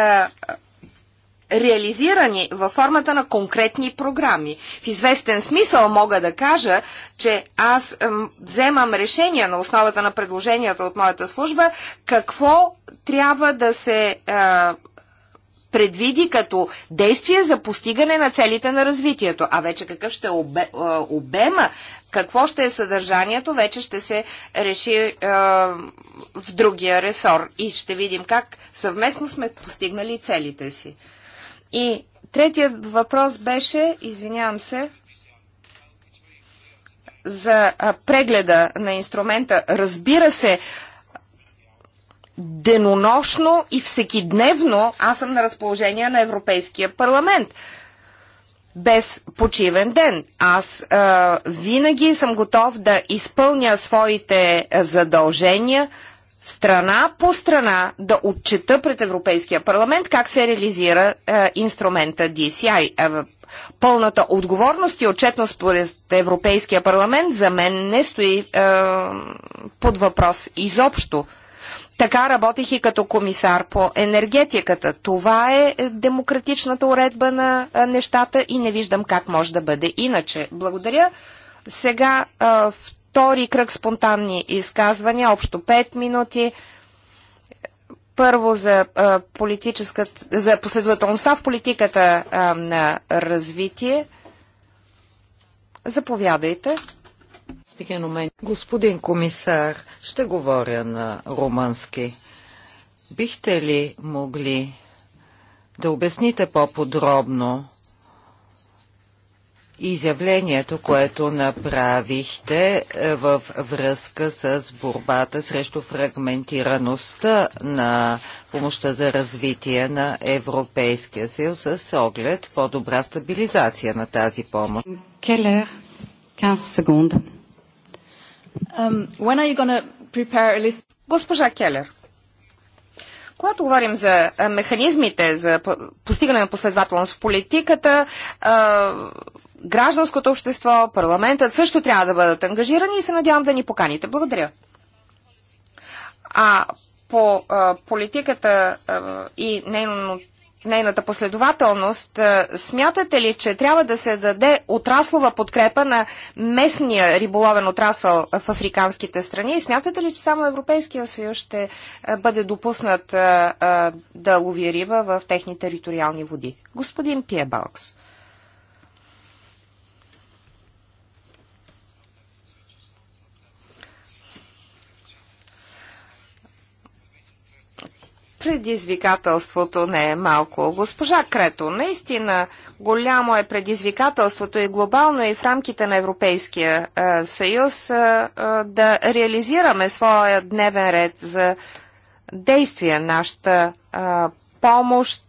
реализирани във формата на конкретни програми. В известен смисъл мога да кажа, че аз вземам решение на основата на предложенията от моята служба какво трябва да се е, предвиди като действие за постигане на целите на развитието. А вече какъв ще е обе, е, обема, какво ще е съдържанието, вече ще се реши е, в другия ресор и ще видим как съвместно сме постигнали целите си. И третият въпрос беше, извинявам се, за прегледа на инструмента. Разбира се, денонощно и всекидневно аз съм на разположение на Европейския парламент. Без почивен ден. Аз а, винаги съм готов да изпълня своите задължения страна по страна да отчета пред Европейския парламент как се реализира е, инструмента DCI. Е, пълната отговорност и отчетност пред Европейския парламент за мен не стои е, под въпрос изобщо. Така работих и като комисар по енергетиката. Това е демократичната уредба на е, нещата и не виждам как може да бъде иначе. Благодаря. Сега е, в втори кръг спонтанни изказвания, общо 5 минути. Първо за, за последователността в политиката на развитие. Заповядайте. Господин комисар, ще говоря на румънски. Бихте ли могли да обясните по-подробно изявлението, което направихте е, в връзка с борбата срещу фрагментираността на помощта за развитие на Европейския съюз с оглед по-добра стабилизация на тази помощ. Келер, 15 секунди. Um, Госпожа Келер, когато говорим за механизмите за постигане на последователност в политиката, гражданското общество, парламентът също трябва да бъдат ангажирани и се надявам да ни поканите. Благодаря. А по а, политиката а, и нейно, нейната последователност, смятате ли, че трябва да се даде отраслова подкрепа на местния риболовен отрасъл в африканските страни? И смятате ли, че само Европейския съюз ще бъде допуснат да лови риба в техни териториални води? Господин Пиебалкс. Предизвикателството не е малко. Госпожа Крето, наистина голямо е предизвикателството и глобално и в рамките на Европейския съюз да реализираме своя дневен ред за действия. Нашата помощ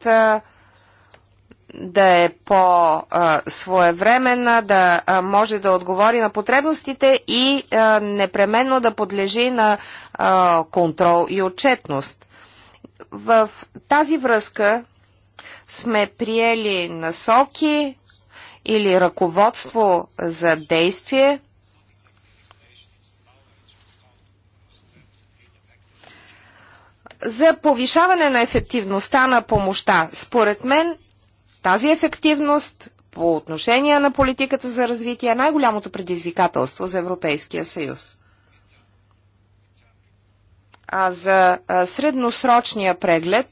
да е по-своевременна, да може да отговори на потребностите и непременно да подлежи на контрол и отчетност. В тази връзка сме приели насоки или ръководство за действие. За повишаване на ефективността на помощта, според мен, тази ефективност по отношение на политиката за развитие е най-голямото предизвикателство за Европейския съюз. А за средносрочния преглед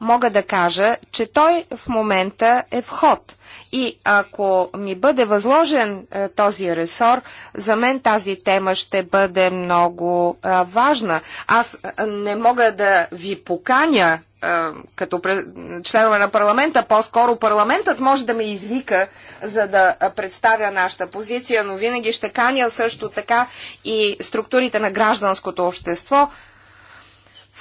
мога да кажа, че той в момента е в ход. И ако ми бъде възложен този ресор, за мен тази тема ще бъде много важна. Аз не мога да ви поканя като членове на парламента, по-скоро парламентът може да ме извика, за да представя нашата позиция, но винаги ще каня също така и структурите на гражданското общество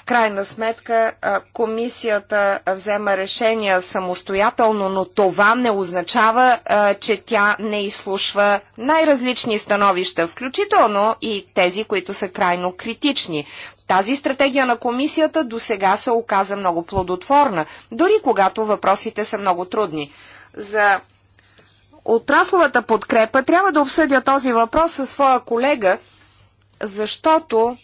крайна сметка комисията взема решения самостоятелно, но това не означава, че тя не изслушва най-различни становища, включително и тези, които са крайно критични. Тази стратегия на комисията до сега се оказа много плодотворна, дори когато въпросите са много трудни. За отрасловата подкрепа трябва да обсъдя този въпрос със своя колега, защото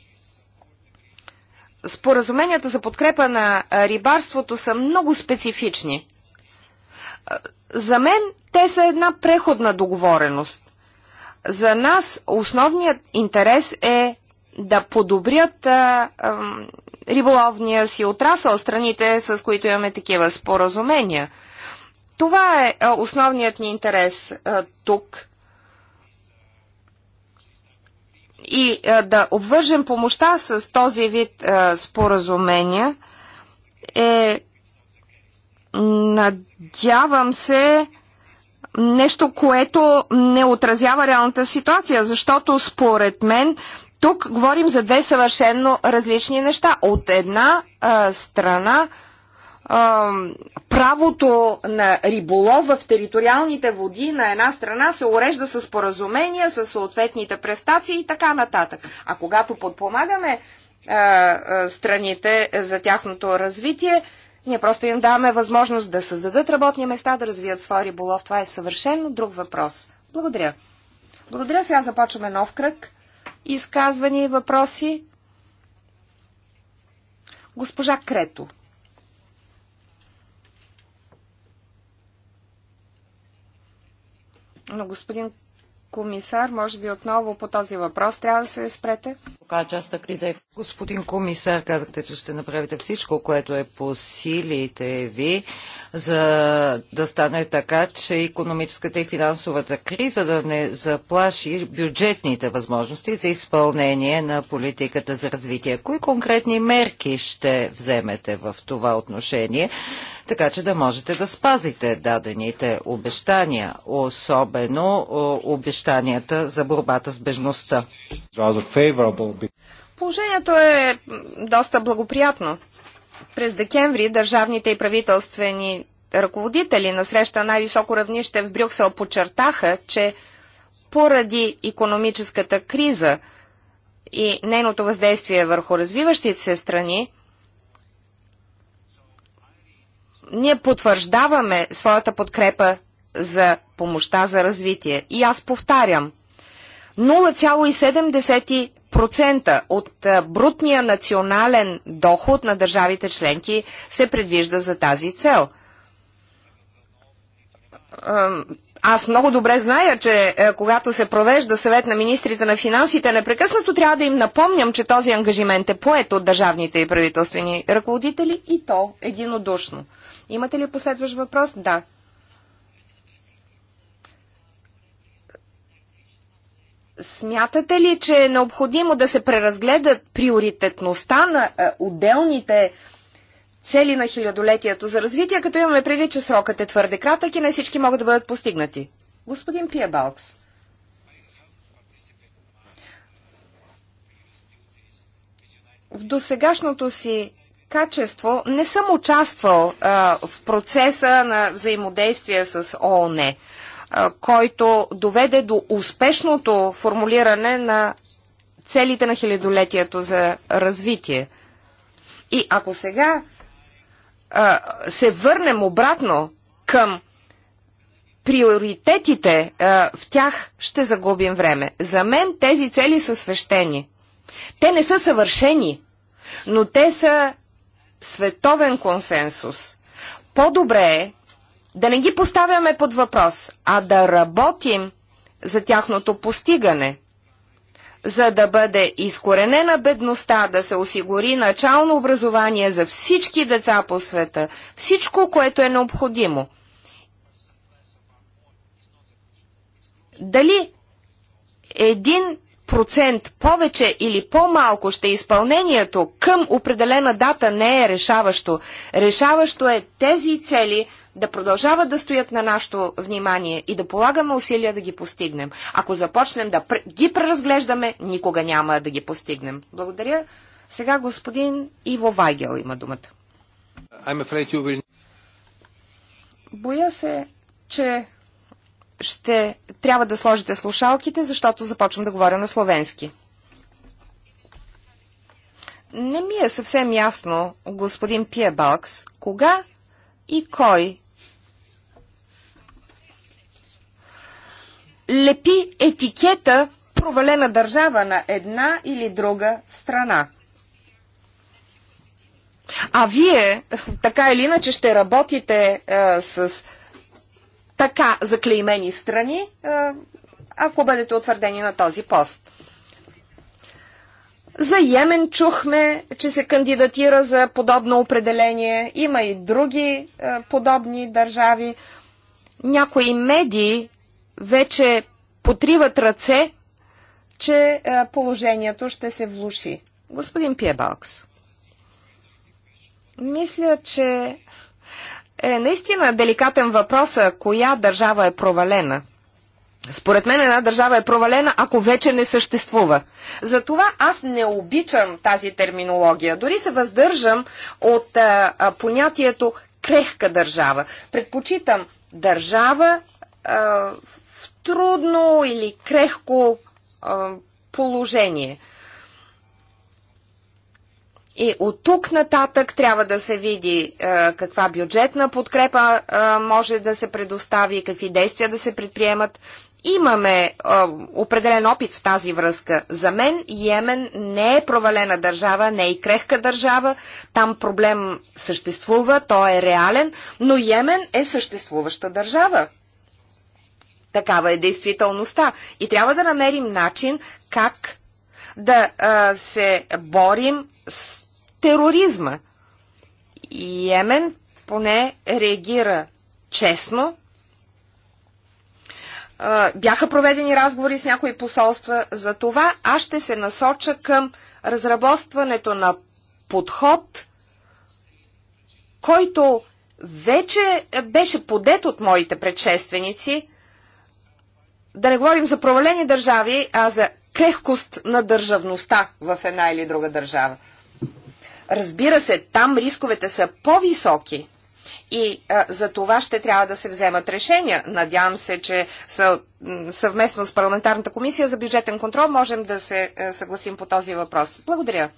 споразуменията за подкрепа на рибарството са много специфични. За мен те са една преходна договореност. За нас основният интерес е да подобрят а, а, риболовния си отрасъл страните, с които имаме такива споразумения. Това е а, основният ни интерес а, тук. и да обвържем помощта с този вид споразумения е, надявам се, нещо, което не отразява реалната ситуация, защото според мен тук говорим за две съвършенно различни неща. От една а, страна правото на риболов в териториалните води на една страна се урежда с поразумения, с съответните престации и така нататък. А когато подпомагаме а, а, страните за тяхното развитие, ние просто им даваме възможност да създадат работни места, да развият своя риболов. Това е съвършено друг въпрос. Благодаря. Благодаря. Сега започваме нов кръг. Изказвания и въпроси. Госпожа Крето. Но господин комисар, може би отново по този въпрос трябва да се спрете. Е- господин комисар, казахте, че ще направите всичко, което е по силите ви, за да стане така, че економическата и финансовата криза да не заплаши бюджетните възможности за изпълнение на политиката за развитие. Кои конкретни мерки ще вземете в това отношение? така че да можете да спазите дадените обещания, особено обещанията за борбата с бежността. Положението е доста благоприятно. През декември държавните и правителствени ръководители на среща най-високо равнище в Брюксел подчертаха, че поради економическата криза и нейното въздействие върху развиващите се страни, ние потвърждаваме своята подкрепа за помощта за развитие. И аз повтарям, 0,7% от брутния национален доход на държавите членки се предвижда за тази цел. Аз много добре зная, че когато се провежда съвет на министрите на финансите, непрекъснато трябва да им напомням, че този ангажимент е поет от държавните и правителствени ръководители и то единодушно. Имате ли последващ въпрос? Да. Смятате ли, че е необходимо да се преразгледат приоритетността на е, отделните цели на хилядолетието за развитие, като имаме предвид, че срокът е твърде кратък и не всички могат да бъдат постигнати? Господин Пия Балкс. В досегашното си качество не съм участвал а, в процеса на взаимодействие с ООН, а, който доведе до успешното формулиране на целите на хилядолетието за развитие. И ако сега а, се върнем обратно към приоритетите, а, в тях ще загубим време. За мен тези цели са свещени. Те не са съвършени, но те са световен консенсус. По-добре е да не ги поставяме под въпрос, а да работим за тяхното постигане. За да бъде изкоренена бедността, да се осигури начално образование за всички деца по света, всичко, което е необходимо. Дали един процент повече или по-малко ще изпълнението към определена дата не е решаващо. Решаващо е тези цели да продължават да стоят на нашето внимание и да полагаме усилия да ги постигнем. Ако започнем да ги преразглеждаме, никога няма да ги постигнем. Благодаря. Сега господин Иво Вайгел има думата. Will... Боя се, че ще трябва да сложите слушалките, защото започвам да говоря на словенски. Не ми е съвсем ясно, господин Пиебалкс, кога и кой лепи етикета провалена държава на една или друга страна. А вие [LAUGHS] така или иначе ще работите е, с така заклеймени страни, ако бъдете утвърдени на този пост. За Йемен чухме, че се кандидатира за подобно определение. Има и други подобни държави. Някои медии вече потриват ръце, че положението ще се влуши. Господин Пиебалкс, мисля, че е наистина деликатен въпрос, коя държава е провалена. Според мен една държава е провалена, ако вече не съществува. Затова аз не обичам тази терминология. Дори се въздържам от а, а, понятието крехка държава. Предпочитам държава а, в трудно или крехко а, положение. И от тук нататък трябва да се види е, каква бюджетна подкрепа е, може да се предостави, какви действия да се предприемат. Имаме е, определен опит в тази връзка. За мен Йемен не е провалена държава, не е и крехка държава. Там проблем съществува, той е реален, но Йемен е съществуваща държава. Такава е действителността. И трябва да намерим начин как да е, се борим с тероризма. И Йемен поне реагира честно. Бяха проведени разговори с някои посолства за това. Аз ще се насоча към разработването на подход, който вече беше подет от моите предшественици. Да не говорим за провалени държави, а за крехкост на държавността в една или друга държава. Разбира се, там рисковете са по-високи и а, за това ще трябва да се вземат решения. Надявам се, че съвместно с парламентарната комисия за бюджетен контрол можем да се а, е, съгласим по този въпрос. Благодаря.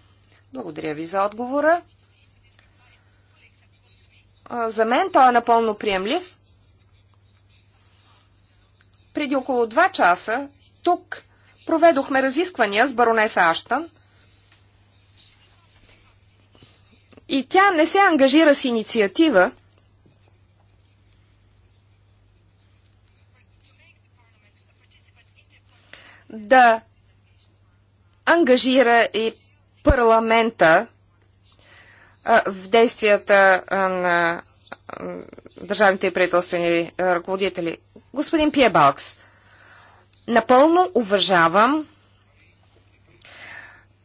Благодаря ви за отговора. А, за мен той е напълно приемлив. Преди около 2 часа тук проведохме разисквания с баронеса Аштън – И тя не се ангажира с инициатива, да ангажира и парламента в действията на държавните и правителствени ръководители. Господин Пиебалкс, напълно уважавам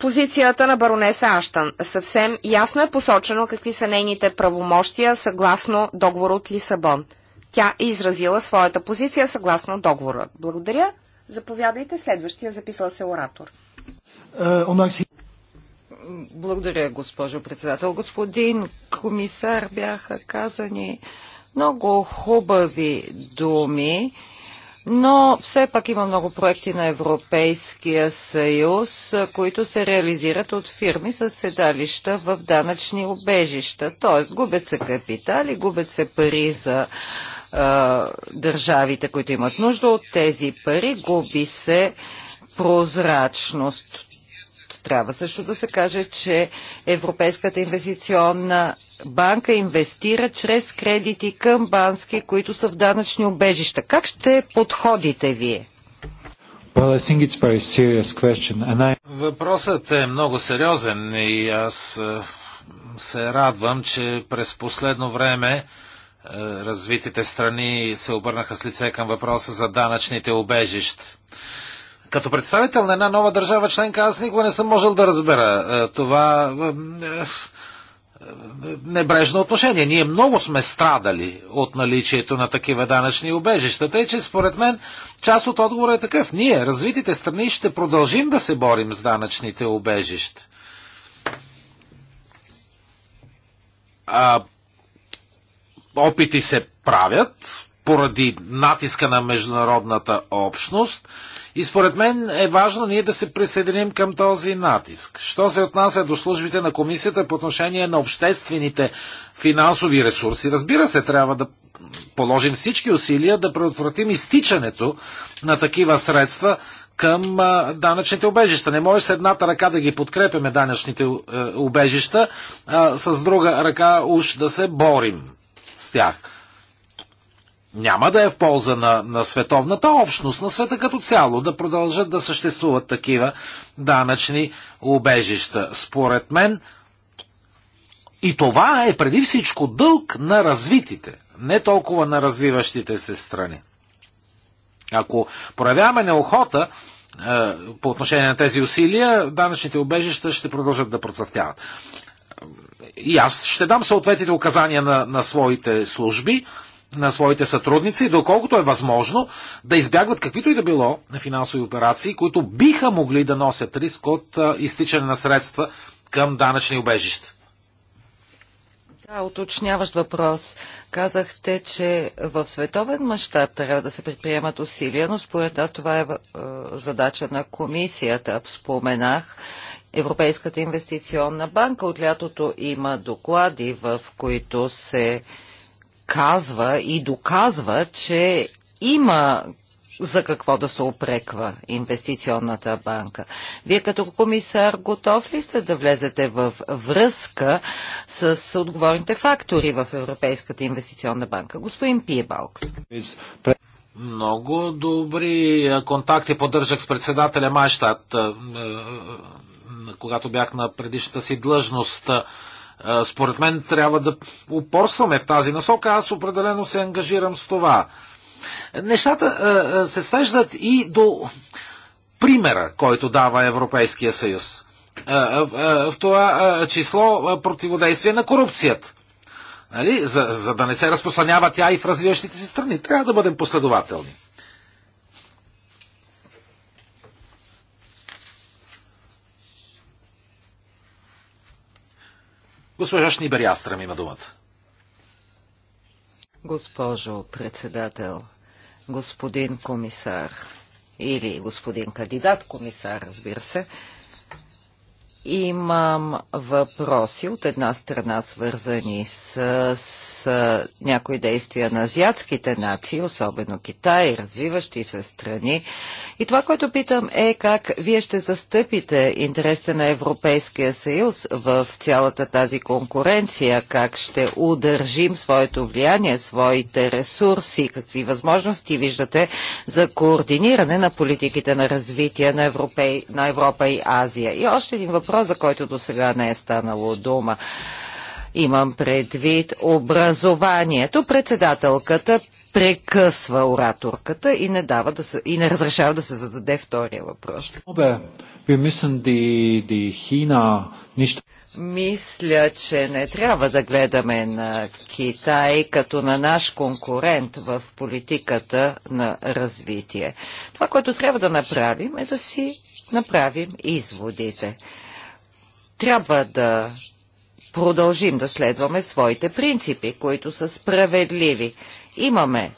позицията на баронеса Аштан. Съвсем ясно е посочено какви са нейните правомощия съгласно договор от Лисабон. Тя е изразила своята позиция съгласно договора. Благодаря. Заповядайте следващия записал се оратор. Е, Благодаря, госпожо председател. Господин комисар, бяха казани много хубави думи но все пак има много проекти на Европейския съюз, които се реализират от фирми с седалища в данъчни обежища. Т.е. губят се капитали, губят се пари за е, държавите, които имат нужда от тези пари, губи се прозрачност. Трябва също да се каже, че Европейската инвестиционна банка инвестира чрез кредити към бански, които са в данъчни обежища. Как ще подходите вие? Въпросът е много сериозен и аз е, се радвам, че през последно време е, развитите страни се обърнаха с лице към въпроса за данъчните обежища. Като представител на една нова държава членка, аз никога не съм можел да разбера е, това е, е, небрежно отношение. Ние много сме страдали от наличието на такива данъчни убежища, тъй че според мен част от отговора е такъв. Ние, развитите страни, ще продължим да се борим с данъчните убежища. А, опити се правят поради натиска на международната общност – и според мен е важно ние да се присъединим към този натиск. Що се отнася до службите на комисията по отношение на обществените финансови ресурси, разбира се, трябва да положим всички усилия да предотвратим изтичането на такива средства към данъчните убежища. Не може с едната ръка да ги подкрепяме данъчните е, убежища, а с друга ръка уж да се борим с тях няма да е в полза на, на световната общност, на света като цяло, да продължат да съществуват такива данъчни убежища. Според мен, и това е преди всичко дълг на развитите, не толкова на развиващите се страни. Ако проявяваме неохота е, по отношение на тези усилия, данъчните убежища ще продължат да процъфтяват. И аз ще дам съответните указания на, на своите служби, на своите сътрудници, доколкото е възможно, да избягват каквито и да било финансови операции, които биха могли да носят риск от изтичане на средства към данъчни убежища. Да, уточняващ въпрос. Казахте, че в световен мащаб трябва да се предприемат усилия, но според нас това е задача на комисията. Споменах, Европейската инвестиционна банка от лятото има доклади, в които се казва и доказва, че има за какво да се опреква инвестиционната банка. Вие като комисар готов ли сте да влезете в връзка с отговорните фактори в Европейската инвестиционна банка? Господин Пиебалкс. Много добри контакти поддържах с председателя Майштад, когато бях на предишната си длъжност. Според мен трябва да упорстваме в тази насока. Аз определено се ангажирам с това. Нещата се свеждат и до примера, който дава Европейския съюз. В това число противодействие на корупцията. Нали? За, за да не се разпространява тя и в развиващите си страни. Трябва да бъдем последователни. Госпожа Шнибер Ястрам има думата. Госпожо председател, господин комисар или господин кандидат комисар, разбира се, Имам въпроси от една страна свързани с, с някои действия на азиатските нации, особено Китай, развиващи се страни. И това, което питам е как вие ще застъпите интересите на Европейския съюз в цялата тази конкуренция, как ще удържим своето влияние, своите ресурси, какви възможности виждате за координиране на политиките на развитие на, Европей, на Европа и Азия. И още един въпрос въпрос, за който до сега не е станало дума. Имам предвид образованието. Председателката прекъсва ораторката и не, дава да се, и не разрешава да се зададе втория въпрос. Мисля, че не трябва да гледаме на Китай като на наш конкурент в политиката на развитие. Това, което трябва да направим е да си направим изводите. Трябва да продължим да следваме своите принципи, които са справедливи. Имаме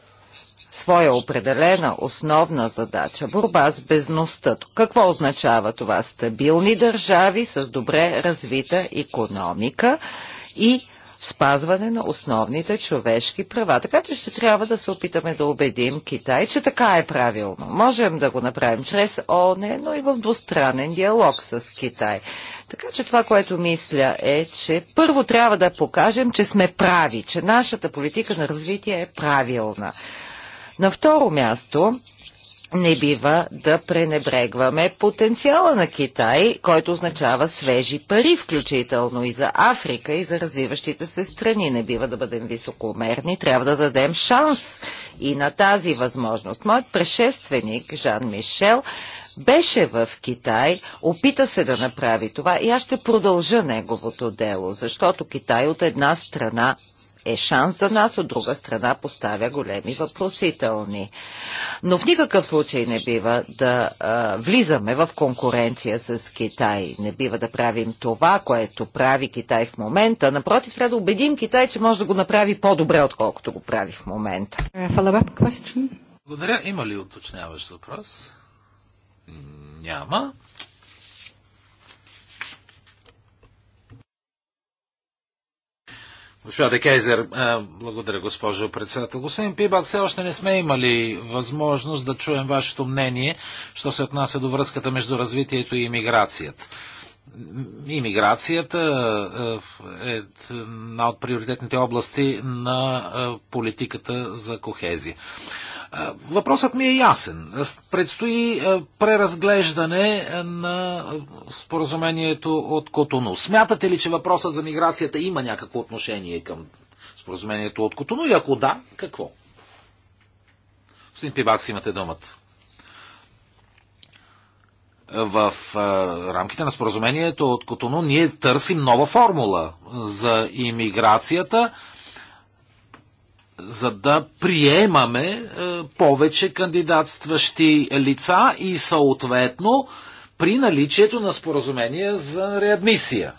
своя определена основна задача – борба с безността. Какво означава това? Стабилни държави с добре развита економика и спазване на основните човешки права. Така че ще трябва да се опитаме да убедим Китай, че така е правилно. Можем да го направим чрез ООН, но и в двустранен диалог с Китай. Така че това, което мисля е, че първо трябва да покажем, че сме прави, че нашата политика на развитие е правилна. На второ място, не бива да пренебрегваме потенциала на Китай, който означава свежи пари, включително и за Африка, и за развиващите се страни. Не бива да бъдем високомерни, трябва да дадем шанс и на тази възможност. Моят предшественик Жан Мишел беше в Китай, опита се да направи това и аз ще продължа неговото дело, защото Китай от една страна е шанс за нас, от друга страна поставя големи въпросителни. Но в никакъв случай не бива да а, влизаме в конкуренция с Китай. Не бива да правим това, което прави Китай в момента. Напротив, трябва да убедим Китай, че може да го направи по-добре, отколкото го прави в момента. Благодаря. Има ли уточняващ въпрос? Няма. Защо Кейзер, благодаря госпожо председател. Господин Пибак, все още не сме имали възможност да чуем вашето мнение, що се отнася до връзката между развитието и иммиграцията. Имиграцията е една от приоритетните области на политиката за кохезия. Въпросът ми е ясен. Предстои преразглеждане на споразумението от Котону. Смятате ли, че въпросът за миграцията има някакво отношение към споразумението от Котону и ако да, какво? Господин Пибакс, имате думата. В рамките на споразумението от Котону ние търсим нова формула за имиграцията за да приемаме е, повече кандидатстващи лица и съответно при наличието на споразумение за реадмисия.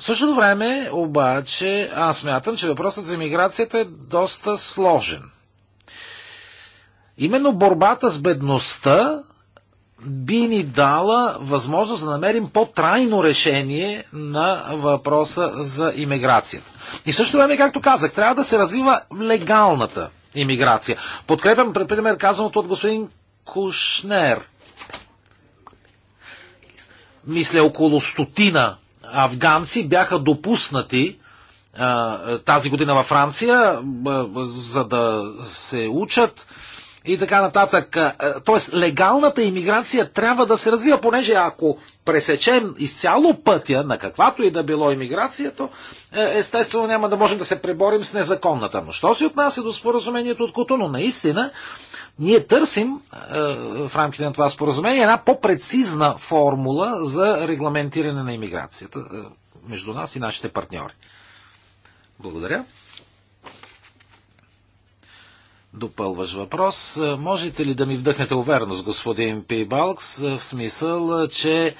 В същото време, обаче, аз смятам, че въпросът за иммиграцията е доста сложен. Именно борбата с бедността би ни дала възможност да намерим по-трайно решение на въпроса за иммиграцията. И също време, както казах, трябва да се развива легалната иммиграция. Подкрепям, например, казаното от господин Кушнер. Мисля, около стотина афганци бяха допуснати а, тази година във Франция, а, за да се учат и така нататък. Е, тоест, легалната иммиграция трябва да се развива, понеже ако пресечем изцяло пътя на каквато и да било иммиграцията, е, естествено няма да можем да се преборим с незаконната. Но що се отнася до споразумението от но Наистина, ние търсим е, в рамките на това споразумение една по-прецизна формула за регламентиране на иммиграцията между нас и нашите партньори. Благодаря допълваш въпрос. Е, можете ли да ми вдъхнете увереност, господин Пибалкс, е, в смисъл, е, че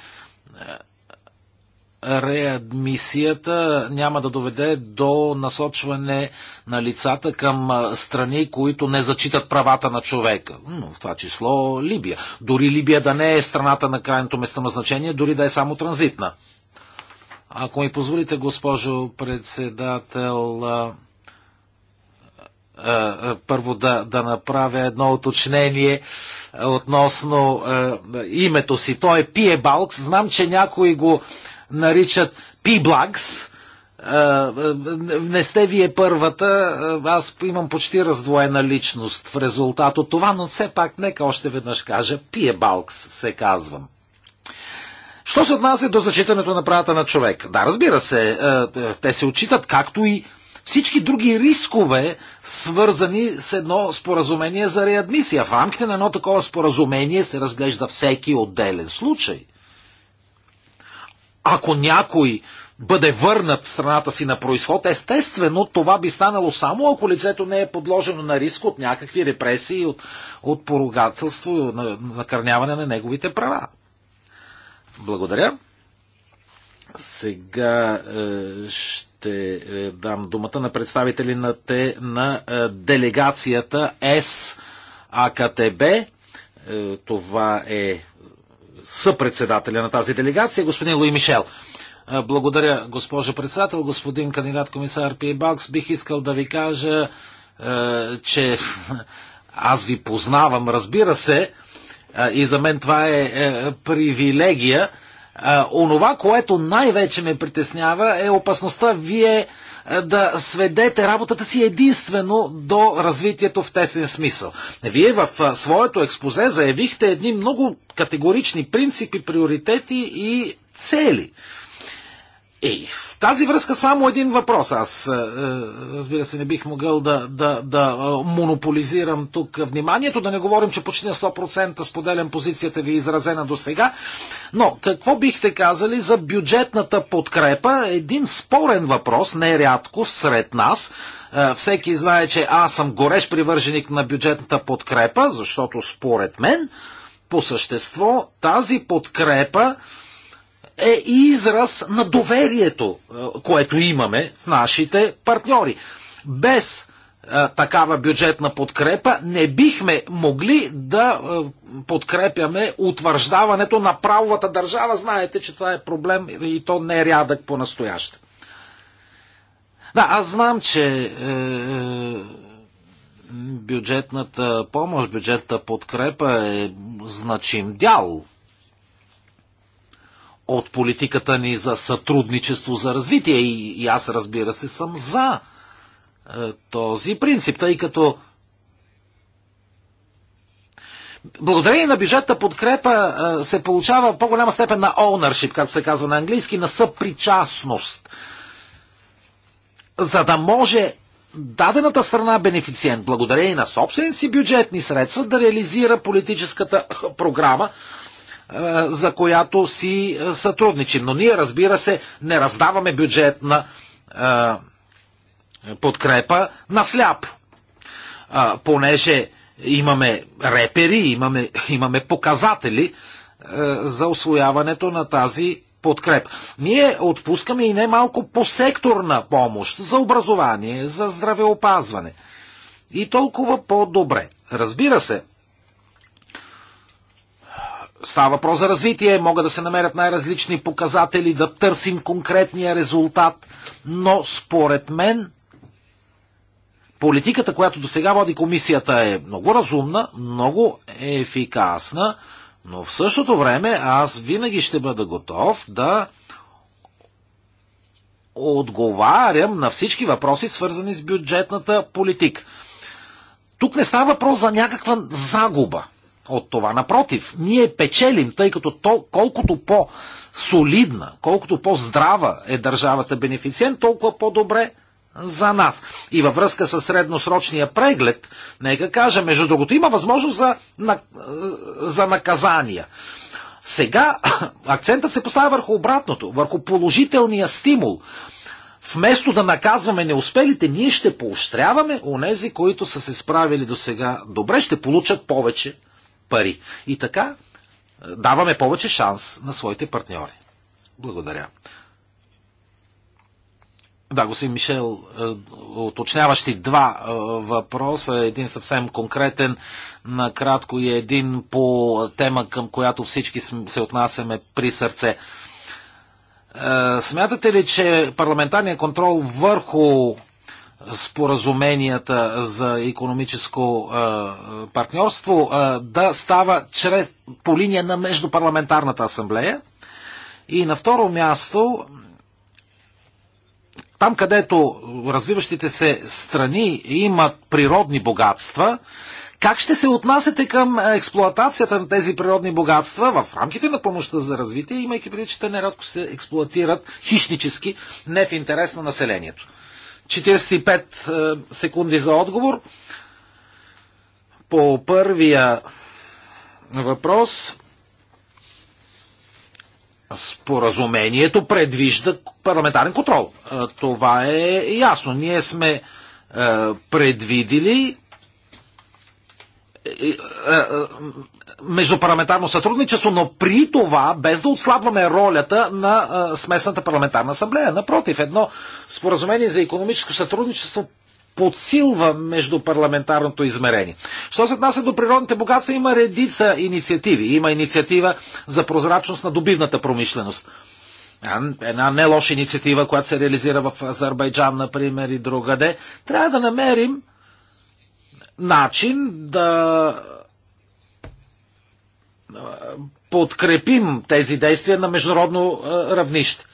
реадмисията няма да доведе до насочване на лицата към страни, които не зачитат правата на човека. В това число Либия. Дори Либия да не е страната на крайното местоназначение, дори да е само транзитна. Ако ми позволите, госпожо председател, е, е, първо да, да направя едно уточнение е, относно е, името си. Той е Пие Балкс. Знам, че някои го наричат Пиблагс. Блакс. не сте вие първата. Аз имам почти раздвоена личност в резултат от това, но все пак нека още веднъж кажа. Пие Балкс се казвам. Що се отнася до зачитането на правата на човек? Да, разбира се, те се отчитат както и всички други рискове, свързани с едно споразумение за реадмисия. В рамките на едно такова споразумение се разглежда всеки отделен случай. Ако някой бъде върнат в страната си на происход, естествено това би станало само ако лицето не е подложено на риск от някакви репресии, от, от поругателство и на, накърняване на неговите права. Благодаря. Сега е, ще ще е, дам думата на представителите на е, делегацията САКТБ, е, Това е съпредседателя на тази делегация, господин Луи Мишел. Благодаря, госпожо председател, господин кандидат комисар Бакс, Бих искал да ви кажа, че [LAUGHS] аз ви познавам, разбира се, и за мен това е привилегия а, е, онова, което най-вече ме притеснява е опасността вие е, да сведете работата си единствено до развитието в тесен смисъл. Вие в е, своето експозе заявихте едни много категорични принципи, приоритети и цели и в тази връзка само един въпрос. Аз, е, е, разбира се, не бих могъл да, да, да е, монополизирам тук вниманието, да не говорим, че почти на 100% споделям позицията ви изразена до сега. Но какво бихте казали за бюджетната подкрепа? Един спорен въпрос, нерядко сред нас. Всеки знае, че аз съм горещ привърженик на бюджетната подкрепа, защото според мен, по същество, тази подкрепа е израз на доверието, е, което имаме в нашите партньори. Без е, такава бюджетна подкрепа, не бихме могли да е, подкрепяме утвърждаването на правовата държава. Знаете, че това е проблем и то не е рядък по-настояще. Да, аз знам, че е, бюджетната помощ, бюджетната подкрепа е значим дял от политиката ни за сътрудничество за развитие. И, и аз, разбира се, съм за е, този принцип, тъй като благодарение на бюджетта подкрепа е, се получава по-голяма степен на ownership, както се казва на английски, на съпричастност. За да може дадената страна бенефициент, благодарение на собствените си бюджетни средства, да реализира политическата [COUGHS] програма, е, за която си е, сътрудничим. Но ние, разбира се, не раздаваме бюджетна е, подкрепа на сляп. Понеже имаме репери, имаме, имаме показатели за освояването на тази подкреп. Ние отпускаме и немалко по секторна помощ за образование, за здравеопазване. И толкова по-добре. Разбира се, Става въпрос за развитие, могат да се намерят най-различни показатели, да търсим конкретния резултат, но според мен политиката, която до сега води комисията е много разумна, много ефикасна, но в същото време аз винаги ще бъда готов да отговарям на всички въпроси, свързани с бюджетната политика. Тук не става въпрос за някаква загуба – от това. Напротив, ние печелим, тъй като то, колкото по-солидна, колкото по-здрава е държавата бенефициент, толкова по-добре за нас. И във връзка с средносрочния преглед, нека кажа, между другото, има възможност за, на, за наказания. Сега [CLEARS THROAT] акцентът се поставя върху обратното, върху положителния стимул. Вместо да наказваме неуспелите, ние ще поощряваме онези, които са се справили до сега добре, ще получат повече пари. И така е, даваме повече шанс на своите партньори. Благодаря. Да, господин Мишел, е, уточняващи два е, въпроса. Един съвсем конкретен, накратко и един по тема, към която всички се отнасяме при сърце. Смятате ли, че парламентарният контрол върху споразуменията за економическо партньорство да става чрез, по линия на Междупарламентарната асамблея. И на второ място, там където развиващите се страни имат природни богатства, как ще се отнасяте към експлоатацията на тези природни богатства в рамките на помощта за развитие, имайки преди, че те нередко се експлоатират хищнически, не в интерес на населението? 45 е, секунди за отговор. По първия въпрос споразумението предвижда парламентарен контрол. Е, това е ясно. Ние сме е, предвидили междупарламентарно сътрудничество, но при това, без да отслабваме ролята на а, Смесната парламентарна асамблея. Напротив, едно споразумение за економическо сътрудничество подсилва междупарламентарното измерение. Що се отнася до природните богатства, има редица инициативи. Има инициатива за прозрачност на добивната промишленост. Една не лоша инициатива, която се реализира в Азербайджан, например, и другаде. Трябва да намерим начин да е, подкрепим тези действия на международно е, равнище. Е,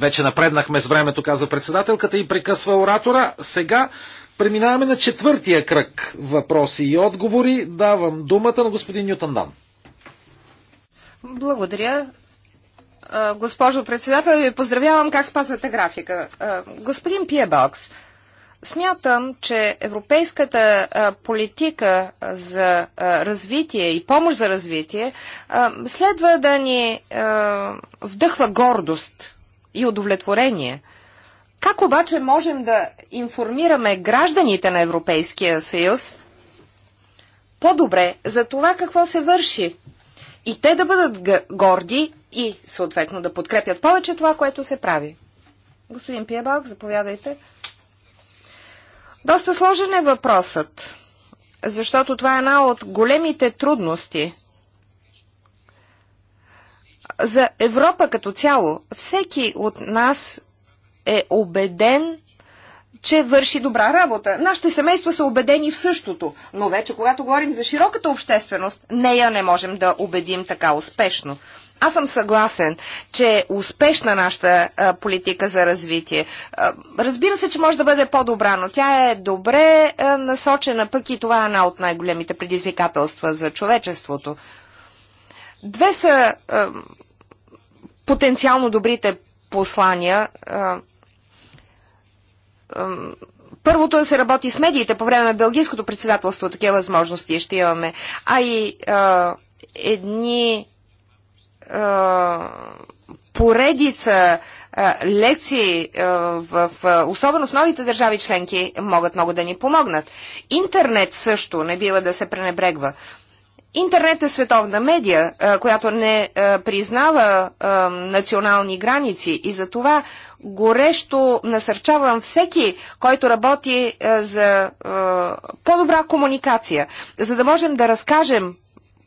вече напреднахме с времето, каза председателката и прекъсва оратора. Сега преминаваме на четвъртия кръг въпроси и отговори. Давам думата на господин Нютон Дан. Благодаря. Госпожо председател, ви поздравявам как спазвате графика. Господин Пиебалкс, Смятам, че европейската политика за развитие и помощ за развитие следва да ни вдъхва гордост и удовлетворение. Как обаче можем да информираме гражданите на Европейския съюз по-добре за това какво се върши? И те да бъдат горди и съответно да подкрепят повече това, което се прави. Господин Пиебалк, заповядайте. Доста сложен е въпросът, защото това е една от големите трудности за Европа като цяло. Всеки от нас е убеден, че върши добра работа. Нашите семейства са убедени в същото, но вече когато говорим за широката общественост, нея не можем да убедим така успешно. Аз съм съгласен, че е успешна нашата а, политика за развитие. А, разбира се, че може да бъде по-добра, но тя е добре а, насочена, пък и това е една от най-големите предизвикателства за човечеството. Две са а, потенциално добрите послания. А, а, Първото е да се работи с медиите по време на Белгийското председателство. Такива възможности ще имаме. А и а, едни е, поредица е, лекции е, в особено в новите държави членки могат много да ни помогнат. Интернет също не бива да се пренебрегва. Интернет е световна медия, която не признава национални граници и за това горещо насърчавам всеки, който работи за по-добра комуникация, за да можем да разкажем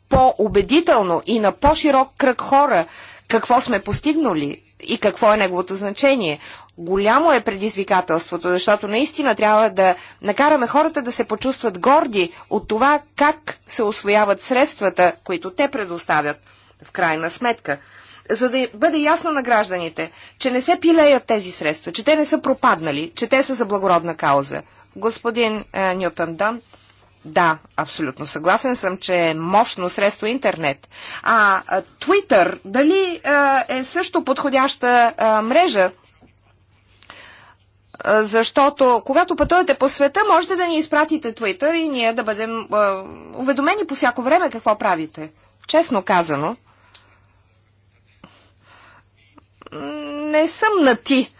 по-убедително и на по-широк кръг хора какво сме постигнали и какво е неговото значение. Голямо е предизвикателството, защото наистина трябва да накараме хората да се почувстват горди от това как се освояват средствата, които те предоставят в крайна сметка. За да бъде ясно на гражданите, че не се пилеят тези средства, че те не са пропаднали, че те са за благородна кауза. Господин е, Нютон да, абсолютно съгласен съм, че е мощно средство интернет. А Twitter дали е също подходяща мрежа? Защото когато пътувате по света, можете да ни изпратите Twitter и ние да бъдем уведомени по всяко време какво правите. Честно казано, не съм на ти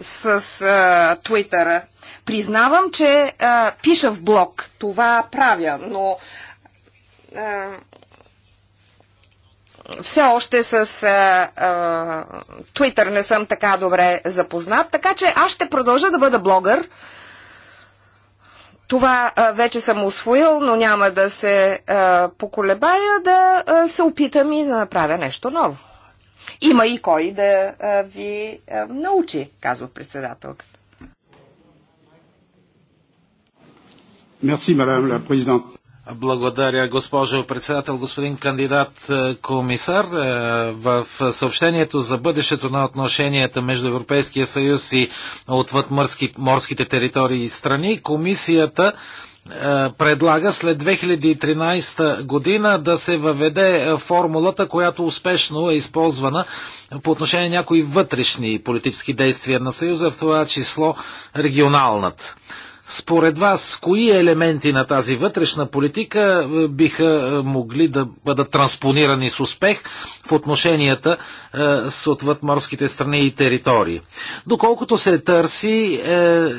с а, Твитъра. Признавам, че а, пиша в блог. Това правя, но а, все още с а, а, Твитър не съм така добре запознат, така че аз ще продължа да бъда блогър. Това а, вече съм освоил, но няма да се а, поколебая да а, се опитам и да направя нещо ново. Има и кой да ви научи, казва председателката. Мерси, мадам ла президент. Благодаря, госпожо председател, господин кандидат комисар. В съобщението за бъдещето на отношенията между Европейския съюз и отвъд морските територии и страни, комисията е, предлага след 2013 година да се въведе е, формулата, която успешно е използвана по отношение на някои вътрешни политически действия на Съюза, в това число регионалната. Според вас, кои елементи на тази вътрешна политика е, биха е, могли да бъдат транспонирани с успех в отношенията е, с отвъдморските страни и територии? Доколкото се търси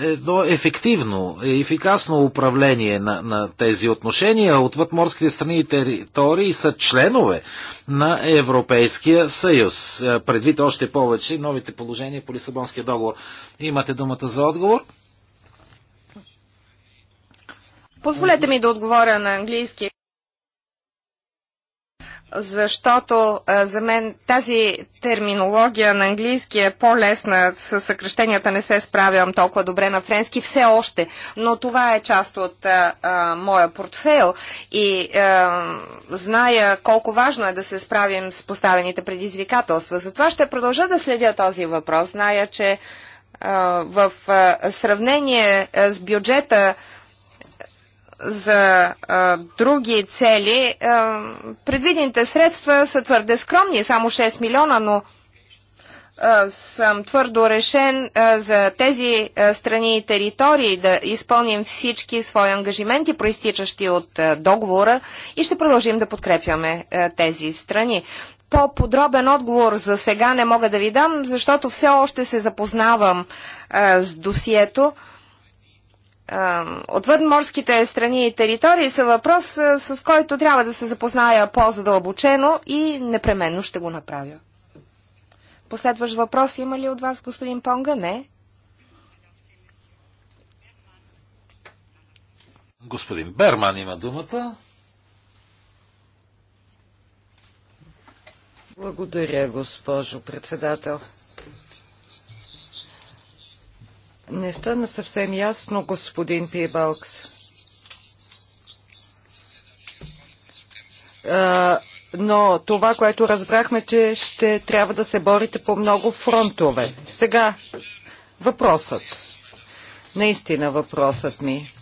едно ефективно, ефикасно управление на, на тези отношения, отвъдморските страни и територии са членове на Европейския съюз. Предвид още повече новите положения по Лисабонския договор. Имате думата за отговор. Позволете ми да отговоря на английски, защото е, за мен тази терминология на английски е по-лесна. С съкрещенията не се справям толкова добре на френски все още, но това е част от а, е, а, е, моя портфейл и а, зная колко важно е да се справим с поставените предизвикателства. Затова ще продължа да следя този въпрос. Зная, че а, в а, сравнение с бюджета, за а, други цели, а, предвидените средства са твърде скромни, само 6 милиона, но а, съм твърдо решен а, за тези а, страни и територии да изпълним всички свои ангажименти, проистичащи от а, договора и ще продължим да подкрепяме а, тези страни. По-подробен отговор за сега не мога да ви дам, защото все още се запознавам а, с досието отвъдморските страни и територии са въпрос, с който трябва да се запозная по-задълбочено и непременно ще го направя. Последващ въпрос има ли от вас, господин Понга? Не. Господин Берман има думата. Благодаря, госпожо председател. Не стана съвсем ясно, господин Пибалкс. Но това, което разбрахме, че ще трябва да се борите по много фронтове. Сега въпросът. Наистина въпросът ми.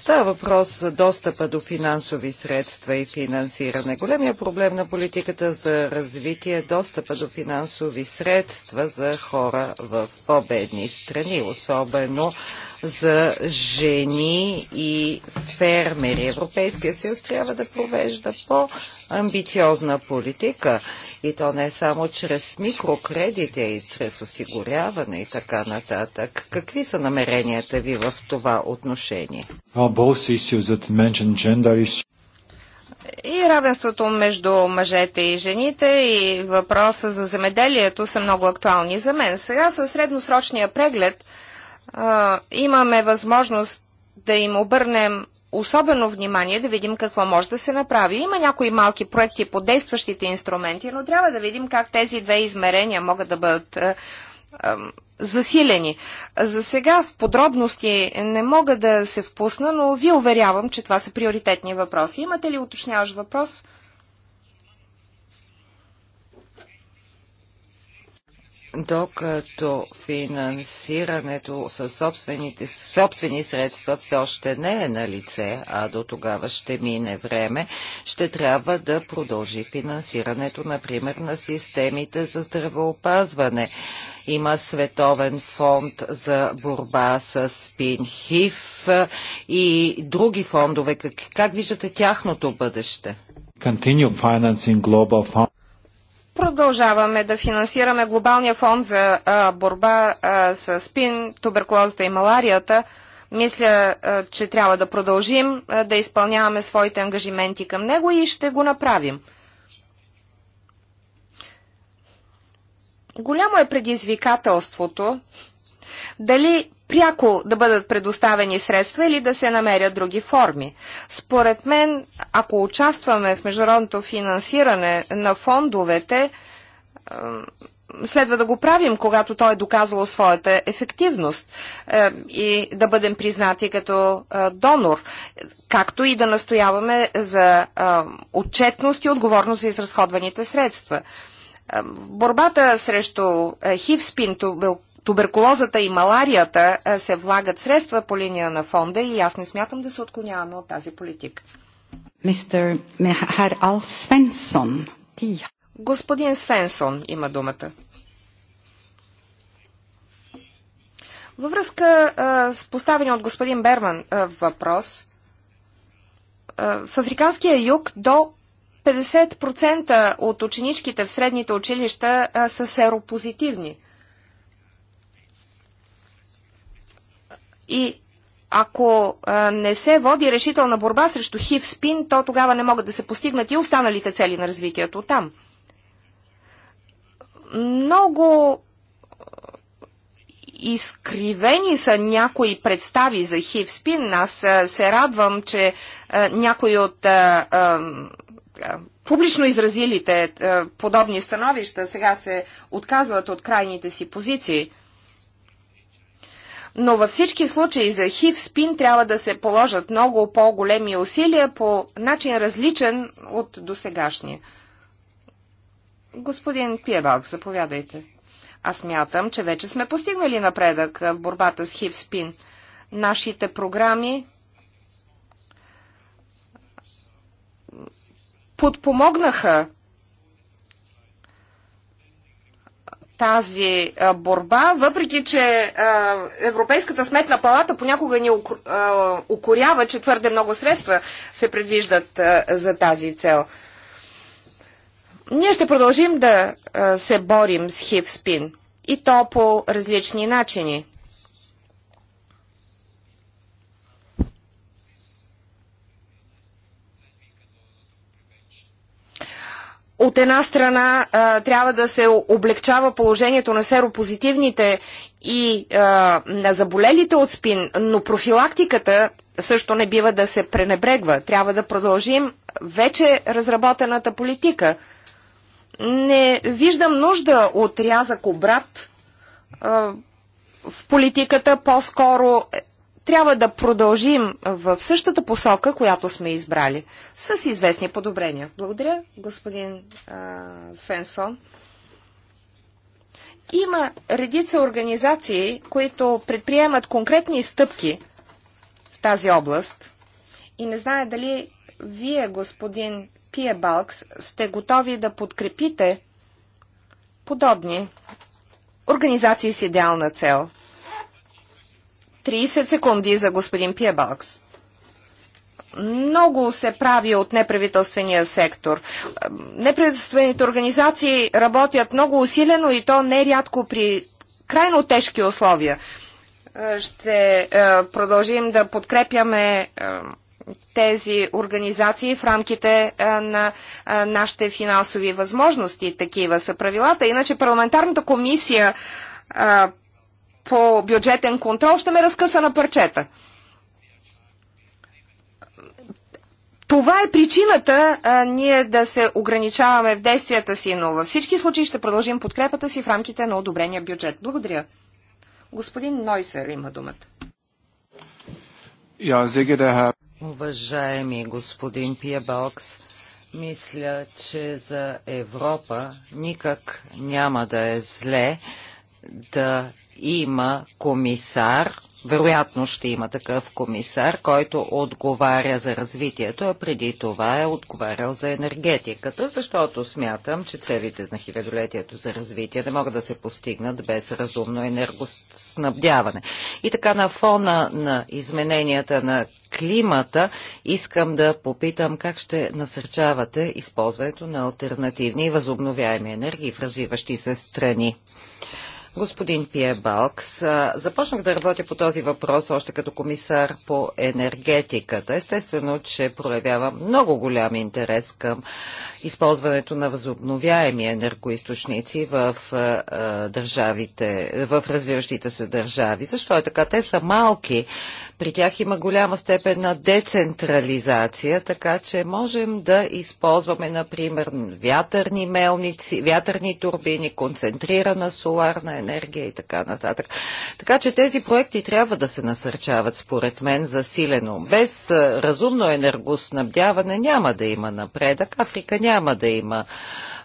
Става въпрос за достъпа до финансови средства и финансиране. Големия проблем на политиката за развитие е достъпа до финансови средства за хора в по-бедни страни, особено за жени и фермери. Европейския съюз трябва да провежда по-амбициозна политика и то не само чрез микрокредите и чрез осигуряване и така нататък. Какви са намеренията ви в това отношение? и равенството между мъжете и жените и въпроса за земеделието са много актуални за мен. Сега със средносрочния преглед – а, имаме възможност да им обърнем особено внимание, да видим какво може да се направи. Има някои малки проекти по действащите инструменти, но трябва да видим как тези две измерения могат да бъдат а, а, засилени. За сега в подробности не мога да се впусна, но ви уверявам, че това са приоритетни въпроси. Имате ли уточняваш въпрос? докато финансирането със собствените, собствени средства все още не е на лице, а до тогава ще мине време, ще трябва да продължи финансирането, например, на системите за здравеопазване. Има Световен фонд за борба с спин ХИФ и други фондове. Как, как виждате тяхното бъдеще? Continue financing global fund продължаваме да финансираме глобалния фонд за а, борба а, с спин, туберкулозата и маларията. Мисля, а, че трябва да продължим а, да изпълняваме своите ангажименти към него и ще го направим. Голямо е предизвикателството дали пряко да бъдат предоставени средства или да се намерят други форми. Според мен, ако участваме в международното финансиране на фондовете, следва да го правим, когато той е доказал своята ефективност е, и да бъдем признати като е, донор, както и да настояваме за е, отчетност и отговорност за изразходваните средства борбата срещу хив спин, туберкулозата и маларията се влагат средства по линия на фонда и аз не смятам да се отклоняваме от тази политика. Мистер Алф Свенсон. Господин Свенсон има думата. Във връзка а, с поставения от господин Берман а, въпрос, а, в Африканския юг до 50% от ученичките в средните училища а, са серопозитивни – И ако не се води решителна борба срещу хив спин, то тогава не могат да се постигнат и останалите цели на развитието там. Много изкривени са някои представи за хив спин. Аз се радвам, че някои от публично изразилите подобни становища сега се отказват от крайните си позиции но във всички случаи за хив спин трябва да се положат много по-големи усилия по начин различен от досегашния. Господин Пиевалк, заповядайте. Аз мятам, че вече сме постигнали напредък в борбата с хив спин. Нашите програми подпомогнаха тази борба, въпреки че Европейската сметна палата понякога ни укорява, че твърде много средства се предвиждат за тази цел. Ние ще продължим да се борим с хив спин и то по различни начини. от една страна трябва да се облегчава положението на серопозитивните и на заболелите от спин, но профилактиката също не бива да се пренебрегва. Трябва да продължим вече разработената политика. Не виждам нужда от рязък обрат в политиката, по-скоро трябва да продължим в същата посока, която сме избрали, с известни подобрения. Благодаря, господин а, Свенсон. Има редица организации, които предприемат конкретни стъпки в тази област и не знае дали вие, господин Пиебалкс, сте готови да подкрепите подобни организации с идеална цел – 30 секунди за господин Пиебалкс. Много се прави от неправителствения сектор. Неправителствените организации работят много усилено и то нерядко при крайно тежки условия. Е, ще е, продължим да подкрепяме е, тези организации в рамките на нашите финансови възможности. Такива са правилата. Иначе парламентарната комисия по бюджетен контрол ще ме разкъса на парчета. Това е причината а, ние да се ограничаваме в действията си, но във всички случаи ще продължим подкрепата си в рамките на одобрения бюджет. Благодаря. Господин Нойсер има думата. Уважаеми господин Пиебалкс, мисля, че за Европа никак няма да е зле да има комисар, вероятно ще има такъв комисар, който отговаря за развитието, а преди това е отговарял за енергетиката, защото смятам, че целите на хилядолетието за развитие не могат да се постигнат без разумно енергоснабдяване. И така на фона на измененията на климата, искам да попитам как ще насърчавате използването на альтернативни и възобновяеми енергии в развиващи се страни господин Пие Балкс. Започнах да работя по този въпрос още като комисар по енергетиката. Естествено, че проявява много голям интерес към използването на възобновяеми енергоисточници в, държавите, в развиващите се държави. Защо е така? Те са малки, при тях има голяма степен на децентрализация, така че можем да използваме, например, вятърни мелници, вятърни турбини, концентрирана соларна енергия и така нататък. Така че тези проекти трябва да се насърчават, според мен, засилено. Без разумно енергоснабдяване няма да има напредък. Африка няма да има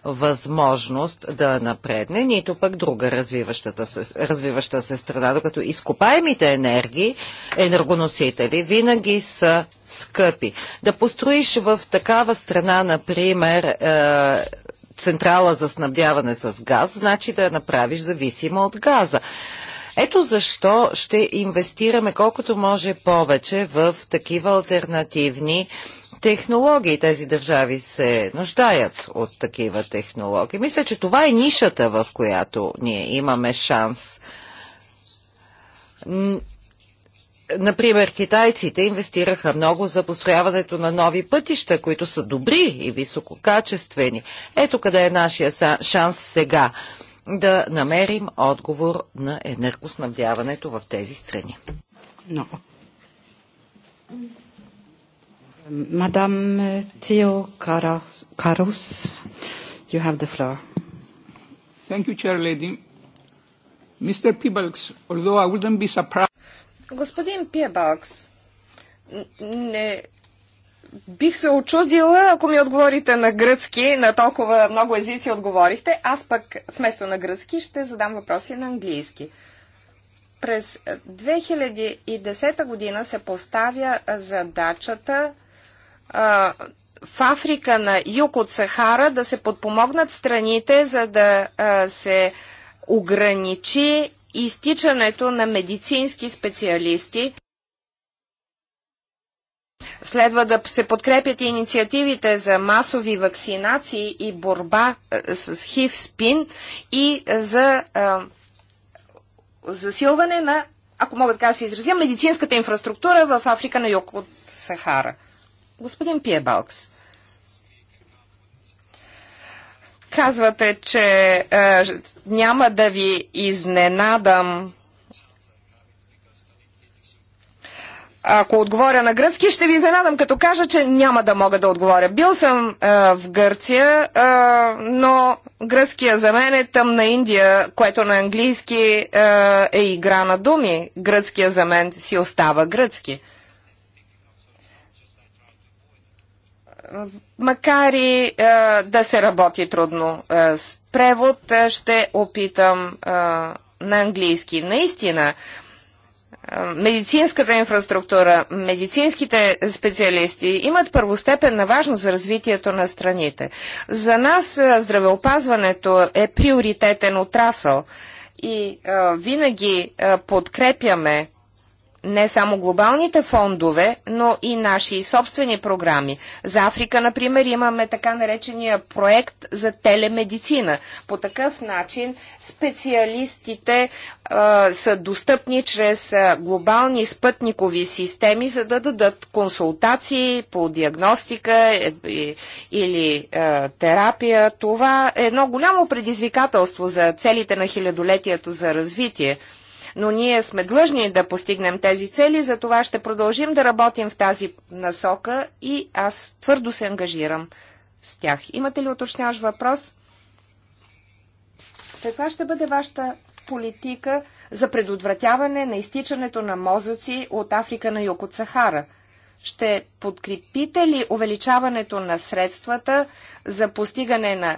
възможност да напредне, нито пък друга развиващата се, развиваща се страна, докато изкопаемите енергии, енер енергоносители винаги са скъпи. Да построиш в такава страна, например, е, централа за снабдяване с газ, значи да я направиш зависима от газа. Ето защо ще инвестираме колкото може повече в такива альтернативни технологии. Тези държави се нуждаят от такива технологии. Мисля, че това е нишата, в която ние имаме шанс Например, китайците инвестираха много за построяването на нови пътища, които са добри и висококачествени. Ето къде е нашия шанс сега да намерим отговор на енергоснабдяването в тези страни. No. Мадам Тио Карус, you have the floor. Thank you, Chair Lady. Mr. Peebles, although I wouldn't be surprised... Господин Пиебалкс, не бих се очудила, ако ми отговорите на гръцки, на толкова много езици отговорихте. Аз пък вместо на гръцки ще задам въпроси на английски. През 2010 година се поставя задачата а, в Африка на юг от Сахара да се подпомогнат страните, за да а, се ограничи изтичането на медицински специалисти. Следва да се подкрепят и инициативите за масови вакцинации и борба е, с хив-спин и за а, е, засилване на, ако мога така да се изразя, медицинската инфраструктура в Африка на юг от Сахара. Господин Пиебалкс. Казвате, че е, няма да ви изненадам. Ако отговоря на гръцки, ще ви изненадам, като кажа, че няма да мога да отговоря. Бил съм е, в Гърция, е, но гръцкия за мен е тъмна Индия, което на английски е, е игра на думи. Гръцкия за мен си остава гръцки. Макар и а, е, да се работи трудно а, е, с превод, е, ще опитам а, на английски. Наистина, медицинската инфраструктура, медицинските специалисти имат първостепенна важност за развитието на страните. За нас здравеопазването е приоритетен отрасъл и винаги подкрепяме не само глобалните фондове, но и наши собствени програми. За Африка, например, имаме така наречения проект за телемедицина. По такъв начин специалистите а, са достъпни чрез глобални спътникови системи, за да дадат консултации по диагностика е, е, или е, терапия. Това е едно голямо предизвикателство за целите на хилядолетието за развитие но ние сме длъжни да постигнем тези цели, за това ще продължим да работим в тази насока и аз твърдо се ангажирам с тях. Имате ли уточняваш въпрос? Каква ще бъде вашата политика за предотвратяване на изтичането на мозъци от Африка на юг от Сахара? Ще подкрепите ли увеличаването на средствата за постигане на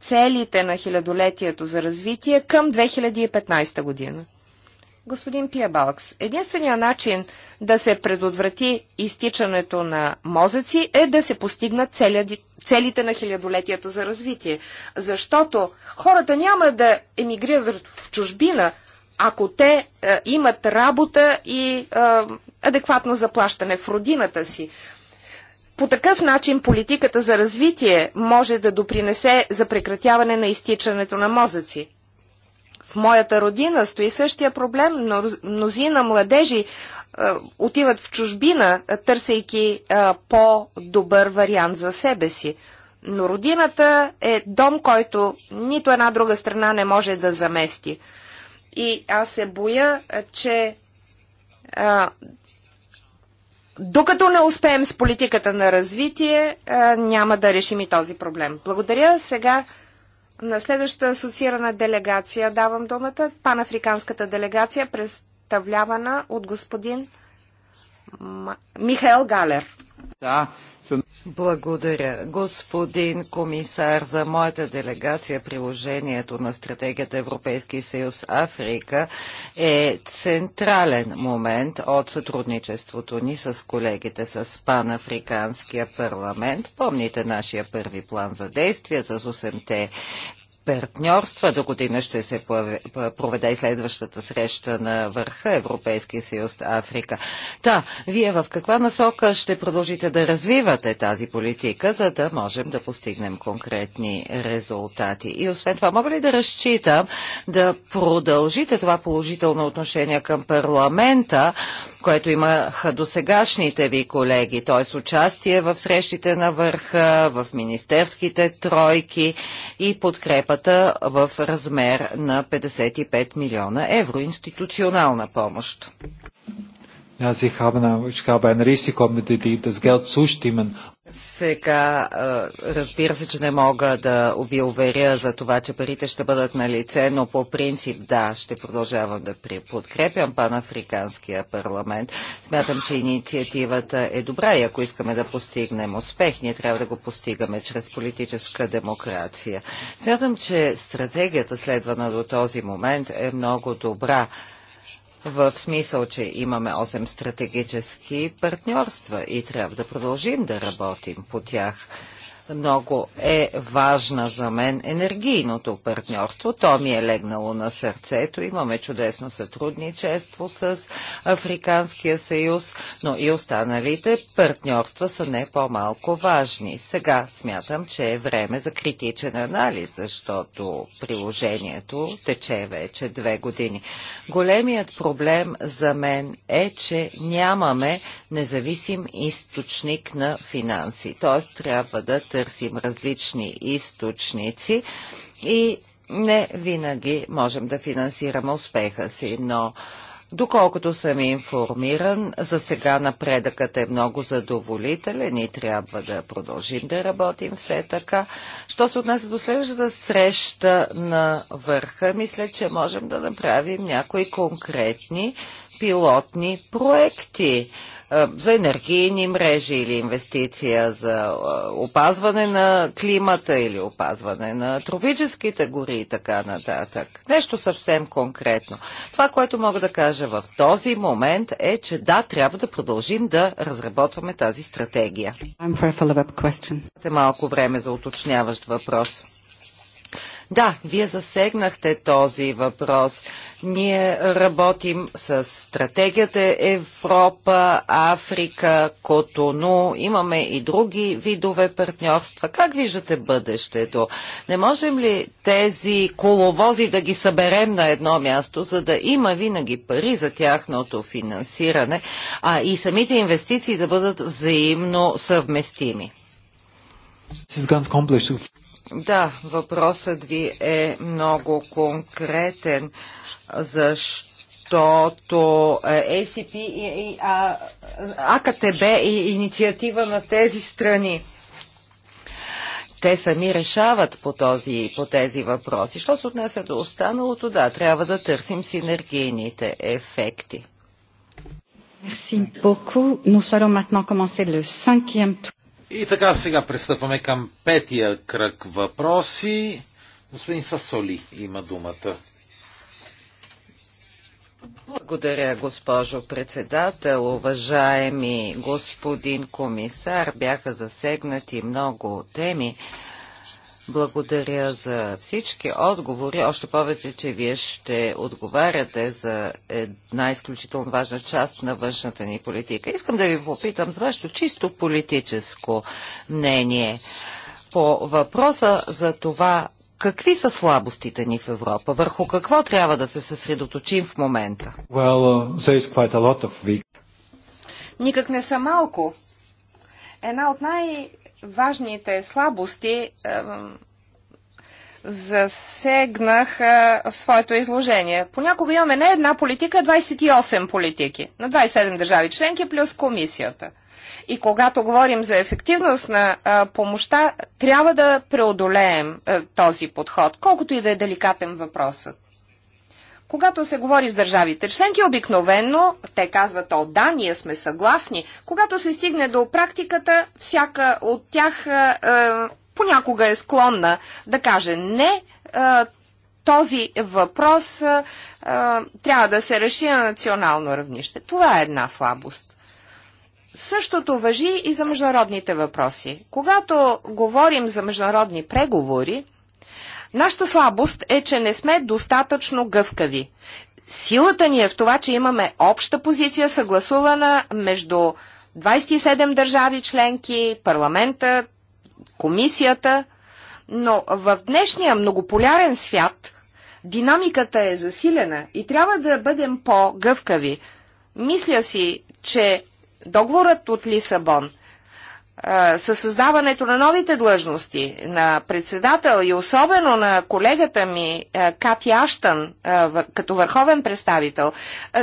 целите на хилядолетието за развитие към 2015 година? господин Пиебалкс. Единственият начин да се предотврати изтичането на мозъци е да се постигнат целите на хилядолетието за развитие. Защото хората няма да емигрират в чужбина, ако те е, имат работа и е, адекватно заплащане в родината си. По такъв начин политиката за развитие може да допринесе за прекратяване на изтичането на мозъци. В моята родина стои същия проблем, но мнозина младежи е, отиват в чужбина, е, търсейки е, по-добър вариант за себе си. Но родината е дом, който нито една друга страна не може да замести. И аз се боя, че а, докато не успеем с политиката на развитие, а, няма да решим и този проблем. Благодаря. Сега на следващата асоциирана делегация давам думата. Панафриканската делегация, представлявана от господин Михаел Галер. Да. Благодаря. Господин комисар, за моята делегация приложението на стратегията Европейски съюз Африка е централен момент от сътрудничеството ни с колегите с Панафриканския парламент. Помните нашия първи план за действие с 8-те партньорства. До година ще се проведе и следващата среща на върха Европейския съюз Африка. Та, вие в каква насока ще продължите да развивате тази политика, за да можем да постигнем конкретни резултати? И освен това, мога ли да разчитам да продължите това положително отношение към парламента, което имаха до сегашните ви колеги, т.е. участие в срещите на върха, в министерските тройки и подкрепата в размер на 55 милиона евро, институционална помощ. Ja, sie haben, ich glaube, ein Risiko, die das Geld zustimmen. Сега, разбира се, че не мога да ви уверя за това, че парите ще бъдат на лице, но по принцип да, ще продължавам да подкрепям панафриканския парламент. Смятам, че инициативата е добра и ако искаме да постигнем успех, ние трябва да го постигаме чрез политическа демокрация. Смятам, че стратегията следвана до този момент е много добра в смисъл, че имаме 8 стратегически партньорства и трябва да продължим да работим по тях много е важна за мен енергийното партньорство. То ми е легнало на сърцето. Имаме чудесно сътрудничество с Африканския съюз, но и останалите партньорства са не по-малко важни. Сега смятам, че е време за критичен анализ, защото приложението тече вече две години. Големият проблем за мен е, че нямаме независим източник на финанси. Т.е. трябва да търсим различни източници и не винаги можем да финансираме успеха си, но Доколкото съм информиран, за сега напредъкът е много задоволителен и трябва да продължим да работим все така. Що се отнася до следващата среща на върха, мисля, че можем да направим някои конкретни пилотни проекти за енергийни мрежи или инвестиция за опазване на климата или опазване на тропическите гори и така нататък. Нещо съвсем конкретно. Това, което мога да кажа в този момент е, че да, трябва да продължим да разработваме тази стратегия. Малко време за уточняващ въпрос. Да, вие засегнахте този въпрос. Ние работим с стратегията Европа, Африка, Котону. Имаме и други видове партньорства. Как виждате бъдещето? Не можем ли тези коловози да ги съберем на едно място, за да има винаги пари за тяхното финансиране, а и самите инвестиции да бъдат взаимно съвместими? Да, въпросът ви е много конкретен, защото е, ACP и а, АКТБ и инициатива на тези страни те сами решават по, този, по тези въпроси. Що се отнесе до останалото, да, трябва да търсим синергийните ефекти. Merci beaucoup. Nous allons maintenant commencer le cinquième tour. И така сега пристъпваме към петия кръг въпроси. Господин Сасоли има думата. Благодаря, госпожо председател. Уважаеми господин комисар, бяха засегнати много теми. Благодаря за всички отговори, още повече, че вие ще отговаряте за една изключително важна част на външната ни политика. Искам да ви попитам за вашето чисто политическо мнение по въпроса за това какви са слабостите ни в Европа, върху какво трябва да се съсредоточим в момента. Well, uh, Никак не са малко. Една от най- важните слабости засегнах е, в своето изложение. Понякога имаме не една политика, а 28 политики на 27 държави членки плюс комисията. И когато говорим за ефективност на а, е, помощта, трябва да преодолеем а, е, този подход, колкото и да е деликатен въпросът. Когато се говори с държавите членки, обикновено те казват, о да, ние сме съгласни. Когато се стигне до практиката, всяка от тях е, е понякога е склонна да каже не, е, този въпрос е, е, трябва да се реши на национално равнище. Това е една слабост. Същото въжи и за международните въпроси. Когато говорим за международни преговори, Нашата слабост е, че не сме достатъчно гъвкави. Силата ни е в това, че имаме обща позиция, съгласувана между 27 държави членки, парламента, комисията, но в днешния многополярен свят динамиката е засилена и трябва да бъдем по-гъвкави. Мисля си, че договорът от Лисабон – със създаването на новите длъжности на председател и особено на колегата ми Кати Аштан като върховен представител,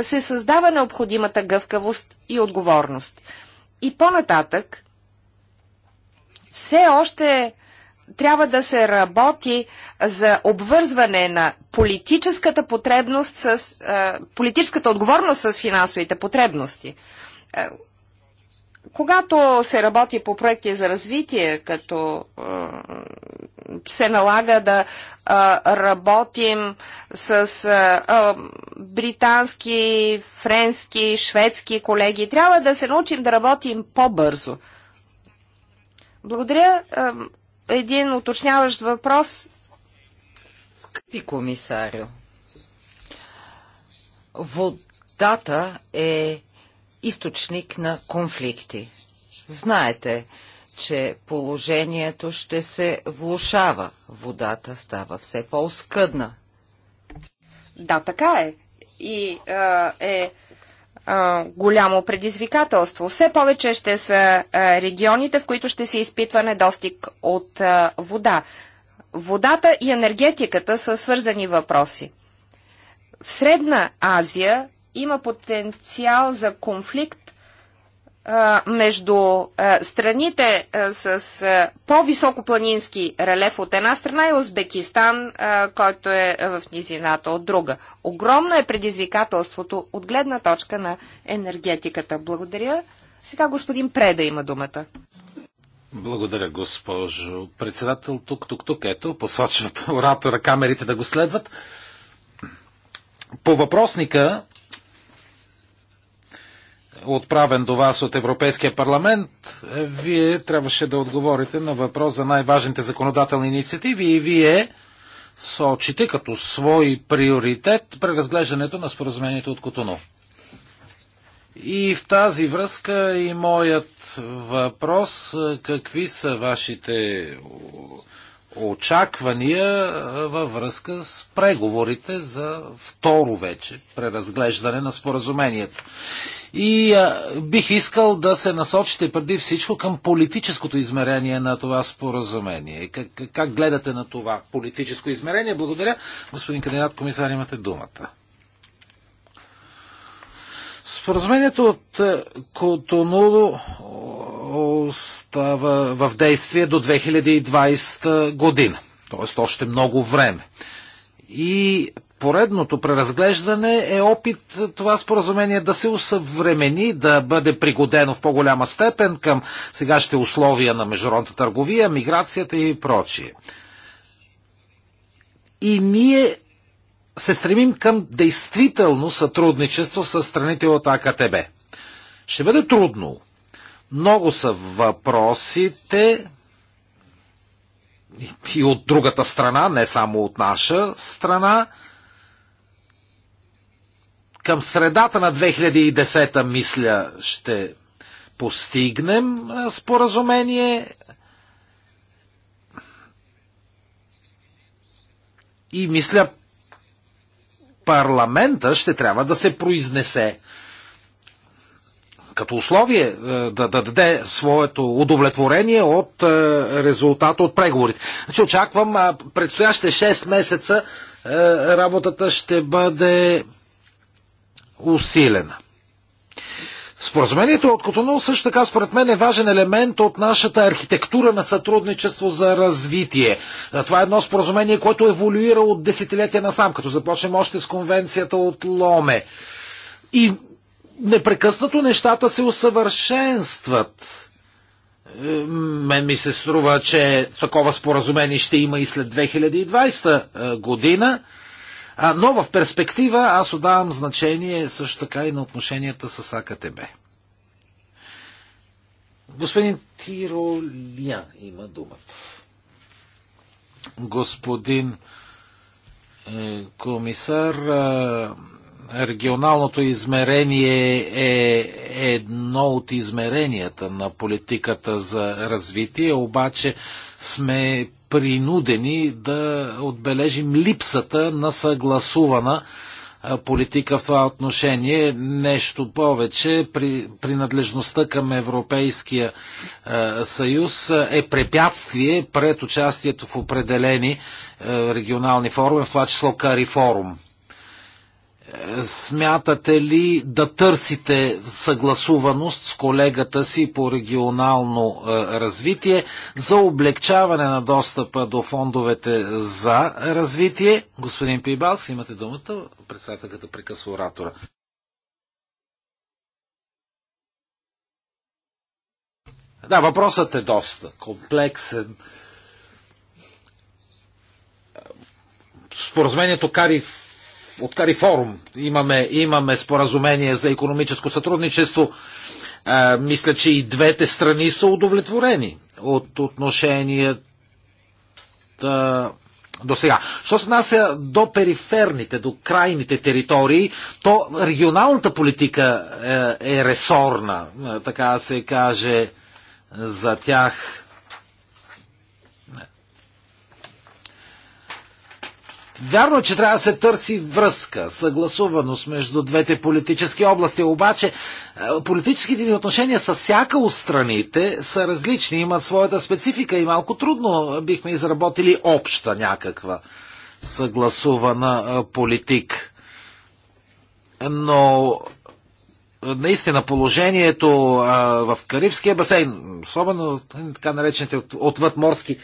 се създава необходимата гъвкавост и отговорност. И по-нататък все още трябва да се работи за обвързване на политическата потребност с политическата отговорност с финансовите потребности когато се работи по проекти за развитие, като се налага да работим с британски, френски, шведски колеги, трябва да се научим да работим по-бързо. Благодаря. Един уточняващ въпрос. Скъпи комисарио, водата е източник на конфликти. Знаете, че положението ще се влушава. Водата става все по-оскъдна. Да, така е. И а, е а, голямо предизвикателство. Все повече ще са а, регионите, в които ще се изпитва недостиг от а, вода. Водата и енергетиката са свързани въпроси. В Средна Азия има потенциал за конфликт а, между а, страните а, с по-високо планински релеф от една страна и Узбекистан, който е в низината от друга. Огромно е предизвикателството от гледна точка на енергетиката. Благодаря. Сега господин Преда има думата. Благодаря, госпожо председател. Тук, тук, тук, ето, посочват оратора камерите да го следват. По въпросника отправен до вас от Европейския парламент, е, вие трябваше да отговорите на въпрос за най-важните законодателни инициативи и вие сочите като свой приоритет преразглеждането на споразумението от Котоно. И в тази връзка и моят въпрос, е, какви са вашите очаквания е, във връзка с преговорите за второ вече преразглеждане на споразумението. И а, бих искал да се насочите преди всичко към политическото измерение на това споразумение. Как, как гледате на това политическо измерение? Благодаря. Господин кандидат комисар, имате думата. Споразумението от е, Котону остава в действие до 2020 година, т.е. още много време. И поредното преразглеждане е опит това споразумение да се усъвремени, да бъде пригодено в по-голяма степен към сегашните условия на международната търговия, миграцията и прочие. И ние се стремим към действително сътрудничество с страните от АКТБ. Ще бъде трудно. Много са въпросите и от другата страна, не само от наша страна – към средата на 2010 мисля ще постигнем споразумение. И мисля, парламента ще трябва да се произнесе като условие е, да, да даде своето удовлетворение от е, резултата от преговорите. Значи очаквам предстоящите 6 месеца е, работата ще бъде усилена. Споразумението от Котоно също така според мен е важен елемент от нашата архитектура на сътрудничество за развитие. Това е едно споразумение, което еволюира от десетилетия насам, като започнем още с конвенцията от Ломе. И непрекъснато нещата се усъвършенстват. Е, мен ми се струва, че такова споразумение ще има и след 2020 е, година. А, но в перспектива аз отдавам значение също така и на отношенията с АКТБ. Господин Тиролия има думата. Господин е, комисар, е, регионалното измерение е едно от измеренията на политиката за развитие, обаче сме принудени да отбележим липсата на съгласувана политика в това отношение. Нещо повече, при, принадлежността към Европейския е, съюз е препятствие пред участието в определени е, регионални форуми, в това число Кари форум. Смятате ли да търсите съгласуваност с колегата си по регионално е, развитие за облегчаване на достъпа до фондовете за развитие? Господин Пибалс, имате думата. Председателката прекъсва оратора. Да, въпросът е доста комплексен. Споразумението кари в от Карифорум. Имаме, имаме споразумение за економическо сътрудничество. А, мисля, че и двете страни са удовлетворени от отношенията до сега. Що се нася до периферните, до крайните територии, то регионалната политика е, е ресорна, е, така се каже за тях. Вярно, че трябва да се търси връзка, съгласуваност между двете политически области, обаче е, политическите ни отношения с всяка от страните са различни, имат своята специфика и малко трудно бихме изработили обща някаква съгласувана е, политик. Но е, наистина положението а, в Карибския басейн, особено така наречените отвъдморски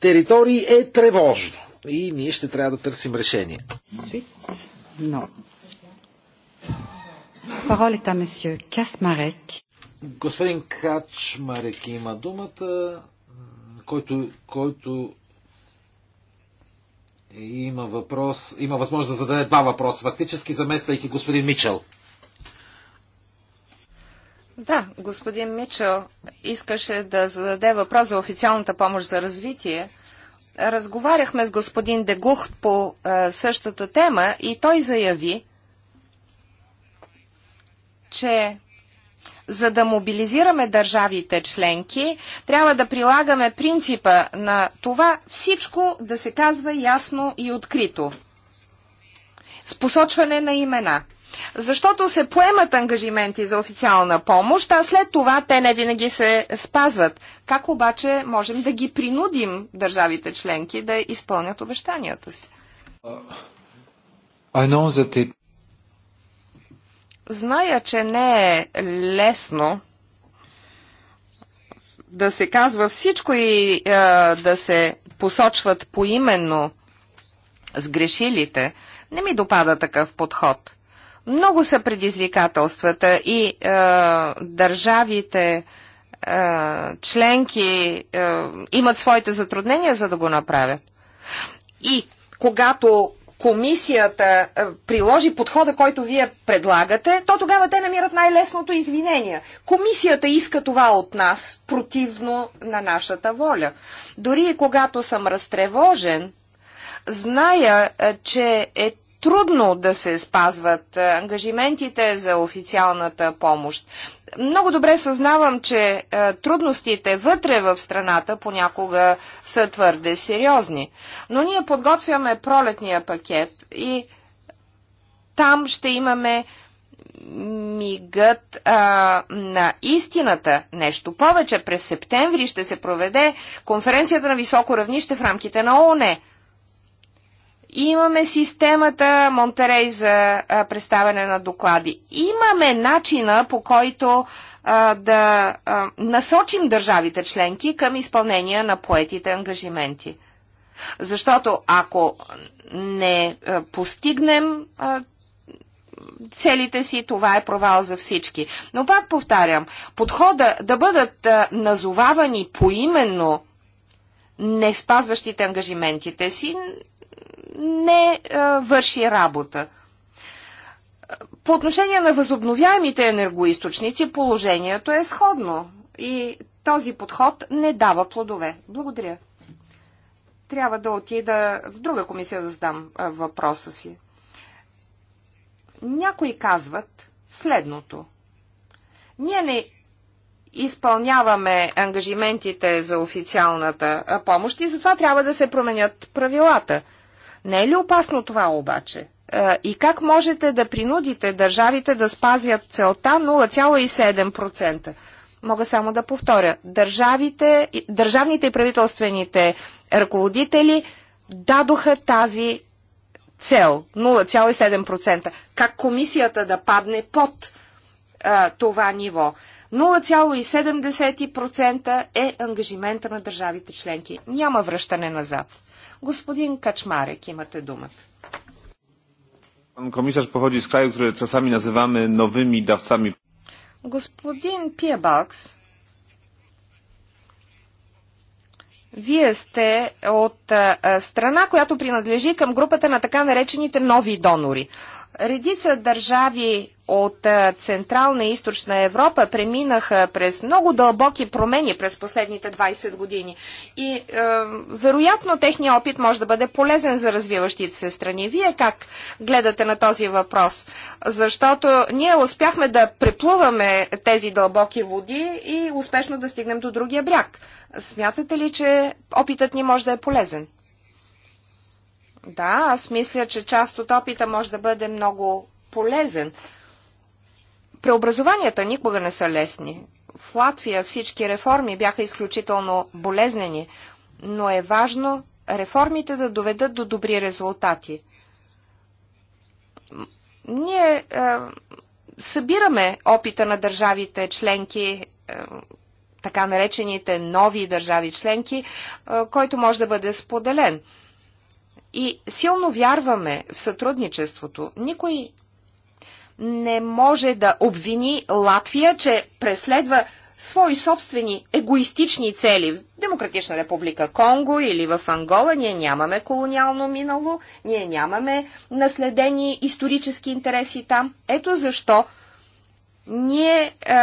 територии, е тревожно и ние ще трябва да търсим решение. Но. Паролите, месье Касмарек. Господин Качмарек има думата, който, който има въпрос, има възможност да зададе два въпроса, фактически замествайки господин Мичел. Да, господин Мичел искаше да зададе въпрос за официалната помощ за развитие, разговаряхме с господин Дегухт по а, е, същата тема и той заяви, че за да мобилизираме държавите членки, трябва да прилагаме принципа на това всичко да се казва ясно и открито. С посочване на имена – защото се поемат ангажименти за официална помощ, а след това те не винаги се спазват. Как обаче можем да ги принудим държавите членки да изпълнят обещанията си? Зная, че не е лесно да се казва всичко и е, да се посочват поименно сгрешилите. Не ми допада такъв подход – много са предизвикателствата и е, държавите е, членки е, имат своите затруднения за да го направят. И когато комисията е, приложи подхода, който вие предлагате, то тогава те намират най-лесното извинение. Комисията иска това от нас, противно на нашата воля. Дори и когато съм разтревожен, зная, е, че е трудно да се спазват е, ангажиментите за официалната помощ. Много добре съзнавам, че е, трудностите вътре в страната понякога са твърде сериозни. Но ние подготвяме пролетния пакет и там ще имаме мигът а, на истината. Нещо повече, през септември ще се проведе конференцията на високо равнище в рамките на ООН. Имаме системата Монтерей за представяне на доклади. Имаме начина по който а, да а, насочим държавите членки към изпълнение на поетите ангажименти. Защото ако не а, постигнем а, целите си, това е провал за всички. Но пак повтарям, подхода да бъдат а, назовавани поименно не спазващите ангажиментите си не а, е, върши работа. По отношение на възобновяемите енергоисточници положението е сходно и този подход не дава плодове. Благодаря. Трябва да отида в друга комисия да задам а, е, въпроса си. Някои казват следното. Ние не изпълняваме ангажиментите за официалната е, помощ и затова трябва да се променят правилата – не е ли опасно това обаче? Е, и как можете да принудите държавите да спазят целта 0,7%? Мога само да повторя. Държавите, държавните и правителствените ръководители дадоха тази цел 0,7%. Как комисията да падне под а, е, това ниво? 0,7% е ангажимента на държавите членки. Няма връщане назад. Господин Качмарек, имате думата. Пан komisarz походи с kraju, które часами nazywamy новими давцами. Господин Пиебалкс, вие сте от страна, която принадлежи към групата на така наречените нови донори. Редица държави от Централна и Източна Европа преминаха през много дълбоки промени през последните 20 години. И е, вероятно техният опит може да бъде полезен за развиващите се страни. Вие как гледате на този въпрос? Защото ние успяхме да преплуваме тези дълбоки води и успешно да стигнем до другия бряг. Смятате ли, че опитът ни може да е полезен? Да, аз мисля, че част от опита може да бъде много полезен. Преобразованията никога не са лесни. В Латвия всички реформи бяха изключително болезнени, но е важно реформите да доведат до добри резултати. Ние е, събираме опита на държавите членки, е, така наречените нови държави членки, е, който може да бъде споделен. И силно вярваме в сътрудничеството. Никой не може да обвини Латвия, че преследва свои собствени егоистични цели. В Демократична република Конго или в Ангола ние нямаме колониално минало, ние нямаме наследени исторически интереси там. Ето защо ние е,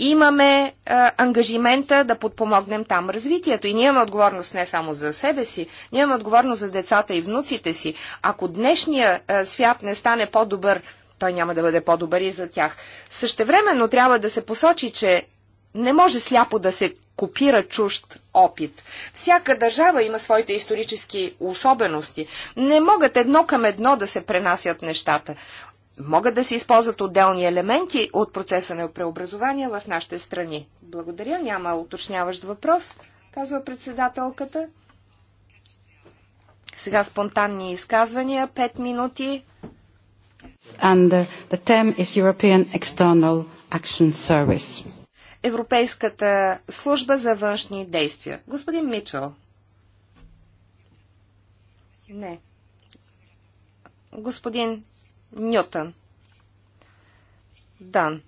имаме а, ангажимента да подпомогнем там развитието. И ние имаме отговорност не само за себе си, ние имаме отговорност за децата и внуците си. Ако днешния а, свят не стане по-добър, той няма да бъде по-добър и за тях. Същевременно трябва да се посочи, че не може сляпо да се копира чужд опит. Всяка държава има своите исторически особености. Не могат едно към едно да се пренасят нещата могат да се използват отделни елементи от процеса на преобразование в нашите страни. Благодаря. Няма уточняващ въпрос, казва председателката. Сега спонтанни изказвания. Пет минути. And the, term is European External Action Service. Европейската служба за външни действия. Господин Мичел. Не. Господин Нютън. Дан.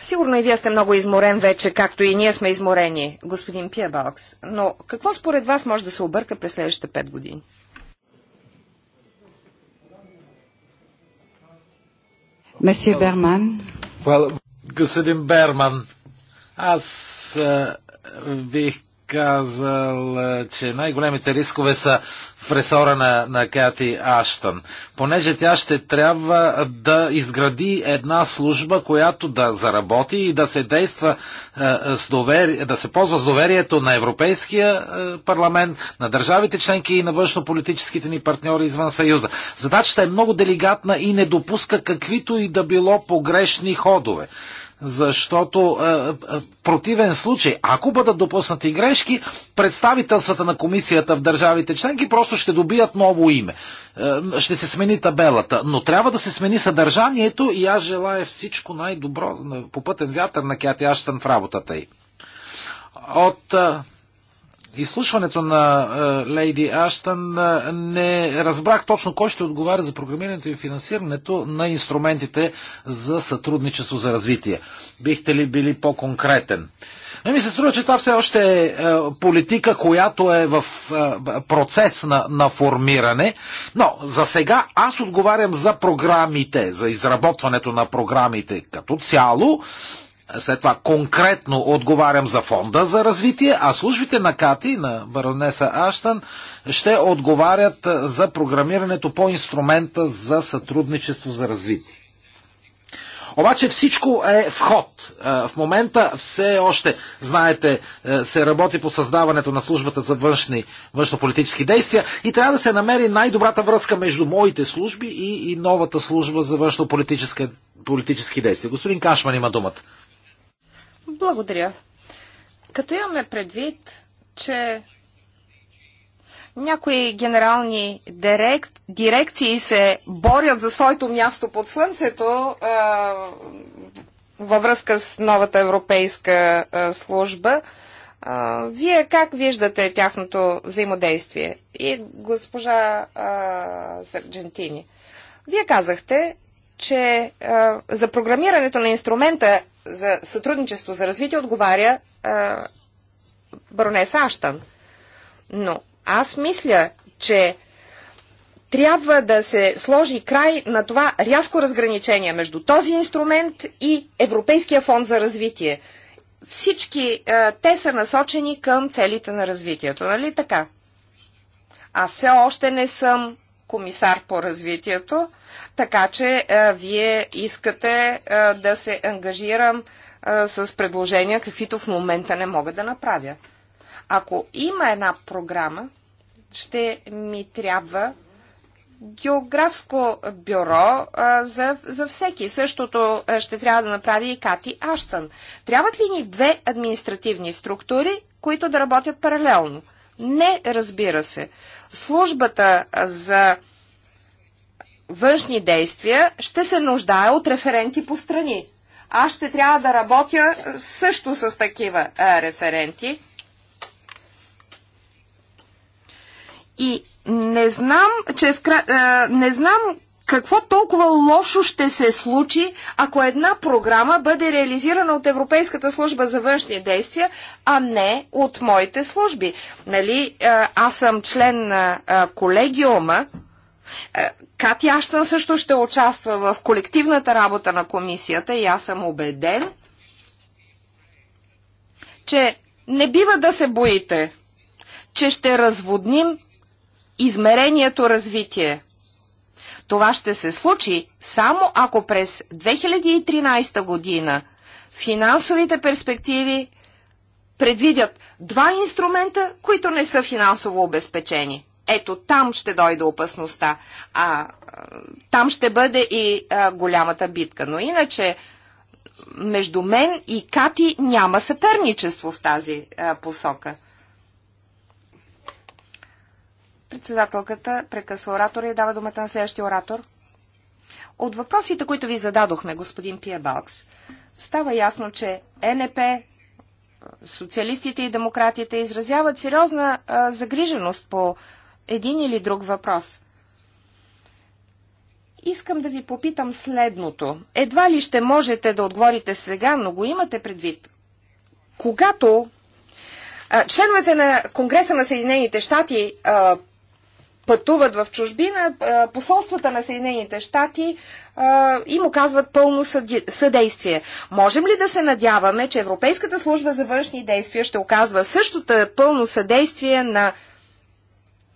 Сигурно и вие сте много изморен вече, както и ние сме изморени, господин Пиебалкс. Но какво според вас може да се обърка през следващите пет години? Месье Берман. господин Берман, аз а, бих казал, че най-големите рискове са в ресора на, на Кати Аштън, понеже тя ще трябва да изгради една служба, която да заработи и да се действа е, с доверие, да се ползва с доверието на Европейския е, парламент, на държавите членки и на външнополитическите ни партньори извън Съюза. Задачата е много делигатна и не допуска каквито и да било погрешни ходове защото е, е, противен случай, ако бъдат допуснати грешки, представителствата на комисията в държавите членки просто ще добият ново име. Е, ще се смени табелата, но трябва да се смени съдържанието и аз желая всичко най-добро по пътен вятър на Кяти Аштън в работата й. От е, изслушването на е, Лейди Аштън е, не разбрах точно кой ще отговаря за програмирането и финансирането на инструментите за сътрудничество за развитие. Бихте ли били по-конкретен? Но ми се струва, че това все още е, е политика, която е в процес на, на формиране. Но за сега аз отговарям за програмите, за изработването на програмите като цяло след това конкретно отговарям за фонда за развитие, а службите на Кати, на баронеса Аштан, ще отговарят за програмирането по инструмента за сътрудничество за развитие. Обаче всичко е вход. В момента все още, знаете, се работи по създаването на службата за външни, външнополитически действия и трябва да се намери най-добрата връзка между моите служби и, и новата служба за външнополитически политически действия. Господин Кашман има думата. Благодаря. Като имаме предвид, че някои генерални дирек... дирекции се борят за своето място под слънцето а, във връзка с новата европейска а, служба. А, вие как виждате тяхното взаимодействие? И госпожа а, Сърджентини, вие казахте, че а, за програмирането на инструмента за сътрудничество за развитие отговаря а, баронеса Аштан. Но аз мисля, че трябва да се сложи край на това рязко разграничение между този инструмент и Европейския фонд за развитие. Всички а, те са насочени към целите на развитието, нали така? Аз все още не съм комисар по развитието, така че а, е, вие искате а, е, да се ангажирам а, е, с предложения, каквито в момента не мога да направя. Ако има една програма, ще ми трябва географско бюро а, за, за всеки. Същото а, ще трябва да направи и Кати Аштън. Трябват ли ни две административни структури, които да работят паралелно? Не, разбира се. Службата за външни действия ще се нуждае от референти по страни. Аз ще трябва да работя също с такива а, референти. И не знам, че в, а, не знам какво толкова лошо ще се случи, ако една програма бъде реализирана от Европейската служба за външни действия, а не от моите служби. Нали, аз съм член на колегиума, Кати Аштън също ще участва в колективната работа на комисията и аз съм убеден, че не бива да се боите, че ще разводним измерението развитие. Това ще се случи само ако през 2013 година финансовите перспективи предвидят два инструмента, които не са финансово обезпечени. Ето там ще дойде опасността, а там ще бъде и а, голямата битка. Но иначе, между мен и Кати няма съперничество в тази а, посока. Председателката прекъсва оратора и дава думата на следващия оратор. От въпросите, които ви зададохме, господин Пия Балкс, става ясно, че НП, социалистите и демократите изразяват сериозна а, загриженост по един или друг въпрос. Искам да ви попитам следното. Едва ли ще можете да отговорите сега, но го имате предвид. Когато а, членовете на Конгреса на Съединените щати а, пътуват в чужбина, посолствата на Съединените щати им оказват пълно съдействие. Можем ли да се надяваме, че Европейската служба за външни действия ще оказва същото пълно съдействие на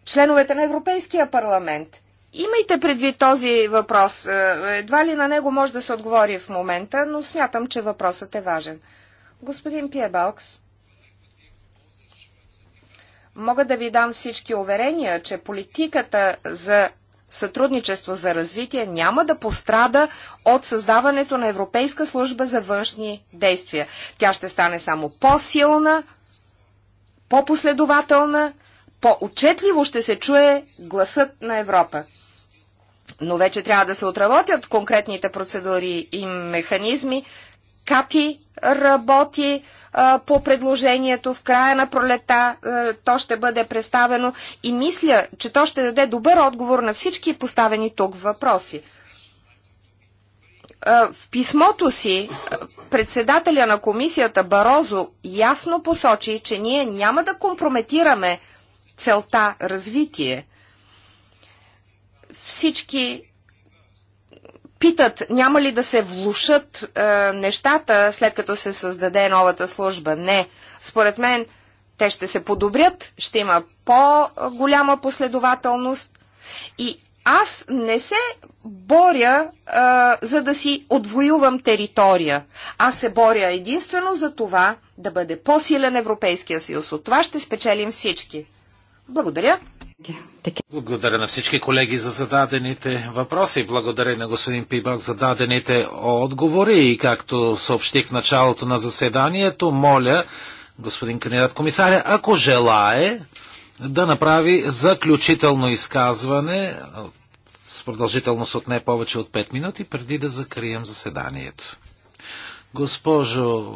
членовете на Европейския парламент. Имайте предвид този въпрос. Е, едва ли на него може да се отговори в момента, но смятам, че въпросът е важен. Господин Пиебалкс, мога да ви дам всички уверения, че политиката за сътрудничество за развитие няма да пострада от създаването на Европейска служба за външни действия. Тя ще стане само по-силна, по-последователна по учетливо ще се чуе гласът на Европа. Но вече трябва да се отработят конкретните процедури и механизми. Кати работи а, по предложението в края на пролета. А, то ще бъде представено и мисля, че то ще даде добър отговор на всички поставени тук въпроси. А, в писмото си председателя на комисията Барозо ясно посочи, че ние няма да компрометираме целта развитие. Всички питат, няма ли да се влушат е, нещата, след като се създаде новата служба. Не. Според мен, те ще се подобрят, ще има по-голяма последователност. И аз не се боря, е, за да си отвоювам територия. Аз се боря единствено за това да бъде по-силен Европейския съюз. От това ще спечелим всички. Благодаря. Благодаря на всички колеги за зададените въпроси. Благодаря на господин Пибак за дадените отговори. И както съобщих в началото на заседанието, моля господин кандидат комисаря, ако желае да направи заключително изказване с продължителност от не повече от 5 минути, преди да закрием заседанието. Госпожо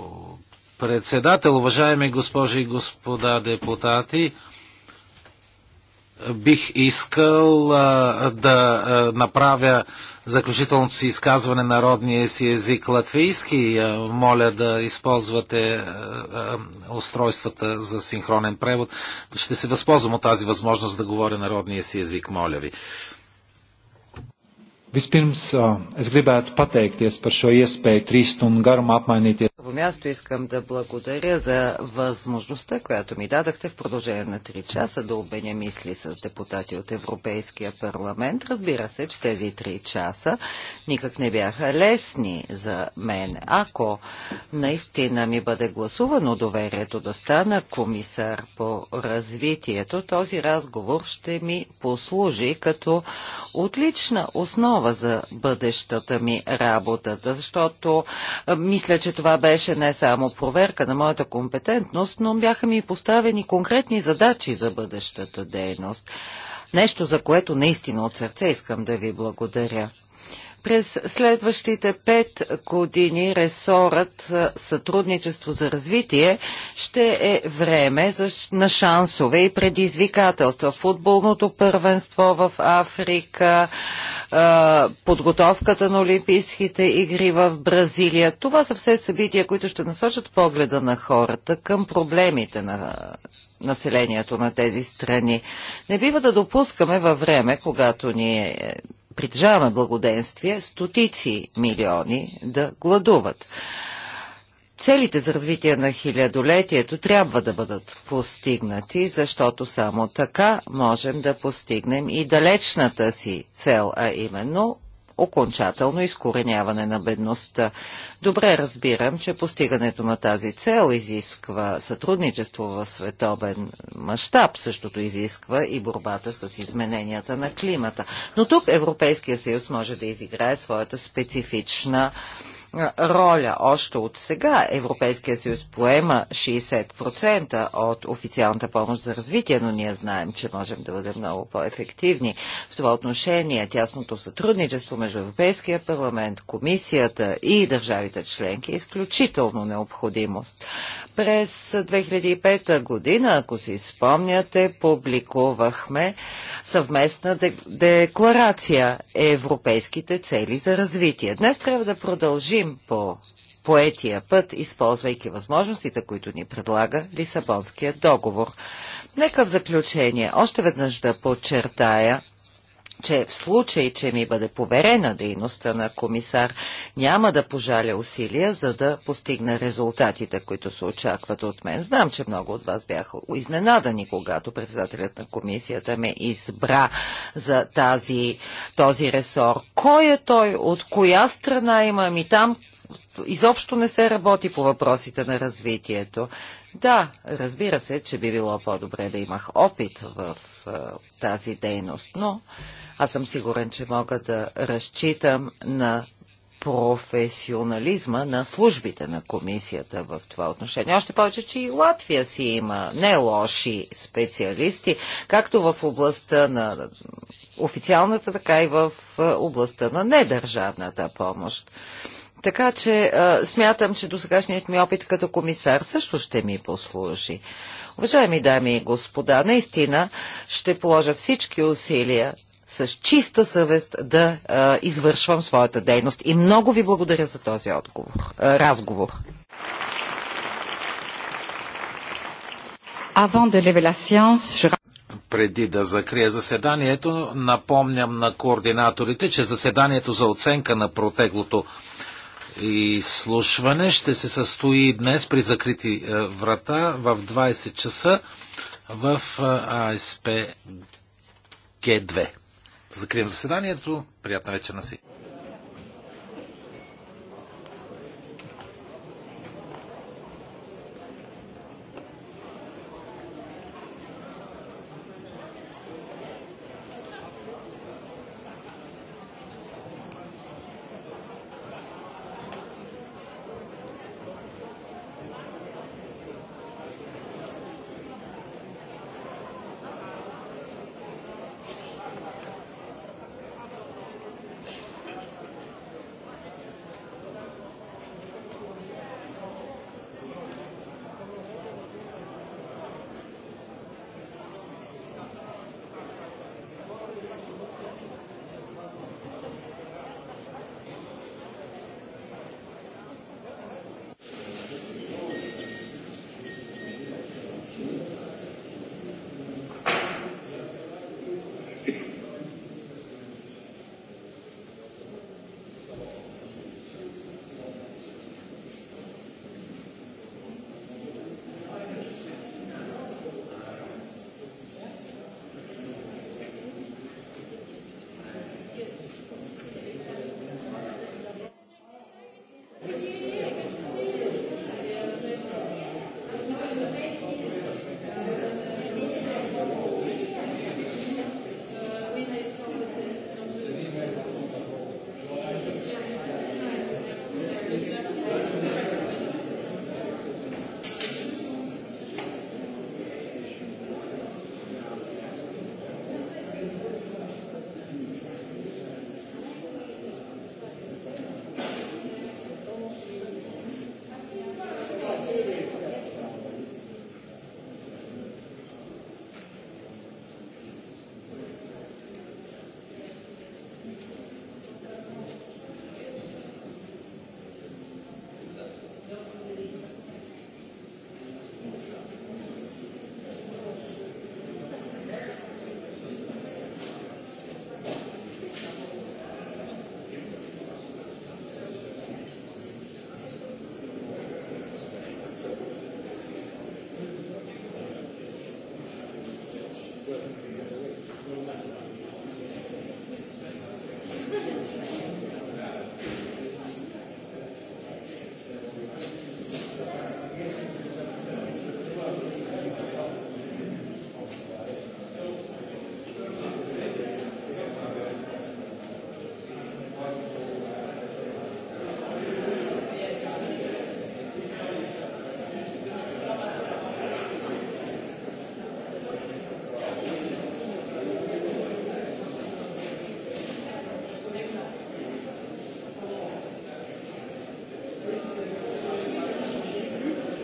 председател, уважаеми госпожи и господа депутати, бих искал а, да а, направя заключителното си изказване на родния си език латвийски. А, моля да използвате а, а, устройствата за синхронен превод. Ще се възползвам от тази възможност да говоря на родния си език, моля ви. Vispirms es gribētu pateikties par šo iespēju trīs stundu garumā apmainīties първо място искам да благодаря за възможността, която ми дадахте в продължение на 3 часа да обменя мисли с депутати от Европейския парламент. Разбира се, че тези 3 часа никак не бяха лесни за мен. Ако наистина ми бъде гласувано доверието да стана комисар по развитието, този разговор ще ми послужи като отлична основа за бъдещата ми работа, защото мисля, че това бе беше не само проверка на моята компетентност, но бяха ми поставени конкретни задачи за бъдещата дейност. Нещо, за което наистина от сърце искам да ви благодаря. През следващите пет години ресорът е, сътрудничество за развитие ще е време за, на шансове и предизвикателства. Футболното първенство в Африка, е, подготовката на Олимпийските игри в Бразилия. Това са все събития, които ще насочат погледа на хората към проблемите на населението на тези страни. Не бива да допускаме във време, когато ни е притежаваме благоденствие, стотици милиони да гладуват. Целите за развитие на хилядолетието трябва да бъдат постигнати, защото само така можем да постигнем и далечната си цел, а именно окончателно изкореняване на бедността. Добре разбирам, че постигането на тази цел изисква сътрудничество в световен мащаб, същото изисква и борбата с измененията на климата. Но тук Европейския съюз може да изиграе своята специфична роля. Още от сега Европейския съюз поема 60% от официалната помощ за развитие, но ние знаем, че можем да бъдем много по-ефективни. В това отношение тясното сътрудничество между Европейския парламент, комисията и държавите членки е изключително необходимост. През 2005 година, ако си спомняте, публикувахме съвместна декларация Европейските цели за развитие. Днес трябва да продължим вървим по поетия път, използвайки възможностите, които ни предлага Лисабонския договор. Нека в заключение още веднъж да подчертая, че в случай, че ми бъде поверена дейността на комисар, няма да пожаля усилия, за да постигна резултатите, които се очакват от мен. Знам, че много от вас бяха изненадани, когато председателят на комисията ме избра за тази, този ресор. Кой е той? От коя страна има? Ми там изобщо не се работи по въпросите на развитието. Да, разбира се, че би било по-добре да имах опит в, в е, тази дейност, но аз съм сигурен, че мога да разчитам на професионализма на службите на комисията в това отношение. Още повече, че и Латвия си има не лоши специалисти, както в областта на официалната, така и в областта на недържавната помощ. Така че а, смятам, че досегашният ми опит като комисар също ще ми послужи. Уважаеми дами и господа, наистина ще положа всички усилия с чиста съвест да а, извършвам своята дейност. И много ви благодаря за този отговор, а, разговор. Преди да закрия заседанието, напомням на координаторите, че заседанието за оценка на протеглото и слушване ще се състои днес при закрити е, врата в 20 часа в е, АСП Г2. Закривам заседанието. Приятна вечер на всички.